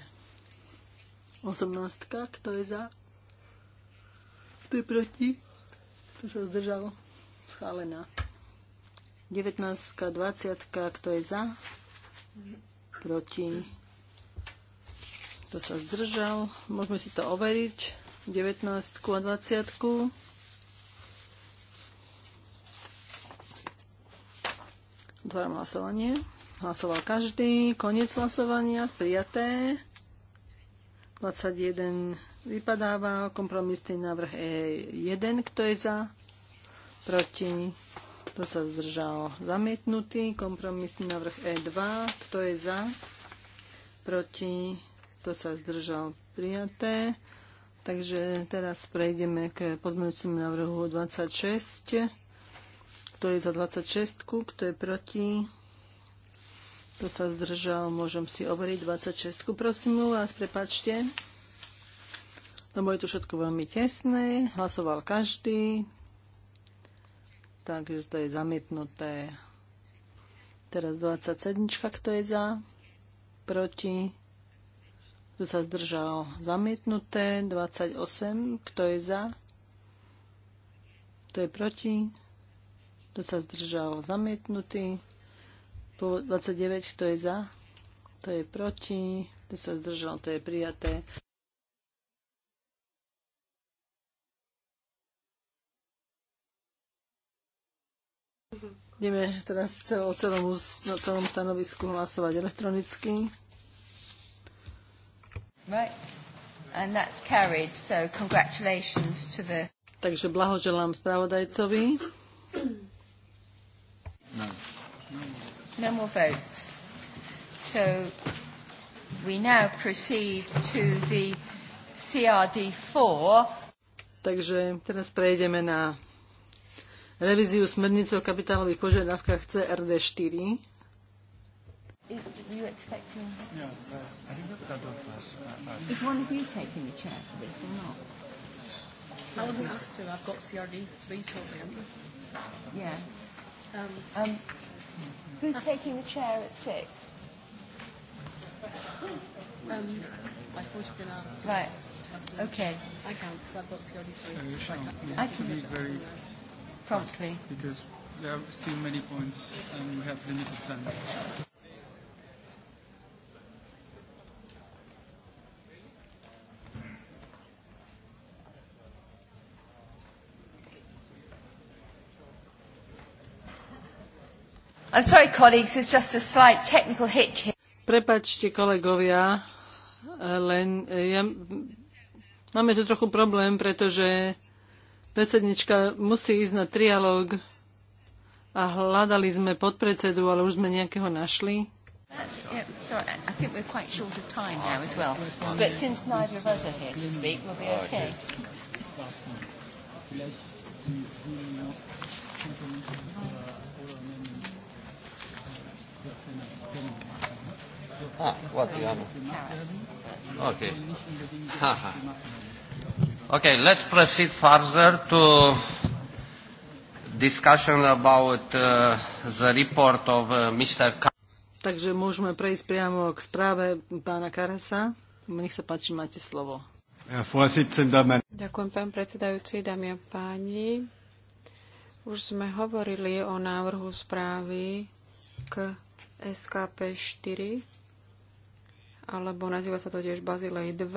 Osemnáctka, Kto je za? Kto je proti? Kto sa zdržal? Schválená. Devetnáctka, dvaciatka, Kto je za? Proti? Kto sa zdržal? Môžeme si to overiť. Devetnáctku a dvaciatku. Ďakujem. Otváram hlasovanie. Hlasoval každý. Koniec hlasovania. Prijaté. 21 vypadáva. Kompromisný návrh E1. Kto je za? Proti. Kto sa zdržal? Zamietnutý. Kompromisný návrh E2. Kto je za? Proti. Kto sa zdržal? Prijaté. Takže teraz prejdeme k pozmeňujúcemu návrhu 26. Kto je za 26? Kto je proti? Kto sa zdržal? Môžem si overiť 26. Prosím vás, prepačte. Lebo je to všetko veľmi tesné. Hlasoval každý. Takže to je zamietnuté. Teraz 27. Kto je za? Proti? Kto sa zdržal? Zamietnuté. 28. Kto je za? Kto je proti? Kto sa zdržal? Zamietnutý. 29. Kto je za? Kto je proti? Kto sa zdržal? To je prijaté. Ideme teraz o celom, o celom stanovisku hlasovať elektronicky. Right. And that's carried, so congratulations to the... Takže blahoželám spravodajcovi. No. No more votes. So we now proceed to the CRD4. Takže teraz prejdeme na revíziu smernice o kapitálových požiadavkách CRD4. Uh, uh, uh, Is one of you taking the chair for this or not? I wasn't asked to. I've got CRD3 totally. Yeah. Um, um, who's taking the chair at six? Um, I thought you'd been asked. Right. Okay. I can't, because I've got uh, to go to three. I can be very promptly. Because there are still many points and we have limited time. I'm sorry, colleagues, it's just a slight technical hitch here. Prepačte, kolegovia, len e, ja, máme tu trochu problém, pretože predsednička musí ísť na trialóg a hľadali sme podpredsedu, ale už sme nejakého našli. Yeah, Ah, what you have? Okay. okay, let's proceed further to discussion about uh, the report of uh, Mr. Ka Takže môžeme prejsť priamo k správe pána Karasa. Nech sa páči, máte slovo. Ďakujem, pán predsedajúci, dámy a páni. Už sme hovorili o návrhu správy k SKP 4 alebo nazýva sa to tiež Bazilej 2.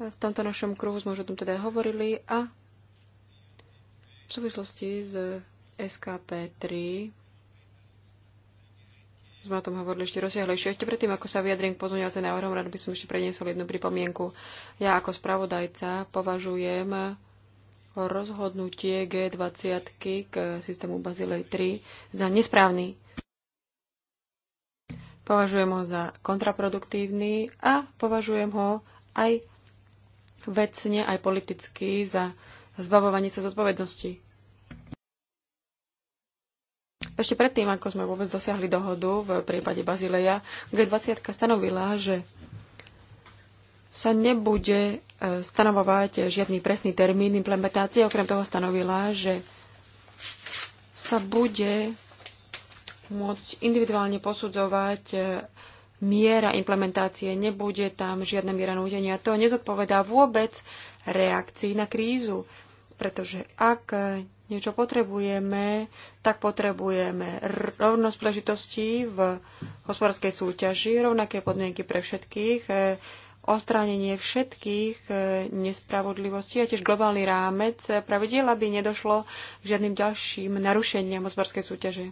V tomto našom kruhu sme už o tom teda hovorili a v súvislosti s SKP 3 sme o tom hovorili ešte rozsiahlejšie. Ešte predtým, ako sa vyjadrím k pozmeňovacím návrhom, rád by som ešte preniesol jednu pripomienku. Ja ako spravodajca považujem rozhodnutie G20 k systému Bazilej 3 za nesprávny Považujem ho za kontraproduktívny a považujem ho aj vecne, aj politicky za zbavovanie sa zodpovednosti. Ešte predtým, ako sme vôbec dosiahli dohodu v prípade Bazileja, G20 stanovila, že sa nebude e, stanovovať žiadny presný termín implementácie. Okrem toho stanovila, že sa bude môcť individuálne posudzovať e, miera implementácie, nebude tam žiadne miera núdenia. To nezodpovedá vôbec reakcii na krízu, pretože ak e, niečo potrebujeme, tak potrebujeme rovnosť príležitostí v hospodárskej súťaži, rovnaké podmienky pre všetkých, e, ostránenie všetkých nespravodlivostí a tiež globálny rámec pravidiel, aby nedošlo k žiadnym ďalším narušeniam hospodárskej súťaže.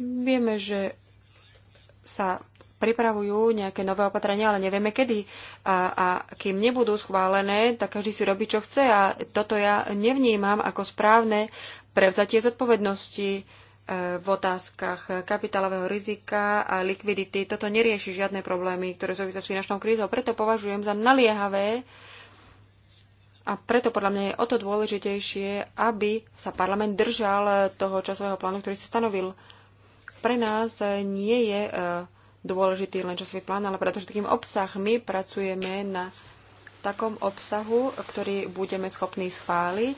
Vieme, že sa pripravujú nejaké nové opatrenia, ale nevieme kedy. A, a kým nebudú schválené, tak každý si robí, čo chce. A toto ja nevnímam ako správne prevzatie zodpovednosti e, v otázkach kapitálového rizika a likvidity. Toto nerieši žiadne problémy, ktoré súvisia s finančnou krízou. Preto považujem za naliehavé a preto podľa mňa je o to dôležitejšie, aby sa parlament držal toho časového plánu, ktorý si stanovil. Pre nás nie je e, dôležitý len časový plán, ale pretože takým obsah my pracujeme na takom obsahu, ktorý budeme schopní schváliť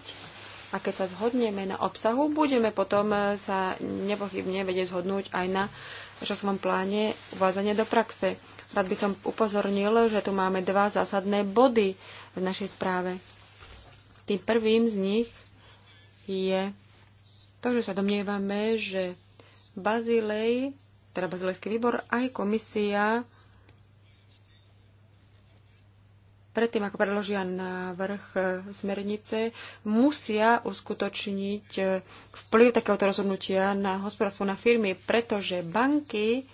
a keď sa zhodneme na obsahu, budeme potom e, sa nepochybne vedieť zhodnúť aj na časovom pláne uvádzania do praxe. Rád by som upozornil, že tu máme dva zásadné body v našej správe. Tým prvým z nich je to, že sa domnievame, že Bazilej, teda Bazilejský výbor, aj komisia predtým, ako predložia návrh smernice, musia uskutočniť vplyv takéhoto rozhodnutia na hospodárstvo na firmy, pretože banky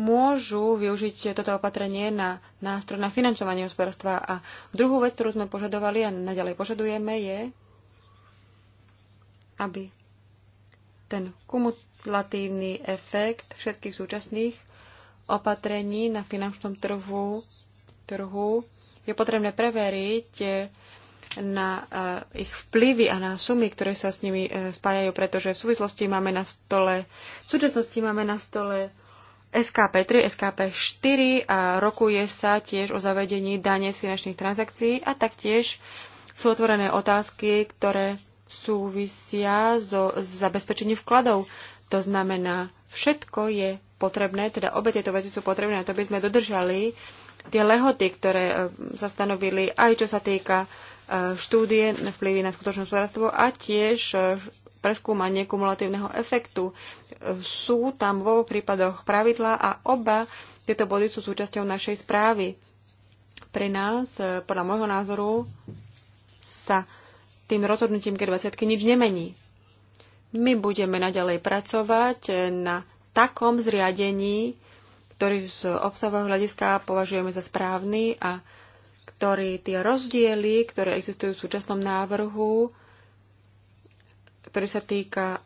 môžu využiť toto opatrenie na nástroj na financovanie hospodárstva. A druhú vec, ktorú sme požadovali a naďalej požadujeme, je, aby ten kumulatívny efekt všetkých súčasných opatrení na finančnom trhu, trhu je potrebné preveriť eh, na eh, ich vplyvy a na sumy, ktoré sa s nimi eh, spájajú, pretože v súvislosti máme na stole, v súčasnosti máme na stole SKP 3, SKP 4 a rokuje sa tiež o zavedení dane z finančných transakcií a taktiež sú otvorené otázky, ktoré súvisia so zabezpečením vkladov. To znamená, všetko je potrebné, teda obe tieto veci sú potrebné a to, by sme dodržali tie lehoty, ktoré e, sa stanovili aj čo sa týka e, štúdie vplyvy na skutočné hospodárstvo a tiež e, preskúmanie kumulatívneho efektu. Sú tam vo prípadoch pravidla a oba tieto body sú súčasťou našej správy. Pre nás, podľa môjho názoru, sa tým rozhodnutím G20 nič nemení. My budeme naďalej pracovať na takom zriadení, ktorý z obsahového hľadiska považujeme za správny a ktorý tie rozdiely, ktoré existujú v súčasnom návrhu, ktorý sa týka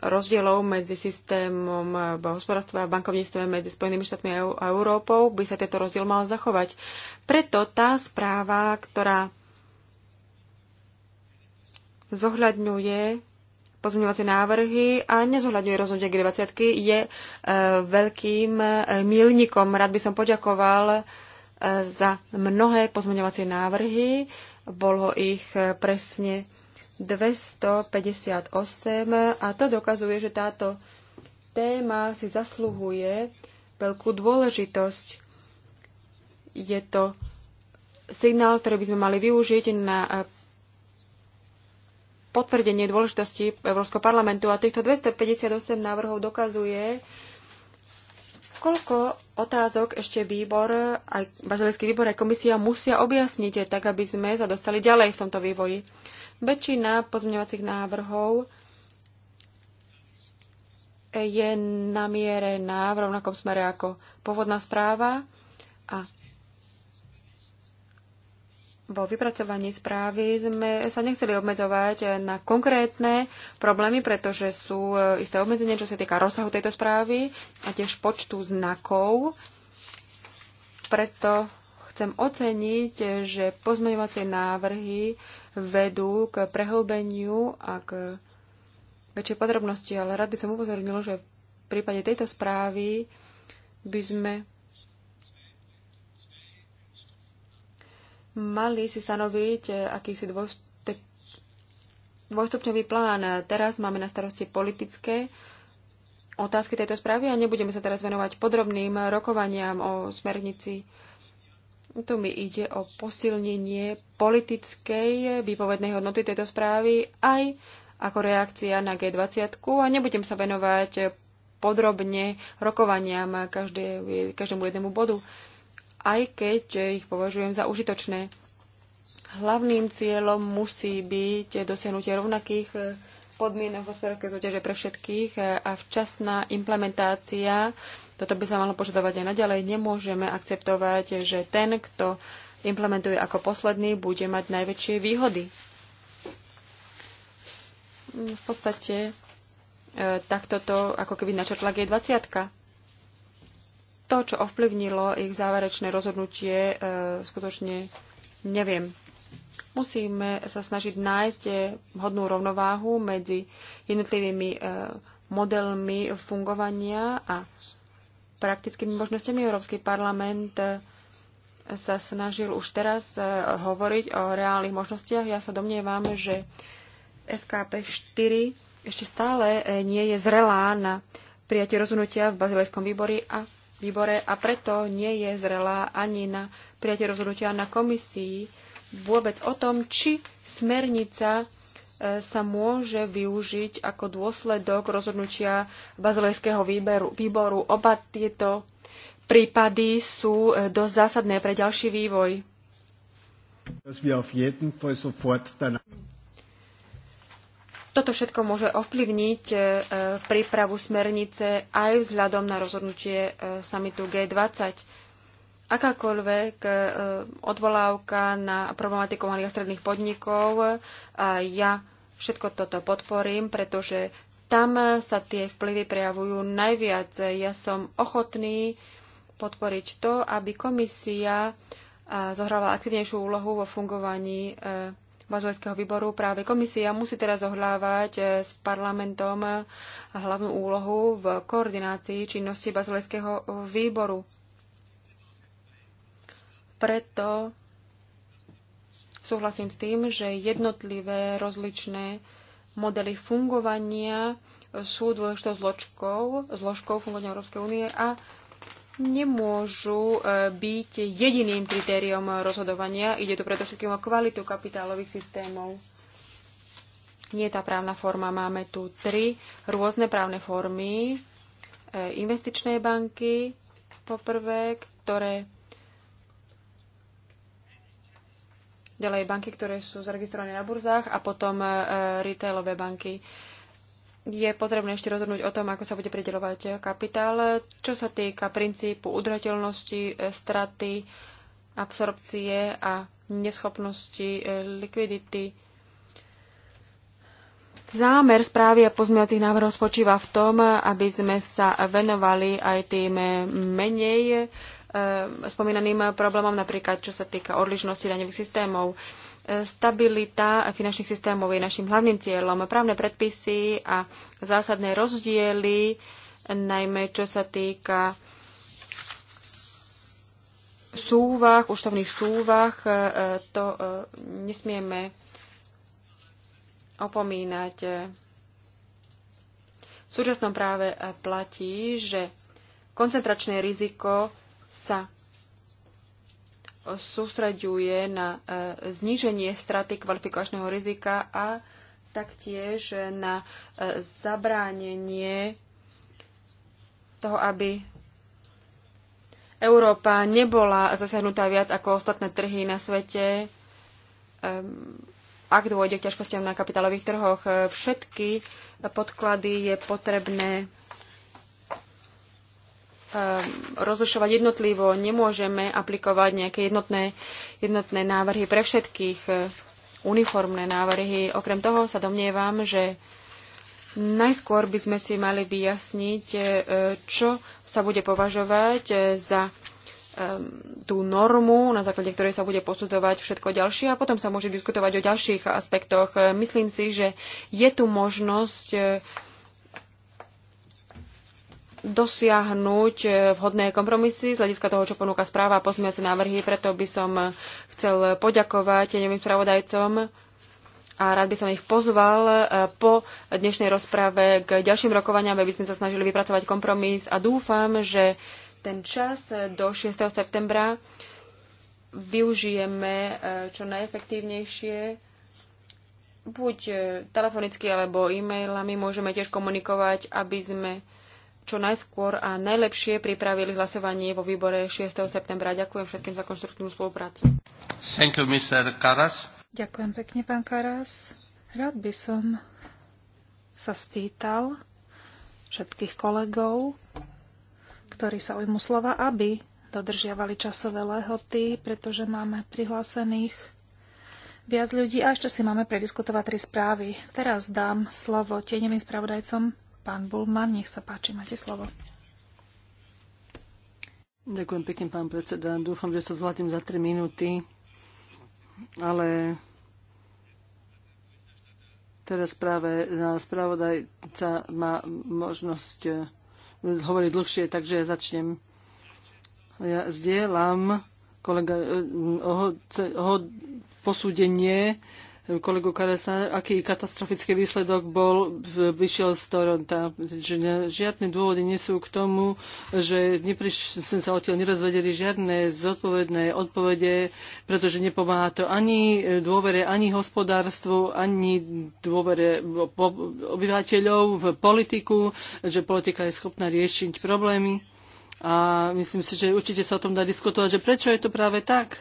rozdielov medzi systémom hospodárstva a bankovníctve medzi Spojenými štátmi a Európou, by sa tento rozdiel mal zachovať. Preto tá správa, ktorá zohľadňuje pozmeňovacie návrhy a nezohľadňuje rozhodne G20, je e, veľkým e, milníkom. Rád by som poďakoval e, za mnohé pozmeňovacie návrhy. Bolo ich presne 258 a to dokazuje, že táto téma si zasluhuje veľkú dôležitosť. Je to signál, ktorý by sme mali využiť na potvrdenie dôležitosti Európskeho parlamentu a týchto 258 návrhov dokazuje, koľko otázok ešte výbor, aj Bazilejský výbor, aj komisia musia objasniť, tak aby sme sa dostali ďalej v tomto vývoji. Väčšina pozmeňovacích návrhov je namierená v rovnakom smere ako pôvodná správa a vo vypracovaní správy sme sa nechceli obmedzovať na konkrétne problémy, pretože sú e, isté obmedzenia, čo sa týka rozsahu tejto správy a tiež počtu znakov. Preto chcem oceniť, že pozmeňovacie návrhy vedú k prehlbeniu a k väčšej podrobnosti, ale rád by som upozornil, že v prípade tejto správy by sme mali si stanoviť eh, akýsi dvojstupňový plán. Teraz máme na starosti politické otázky tejto správy a nebudeme sa teraz venovať podrobným rokovaniam o smernici. Tu mi ide o posilnenie politickej výpovednej hodnoty tejto správy aj ako reakcia na G20 a nebudem sa venovať podrobne rokovaniam každému jednému bodu aj keď ich považujem za užitočné. Hlavným cieľom musí byť dosiahnutie rovnakých eh, podmienok hospodárskej súťaže pre všetkých eh, a včasná implementácia. Toto by sa malo požadovať aj naďalej. Nemôžeme akceptovať, že ten, kto implementuje ako posledný, bude mať najväčšie výhody. Mm, v podstate eh, takto to ako keby načrtla G20 to, čo ovplyvnilo ich záverečné rozhodnutie, e, skutočne neviem. Musíme sa snažiť nájsť e, hodnú rovnováhu medzi jednotlivými e, modelmi fungovania a praktickými možnosťami. Európsky parlament sa snažil už teraz hovoriť o reálnych možnostiach. Ja sa domnievam, že SKP 4 ešte stále nie je zrelá na prijatie rozhodnutia v bazilejskom výbore a výbore a preto nie je zrelá ani na prijatie rozhodnutia na komisii vôbec o tom, či smernica e, sa môže využiť ako dôsledok rozhodnutia bazilejského výberu, výboru. Oba tieto prípady sú e, dosť zásadné pre ďalší vývoj. Toto všetko môže ovplyvniť e, e, prípravu smernice aj vzhľadom na rozhodnutie e, samitu G20. Akákoľvek odvolávka na problematiku malých a stredných podnikov, ja všetko toto podporím, pretože tam sa tie vplyvy prejavujú najviac. Ja som ochotný podporiť to, aby komisia zohrala aktivnejšiu úlohu vo fungovaní bazilského výboru. Práve komisia musí teraz ohľávať eh, s parlamentom hlavnú úlohu v koordinácii činnosti bazilského eh, výboru. Preto súhlasím s tým, že jednotlivé rozličné modely fungovania eh, sú dôležitou zložkou, zložkou fungovania Európskej únie a nemôžu e, byť jediným kritériom rozhodovania. Ide tu predovšetkým o kvalitu kapitálových systémov. Nie je tá právna forma. Máme tu tri rôzne právne formy. E, investičné banky, poprvé, ktoré ďalej banky, ktoré sú zaregistrované na burzách a potom e, retailové banky je potrebné ešte rozhodnúť o tom, ako sa bude pridelovať kapitál, čo sa týka princípu udržateľnosti, e, straty, absorpcie a neschopnosti e, likvidity. Zámer správy a pozmeňovacích návrhov spočíva v tom, aby sme sa venovali aj tým menej e, spomínaným problémom, napríklad čo sa týka odlišnosti daňových systémov. Stabilita finančných systémov je našim hlavným cieľom. Právne predpisy a zásadné rozdiely, najmä čo sa týka súvah, úštovných súvah, e, to e, nesmieme opomínať. V súčasnom práve platí, že koncentračné riziko sa sústreďuje na e, zníženie straty kvalifikačného rizika a taktiež na e, zabránenie toho, aby Európa nebola zasiahnutá viac ako ostatné trhy na svete, ak dôjde k ťažkostiam na kapitálových trhoch. E, všetky podklady je potrebné Ehm, rozlišovať jednotlivo, nemôžeme aplikovať nejaké jednotné, jednotné návrhy pre všetkých, e, uniformné návrhy. Okrem toho sa domnievam, že najskôr by sme si mali vyjasniť, e, čo sa bude považovať e, za ehm, tú normu, na základe ktorej sa bude posudzovať všetko ďalšie a potom sa môže diskutovať o ďalších aspektoch. Myslím si, že je tu možnosť dosiahnuť e, vhodné kompromisy z hľadiska toho, čo ponúka správa a pozmiace návrhy. Preto by som e, chcel poďakovať neviem spravodajcom a rád by som ich pozval e, po dnešnej rozprave k ďalším rokovaniam, aby sme sa snažili vypracovať kompromis a dúfam, že ten čas do 6. septembra využijeme čo najefektívnejšie buď telefonicky alebo e-mailami môžeme tiež komunikovať, aby sme čo najskôr a najlepšie pripravili hlasovanie vo výbore 6. septembra. Ďakujem všetkým za konštruktívnu spoluprácu. Thank you, Mr. Karas. Ďakujem pekne, pán Karas. Rád by som sa spýtal všetkých kolegov, ktorí sa ujmu slova, aby dodržiavali časové lehoty, pretože máme prihlásených viac ľudí a ešte si máme prediskutovať tri správy. Teraz dám slovo tieňovým spravodajcom Pán Bulman, nech sa páči, máte slovo. Ďakujem pekne, pán predseda. Dúfam, že to zvládnem za 3 minúty. Ale teraz práve eh, spravodajca má možnosť eh, hovoriť dlhšie, takže ja začnem. Ja zdieľam kolega, oho, eh, oho, posúdenie kolegu Karasa, aký katastrofický výsledok bol, vyšiel z Toronta. Že žiadne dôvody nie sú k tomu, že sme sa odtiaľ nerozvedeli žiadne zodpovedné odpovede, pretože nepomáha to ani dôvere, ani hospodárstvu, ani dôvere obyvateľov v politiku, že politika je schopná riešiť problémy. A myslím si, že určite sa o tom dá diskutovať, že prečo je to práve tak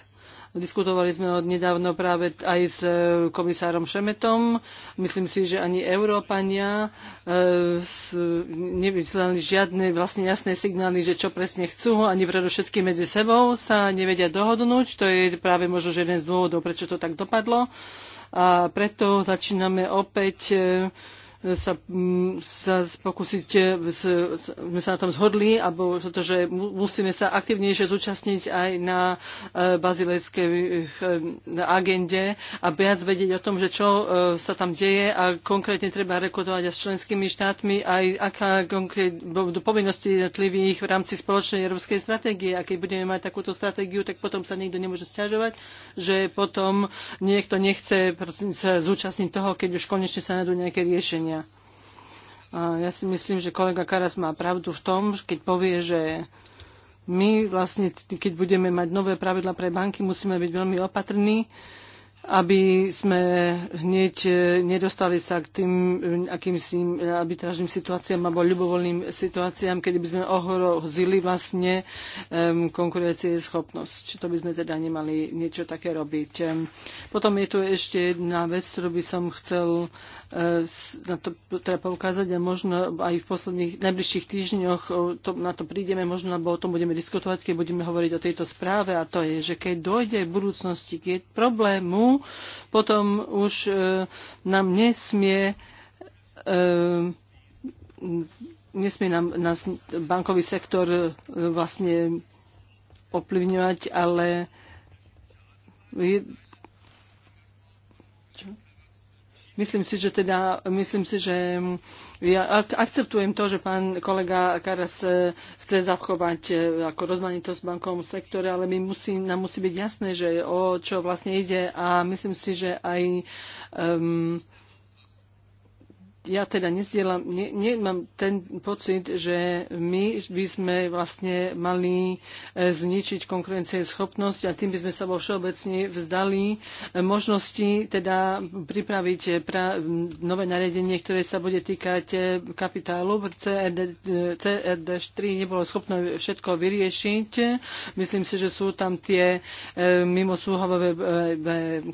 Diskutovali sme od nedávno práve aj s e, komisárom Šemetom. Myslím si, že ani Európania e, nevyslali žiadne vlastne jasné signály, že čo presne chcú, ani všetky medzi sebou sa nevedia dohodnúť. To je práve možno jeden z dôvodov, prečo to tak dopadlo. A preto začíname opäť e, sa, mm, sa pokúsiť, e, sme sa na tom zhodli, alebo pretože musíme sa aktivnejšie zúčastniť aj na e, bazilejskej e, agende a viac vedieť o tom, že čo sa tam deje a konkrétne treba rekodovať aj s členskými štátmi, aj aká konkrétne povinnosti jednotlivých v rámci spoločnej európskej stratégie. A keď budeme mať takúto stratégiu, tak potom sa nikto nemôže stiažovať, že potom niekto nechce sa zúčastniť toho, keď už konečne sa nájdú nejaké riešenie občania. A ja si myslím, že kolega Karas má pravdu v tom, keď povie, že my vlastne, keď budeme mať nové pravidla pre banky, musíme byť veľmi opatrní, aby sme hneď e, nedostali sa k tým e, akýmsi e, arbitrážnym situáciám alebo ľubovoľným situáciám, kedy by sme ohrozili vlastne um, schopnosť. To by sme teda nemali niečo také robiť. Potom je tu ešte jedna vec, ktorú by som chcel na to treba poukázať a možno aj v posledných najbližších týždňoch to, na to prídeme, možno alebo o tom budeme diskutovať, keď budeme hovoriť o tejto správe a to je, že keď dojde v budúcnosti k problému, potom už e, nám nesmie e, nesmie nám, nás bankový sektor e, vlastne ovplyvňovať, ale je, myslím si, že teda, myslím si, že ja akceptujem to, že pán kolega Karas e, chce zachovať e, ako rozmanitosť v bankovom sektore, ale my musí, nám musí byť jasné, že o čo vlastne ide a myslím si, že aj um, ja teda nezdielam, ne, nemám ten pocit, že my by sme vlastne mali e, zničiť konkurencieschopnosť a tým by sme sa vo všeobecne vzdali e, možnosti teda pripraviť e, pra, nové nariadenie, ktoré sa bude týkať kapitálu. CRD, CRD4 nebolo schopné všetko vyriešiť. Myslím si, že sú tam tie mimo súhovové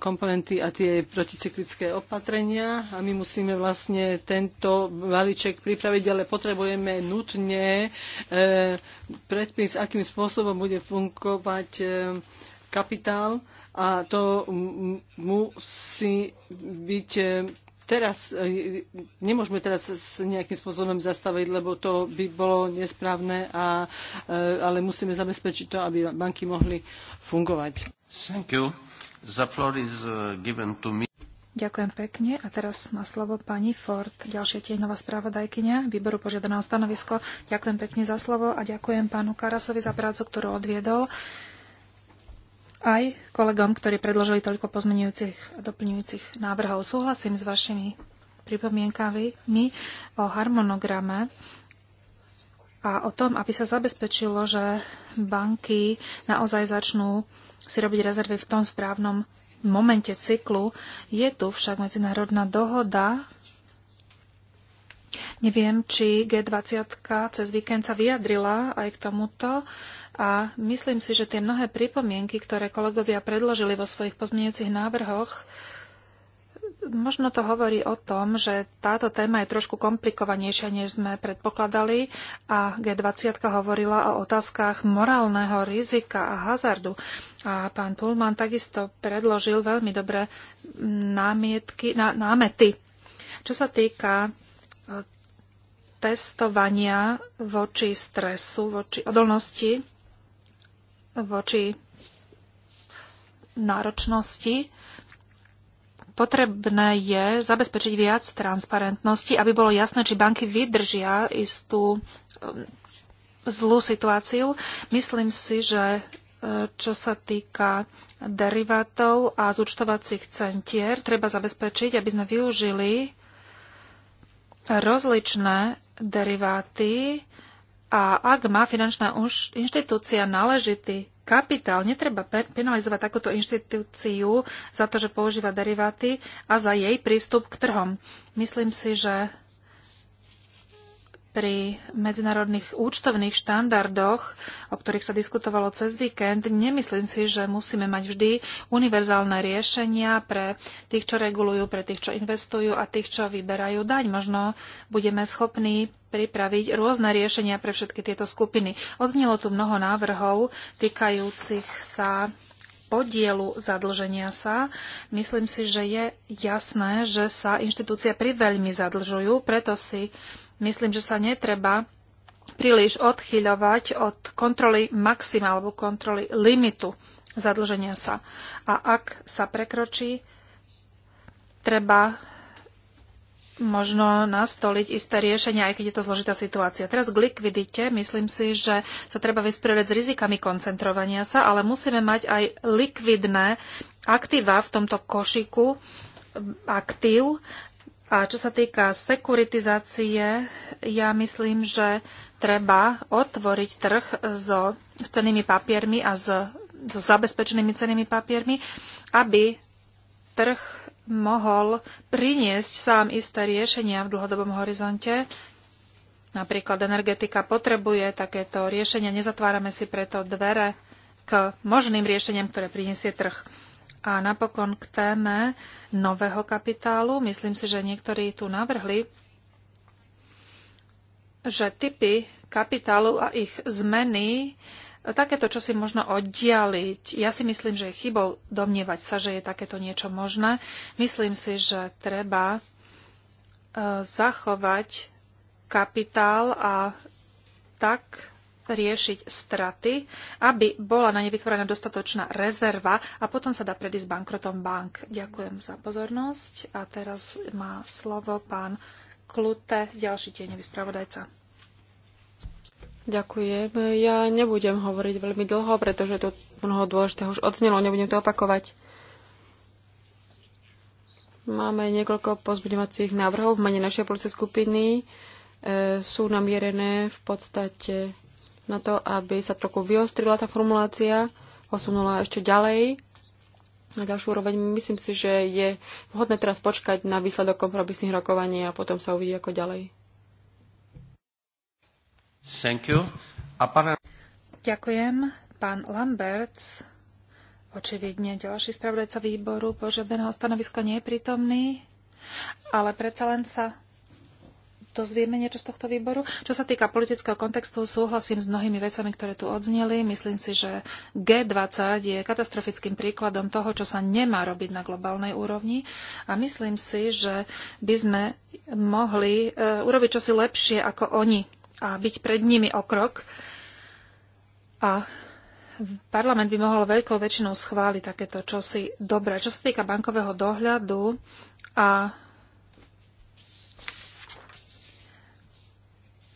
komponenty a tie proticyklické opatrenia a my musíme vlastne tento balíček pripraviť, ale potrebujeme nutne e, predpis, akým spôsobom bude fungovať e, kapitál a to musí byť e, teraz, nemôžeme teraz s nejakým spôsobom zastaviť, lebo to by bolo nesprávne, a, ale musíme zabezpečiť to, aby banky mohli fungovať. Thank you. The floor is uh, given to me. Ďakujem pekne. A teraz má slovo pani Ford, ďalšia tieňová správodajkynia výboru požiadaného stanovisko. Ďakujem pekne za slovo a ďakujem pánu Karasovi za prácu, ktorú odviedol. Aj kolegom, ktorí predložili toľko pozmenujúcich a doplňujúcich návrhov. Súhlasím s vašimi pripomienkami o harmonograme a o tom, aby sa zabezpečilo, že banky naozaj začnú si robiť rezervy v tom správnom momente cyklu. Je tu však medzinárodná dohoda. Neviem, či G20 cez víkend sa vyjadrila aj k tomuto a myslím si, že tie mnohé pripomienky, ktoré kolegovia predložili vo svojich pozmeňujúcich návrhoch, Možno to hovorí o tom, že táto téma je trošku komplikovanejšia, než sme predpokladali a G20 hovorila o otázkach morálneho rizika a hazardu. A pán Pullman takisto predložil veľmi dobré námietky, ná, námety. Čo sa týka e, testovania voči stresu, voči odolnosti, voči náročnosti Potrebné je zabezpečiť viac transparentnosti, aby bolo jasné, či banky vydržia istú um, zlú situáciu. Myslím si, že eh, čo sa týka derivátov a zúčtovacích centier, treba zabezpečiť, aby sme využili rozličné deriváty a ak má finančná inštitúcia náležitý kapitál. Netreba penalizovať takúto inštitúciu za to, že používa deriváty a za jej prístup k trhom. Myslím si, že pri medzinárodných účtovných štandardoch, o ktorých sa diskutovalo cez víkend, nemyslím si, že musíme mať vždy univerzálne riešenia pre tých, čo regulujú, pre tých, čo investujú a tých, čo vyberajú daň. Možno budeme schopní pripraviť rôzne riešenia pre všetky tieto skupiny. Odznelo tu mnoho návrhov týkajúcich sa podielu zadlženia sa. Myslím si, že je jasné, že sa inštitúcie priveľmi zadlžujú, preto si myslím, že sa netreba príliš odchyľovať od kontroly maxima alebo kontroly limitu zadlženia sa. A ak sa prekročí, treba možno nastoliť isté riešenia, aj keď je to zložitá situácia. Teraz k likvidite. Myslím si, že sa treba vysporiadať s rizikami koncentrovania sa, ale musíme mať aj likvidné aktíva v tomto košiku mm, aktív. A čo sa týka sekuritizácie, ja myslím, že treba otvoriť trh so cenými papiermi a s so zabezpečenými cenými papiermi, aby trh mohol priniesť sám isté riešenia v dlhodobom horizonte. Napríklad energetika potrebuje takéto riešenia. Nezatvárame si preto dvere k možným riešeniam, ktoré priniesie trh. A napokon k téme nového kapitálu. Myslím si, že niektorí tu navrhli, že typy kapitálu a ich zmeny takéto čosi možno oddialiť. Ja si myslím, že je chybou domnievať sa, že je takéto niečo možné. Myslím si, že treba e, zachovať kapitál a tak riešiť straty, aby bola na ne vytvorená dostatočná rezerva a potom sa dá predísť bankrotom bank. Ďakujem za pozornosť a teraz má slovo pán Klute, ďalší tieňový spravodajca. Ďakujem. Ja nebudem hovoriť veľmi dlho, pretože to mnoho dôležitého už odznelo, nebudem to opakovať. Máme niekoľko pozbudovacích návrhov v mene našej policie skupiny. E, sú namierené v podstate na to, aby sa trochu vyostrila tá formulácia, posunula ešte ďalej na ďalšiu úroveň. Myslím si, že je vhodné teraz počkať na výsledok kompromisných rokovaní a potom sa uvidí ako ďalej. Ďakujem. Pán Lamberts, očividne ďalší spravodajca výboru požiadaného stanoviska nie je prítomný, ale predsa len sa dozvieme niečo z tohto výboru. Čo sa týka politického kontextu, súhlasím s mnohými vecami, ktoré tu odzneli. Myslím si, že G20 je katastrofickým príkladom toho, čo sa nemá robiť na globálnej úrovni. A myslím si, že by sme mohli eh, urobiť čosi lepšie ako oni a byť pred nimi o krok. A parlament by mohol veľkou väčšinou schváliť takéto čosi dobré. Čo sa týka bankového dohľadu a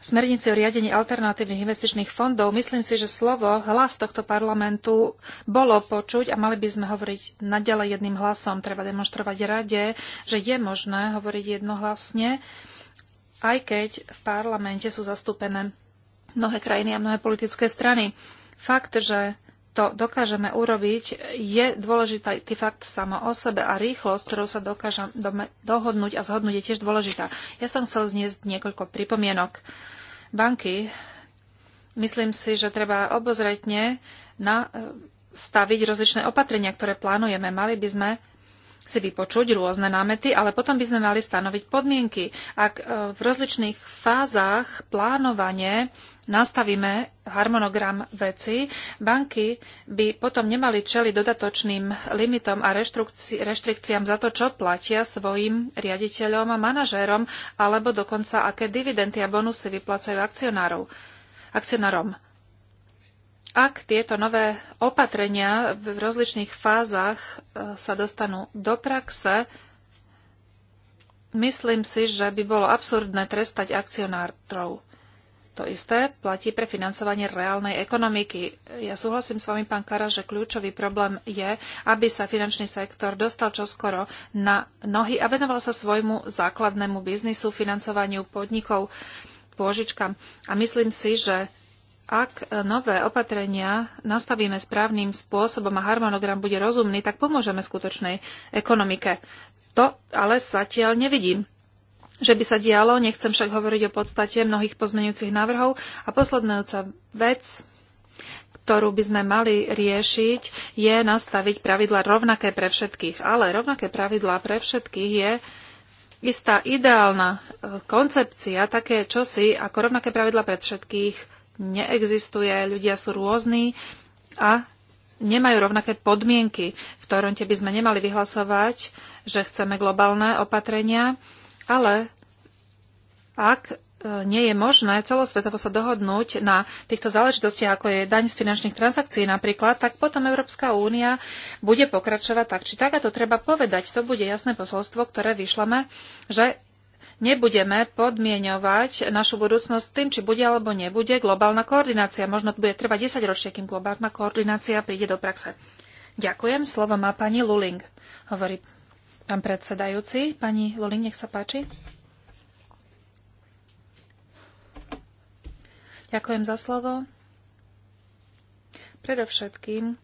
smernice o riadení alternatívnych investičných fondov, myslím si, že slovo, hlas tohto parlamentu bolo počuť a mali by sme hovoriť naďalej jedným hlasom. Treba demonstrovať rade, že je možné hovoriť jednohlasne aj keď v parlamente sú zastúpené mnohé krajiny a mnohé politické strany. Fakt, že to dokážeme urobiť, je dôležitý fakt samo o sebe a rýchlosť, ktorou sa dokážem dohodnúť a zhodnúť, je tiež dôležitá. Ja som chcel zniesť niekoľko pripomienok. Banky, myslím si, že treba obozretne nastaviť e, rozličné opatrenia, ktoré plánujeme. Mali by sme si vypočuť rôzne námety, ale potom by sme mali stanoviť podmienky. Ak e, v rozličných fázach plánovanie nastavíme harmonogram veci, banky by potom nemali čeliť dodatočným limitom a reštrikciám za to, čo platia svojim riaditeľom a manažérom, alebo dokonca aké dividendy a bonusy vyplácajú akcionárov. akcionárom. Ak tieto nové opatrenia v rozličných fázach e, sa dostanú do praxe, myslím si, že by bolo absurdné trestať akcionárov. To isté platí pre financovanie reálnej ekonomiky. Ja súhlasím s vami, pán Kara, že kľúčový problém je, aby sa finančný sektor dostal čoskoro na nohy a venoval sa svojmu základnému biznisu, financovaniu podnikov, pôžičkám. A myslím si, že ak nové opatrenia nastavíme správnym spôsobom a harmonogram bude rozumný, tak pomôžeme skutočnej ekonomike. To ale zatiaľ nevidím že by sa dialo, nechcem však hovoriť o podstate mnohých pozmeňujúcich návrhov. A posledná vec, ktorú by sme mali riešiť, je nastaviť pravidla rovnaké pre všetkých. Ale rovnaké pravidlá pre všetkých je istá ideálna eh, koncepcia, také čosi ako rovnaké pravidla pre všetkých neexistuje, ľudia sú rôzni a nemajú rovnaké podmienky. V Toronte by sme nemali vyhlasovať, že chceme globálne opatrenia, ale ak e, nie je možné celosvetovo sa dohodnúť na týchto záležitostiach, ako je daň z finančných transakcií napríklad, tak potom Európska únia bude pokračovať tak či tak. A to treba povedať. To bude jasné posolstvo, ktoré vyšleme, že nebudeme podmienovať našu budúcnosť tým, či bude alebo nebude globálna koordinácia. Možno bude trvať 10 ročie, kým globálna koordinácia príde do praxe. Ďakujem. Slovo má pani Luling, hovorí pán predsedajúci. Pani Luling, nech sa páči. Ďakujem za slovo. Predovšetkým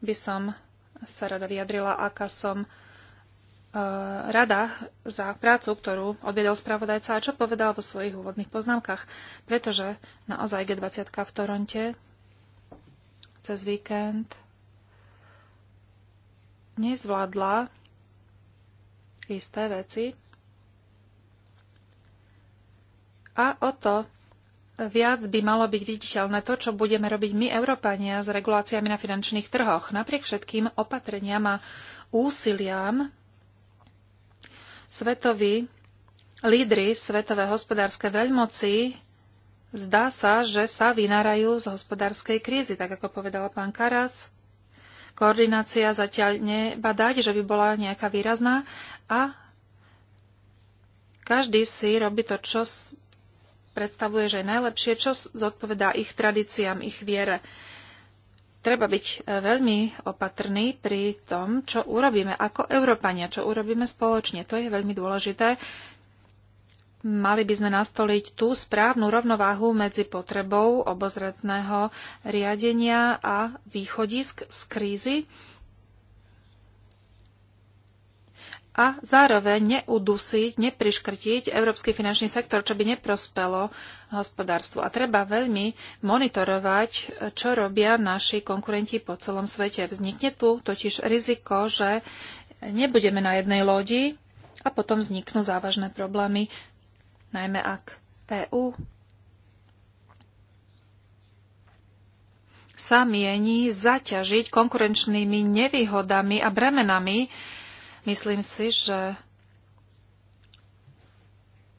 by som sa rada vyjadrila, aká som E, rada za prácu, ktorú odviedol spravodajca a čo povedal vo svojich úvodných poznámkach, pretože naozaj G20 v Toronte cez víkend nezvládla isté veci a o to viac by malo byť viditeľné to, čo budeme robiť my, Európania, s reguláciami na finančných trhoch. Napriek všetkým opatreniam a úsiliam Svetoví lídry, svetové hospodárske veľmoci zdá sa, že sa vynárajú z hospodárskej krízy, tak ako povedala pán Karas. Koordinácia zatiaľ nebadať, že by bola nejaká výrazná a každý si robí to, čo predstavuje, že je najlepšie, čo zodpovedá ich tradíciám, ich viere treba byť e, veľmi opatrný pri tom, čo urobíme ako Európania, čo urobíme spoločne. To je veľmi dôležité. Mali by sme nastoliť tú správnu rovnováhu medzi potrebou obozretného riadenia a východisk z krízy a zároveň neudusiť, nepriškrtiť európsky finančný sektor, čo by neprospelo hospodárstvu. A treba veľmi monitorovať, čo robia naši konkurenti po celom svete. Vznikne tu totiž riziko, že nebudeme na jednej lodi a potom vzniknú závažné problémy, najmä ak EÚ sa mieni zaťažiť konkurenčnými nevýhodami a bremenami. Myslím si, že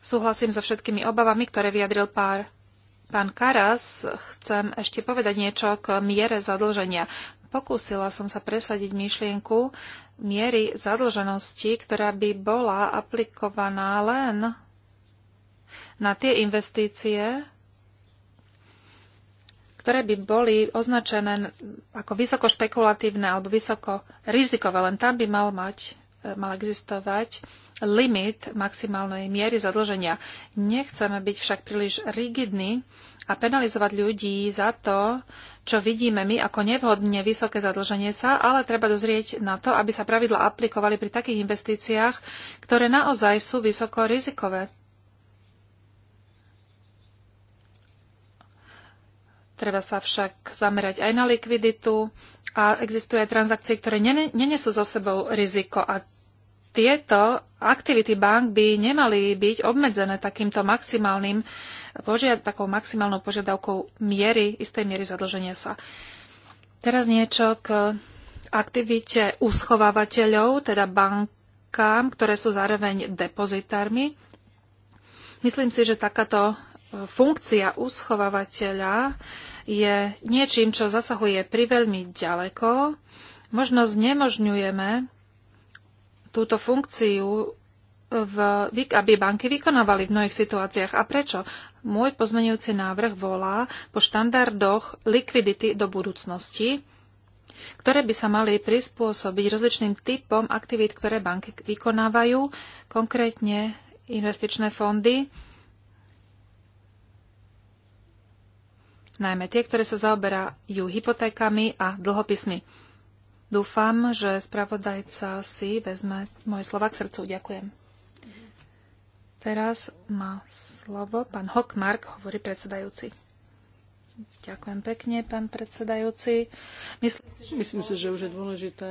Súhlasím so všetkými obavami, ktoré vyjadril pár Pán Karas, chcem ešte povedať niečo k miere zadlženia. Pokúsila som sa presadiť myšlienku miery zadlženosti, ktorá by bola aplikovaná len na tie investície, ktoré by boli označené ako vysoko špekulatívne alebo vysoko rizikové. Len tam by mal mať, mal existovať limit maximálnej miery zadlženia. Nechceme byť však príliš rigidní a penalizovať ľudí za to, čo vidíme my ako nevhodne vysoké zadlženie sa, ale treba dozrieť na to, aby sa pravidla aplikovali pri takých investíciách, ktoré naozaj sú vysoko rizikové. Treba sa však zamerať aj na likviditu a existuje transakcie, ktoré nenesú so sebou riziko a tieto aktivity bank by nemali byť obmedzené takýmto maximálnym požiad, takou maximálnou požiadavkou miery, istej miery zadlženia sa. Teraz niečo k aktivite uschovávateľov, teda bankám, ktoré sú zároveň depozitármi. Myslím si, že takáto e, funkcia uschovávateľa je niečím, čo zasahuje priveľmi ďaleko. Možno znemožňujeme túto funkciu v, aby banky vykonávali v mnohých situáciách. A prečo? Môj pozmenujúci návrh volá po štandardoch likvidity do budúcnosti, ktoré by sa mali prispôsobiť rozličným typom aktivít, ktoré banky vykonávajú, konkrétne investičné fondy, najmä tie, ktoré sa zaoberajú hypotékami a dlhopismi. Dúfam, že spravodajca si vezme moje slova k srdcu. Ďakujem. Teraz má slovo pán Hockmark, hovorí predsedajúci. Ďakujem pekne, pán predsedajúci. Myslím si, že, Myslím si, že už je dôležité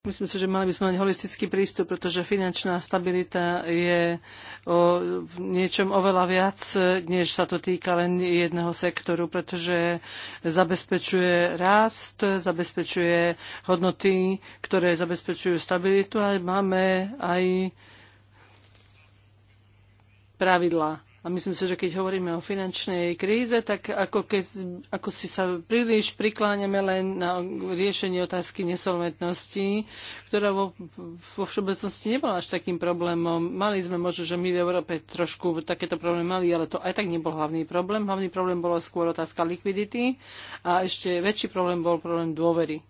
Myslím si, že mali by sme mať holistický prístup, pretože finančná stabilita je o niečom oveľa viac, než sa to týka len jedného sektoru, pretože zabezpečuje rást, zabezpečuje hodnoty, ktoré zabezpečujú stabilitu a máme aj pravidlá a myslím si, že keď hovoríme o finančnej kríze, tak ako, keď, ako si sa príliš prikláňame len na riešenie otázky nesolventnosti, ktorá vo, vo všeobecnosti nebola až takým problémom. Mali sme možno, že my v Európe trošku takéto problémy mali, ale to aj tak nebol hlavný problém. Hlavný problém bola skôr otázka likvidity a ešte väčší problém bol problém dôvery.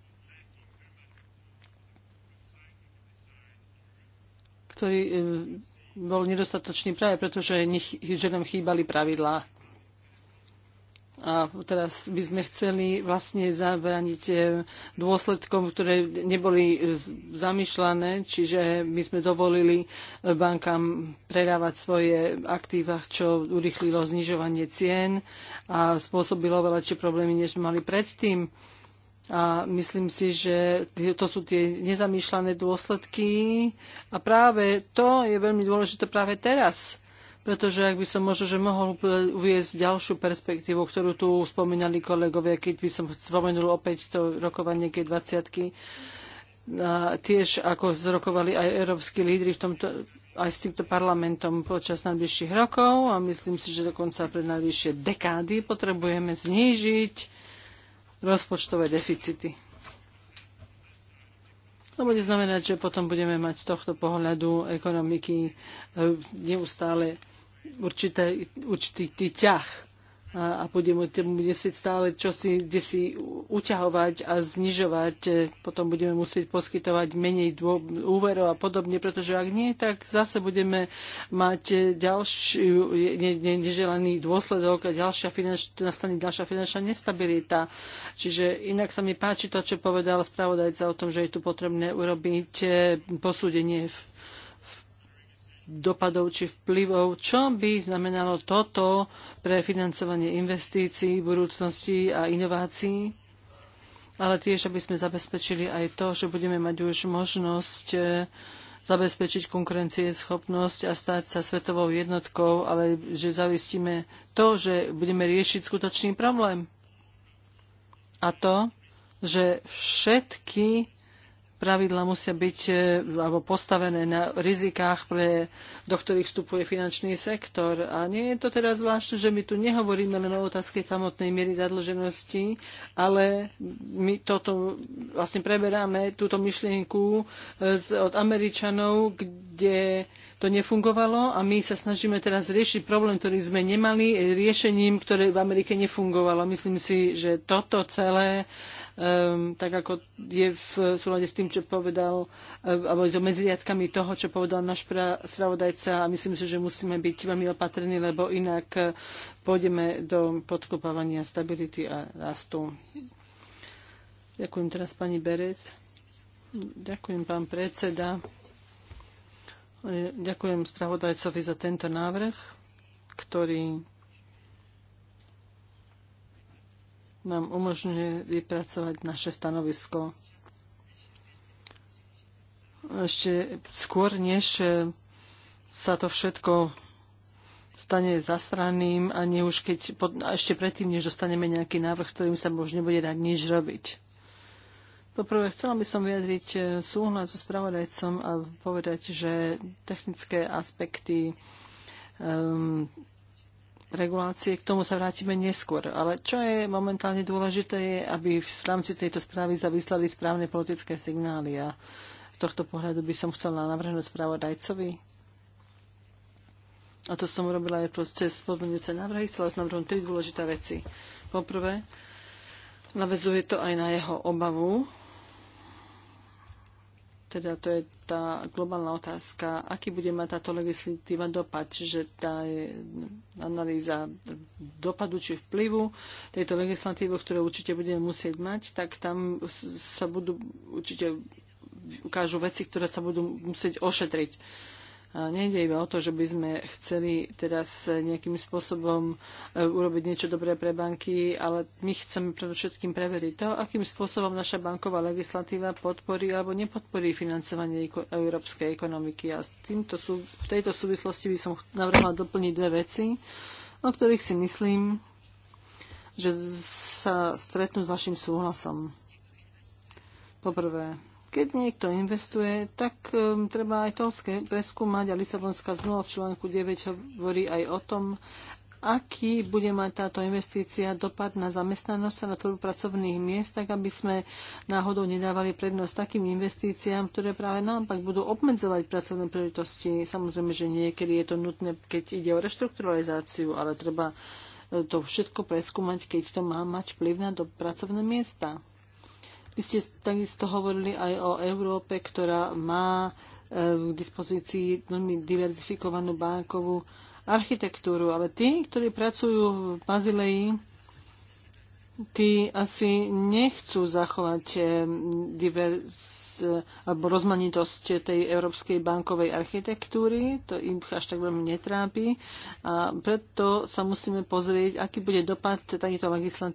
ktorý e, bol nedostatočný práve preto, že ženom chýbali pravidlá. A teraz by sme chceli vlastne zabrániť e, dôsledkom, ktoré neboli e, zamýšľané, čiže my sme dovolili e, bankám predávať svoje aktíva, čo urychlilo znižovanie cien a spôsobilo veľa problémy, než sme mali predtým. A myslím si, že to sú tie nezamýšľané dôsledky. A práve to je veľmi dôležité práve teraz. Pretože ak by som možno, že mohol uviezť ďalšiu perspektívu, ktorú tu spomínali kolegovia, keď by som spomenul opäť to rokovanie G20, tiež ako zrokovali aj európsky lídry v tomto aj s týmto parlamentom počas najbližších rokov a myslím si, že dokonca pre najbližšie dekády potrebujeme znížiť rozpočtové deficity. To bude znamenať, že potom budeme mať z tohto pohľadu ekonomiky eh, neustále určité, určitý ťah a, a budeme, budeme musieť stále čosi kde si uťahovať a znižovať. E, potom budeme musieť poskytovať menej dô, úverov a podobne, pretože ak nie, tak zase budeme mať e, ďalší ne, ne, neželaný dôsledok a ďalšia finanš, nastane ďalšia finančná nestabilita. Čiže inak sa mi páči to, čo povedal spravodajca o tom, že je tu potrebné urobiť e, posúdenie v dopadov či vplyvov, čo by znamenalo toto pre financovanie investícií, budúcnosti a inovácií, ale tiež, aby sme zabezpečili aj to, že budeme mať už možnosť e, zabezpečiť konkurencieschopnosť a stať sa svetovou jednotkou, ale že zavistíme to, že budeme riešiť skutočný problém. A to, že všetky pravidla musia byť e, alebo postavené na rizikách, pre, do ktorých vstupuje finančný sektor. A nie je to teraz zvláštne, že my tu nehovoríme len o otázke samotnej miery zadlženosti, ale my toto vlastne preberáme túto myšlienku e, z, od Američanov, kde to nefungovalo a my sa snažíme teraz riešiť problém, ktorý sme nemali riešením, ktoré v Amerike nefungovalo. Myslím si, že toto celé um, tak ako je v súlade s tým, čo povedal, e, alebo je to medzi riadkami toho, čo povedal náš spravodajca a myslím si, že musíme byť veľmi opatrní, lebo inak e, pôjdeme do podkopávania stability a rastu. Ďakujem teraz pani Berec. Ďakujem pán predseda. E, ďakujem spravodajcovi za tento návrh, ktorý nám umožňuje vypracovať naše stanovisko. Ešte skôr, než sa to všetko stane zasraným a, nie už keď, a ešte predtým, než dostaneme nejaký návrh, s ktorým sa už nebude dať nič robiť. Poprvé, chcela by som vyjadriť e, súhlas so spravodajcom a povedať, že technické aspekty um, regulácie, k tomu sa vrátime neskôr. Ale čo je momentálne dôležité, je, aby v rámci tejto správy zavyslali správne politické signály. A z tohto pohľadu by som chcela navrhnúť správodajcovi. A to som urobila aj cez spomenujúce návrhy. Chcela som navrhnúť tri dôležité veci. Poprvé, navezuje to aj na jeho obavu, teda to je tá globálna otázka, aký bude mať táto legislatíva dopad, čiže tá je analýza dopadu či vplyvu tejto legislatívy, ktorú určite budeme musieť mať, tak tam sa budú určite ukážu veci, ktoré sa budú musieť ošetriť. Nejde iba o to, že by sme chceli teraz nejakým spôsobom e, urobiť niečo dobré pre banky, ale my chceme predovšetkým preveriť to, akým spôsobom naša banková legislatíva podporí alebo nepodporí financovanie európskej ekonomiky. A týmto sú, v tejto súvislosti by som navrhla doplniť dve veci, o ktorých si myslím, že sa stretnú s vašim súhlasom. Poprvé, keď niekto investuje, tak um, treba aj to preskúmať a Lisabonská zmluva v článku 9 hovorí aj o tom, aký bude mať táto investícia dopad na zamestnanosť a na tvorbu pracovných miest, tak aby sme náhodou nedávali prednosť takým investíciám, ktoré práve naopak budú obmedzovať pracovné príležitosti. Samozrejme, že niekedy je to nutné, keď ide o reštrukturalizáciu, ale treba e, to všetko preskúmať, keď to má mať vplyv na do pracovné miesta. Vy ste takisto hovorili aj o Európe, ktorá má v e, dispozícii veľmi diverzifikovanú bankovú architektúru, ale tí, ktorí pracujú v Bazileji, tí asi nechcú zachovať e, divers, alebo rozmanitosť tej európskej bankovej architektúry. To im až tak veľmi netrápi. A preto sa musíme pozrieť, aký bude dopad takýto legislatívny.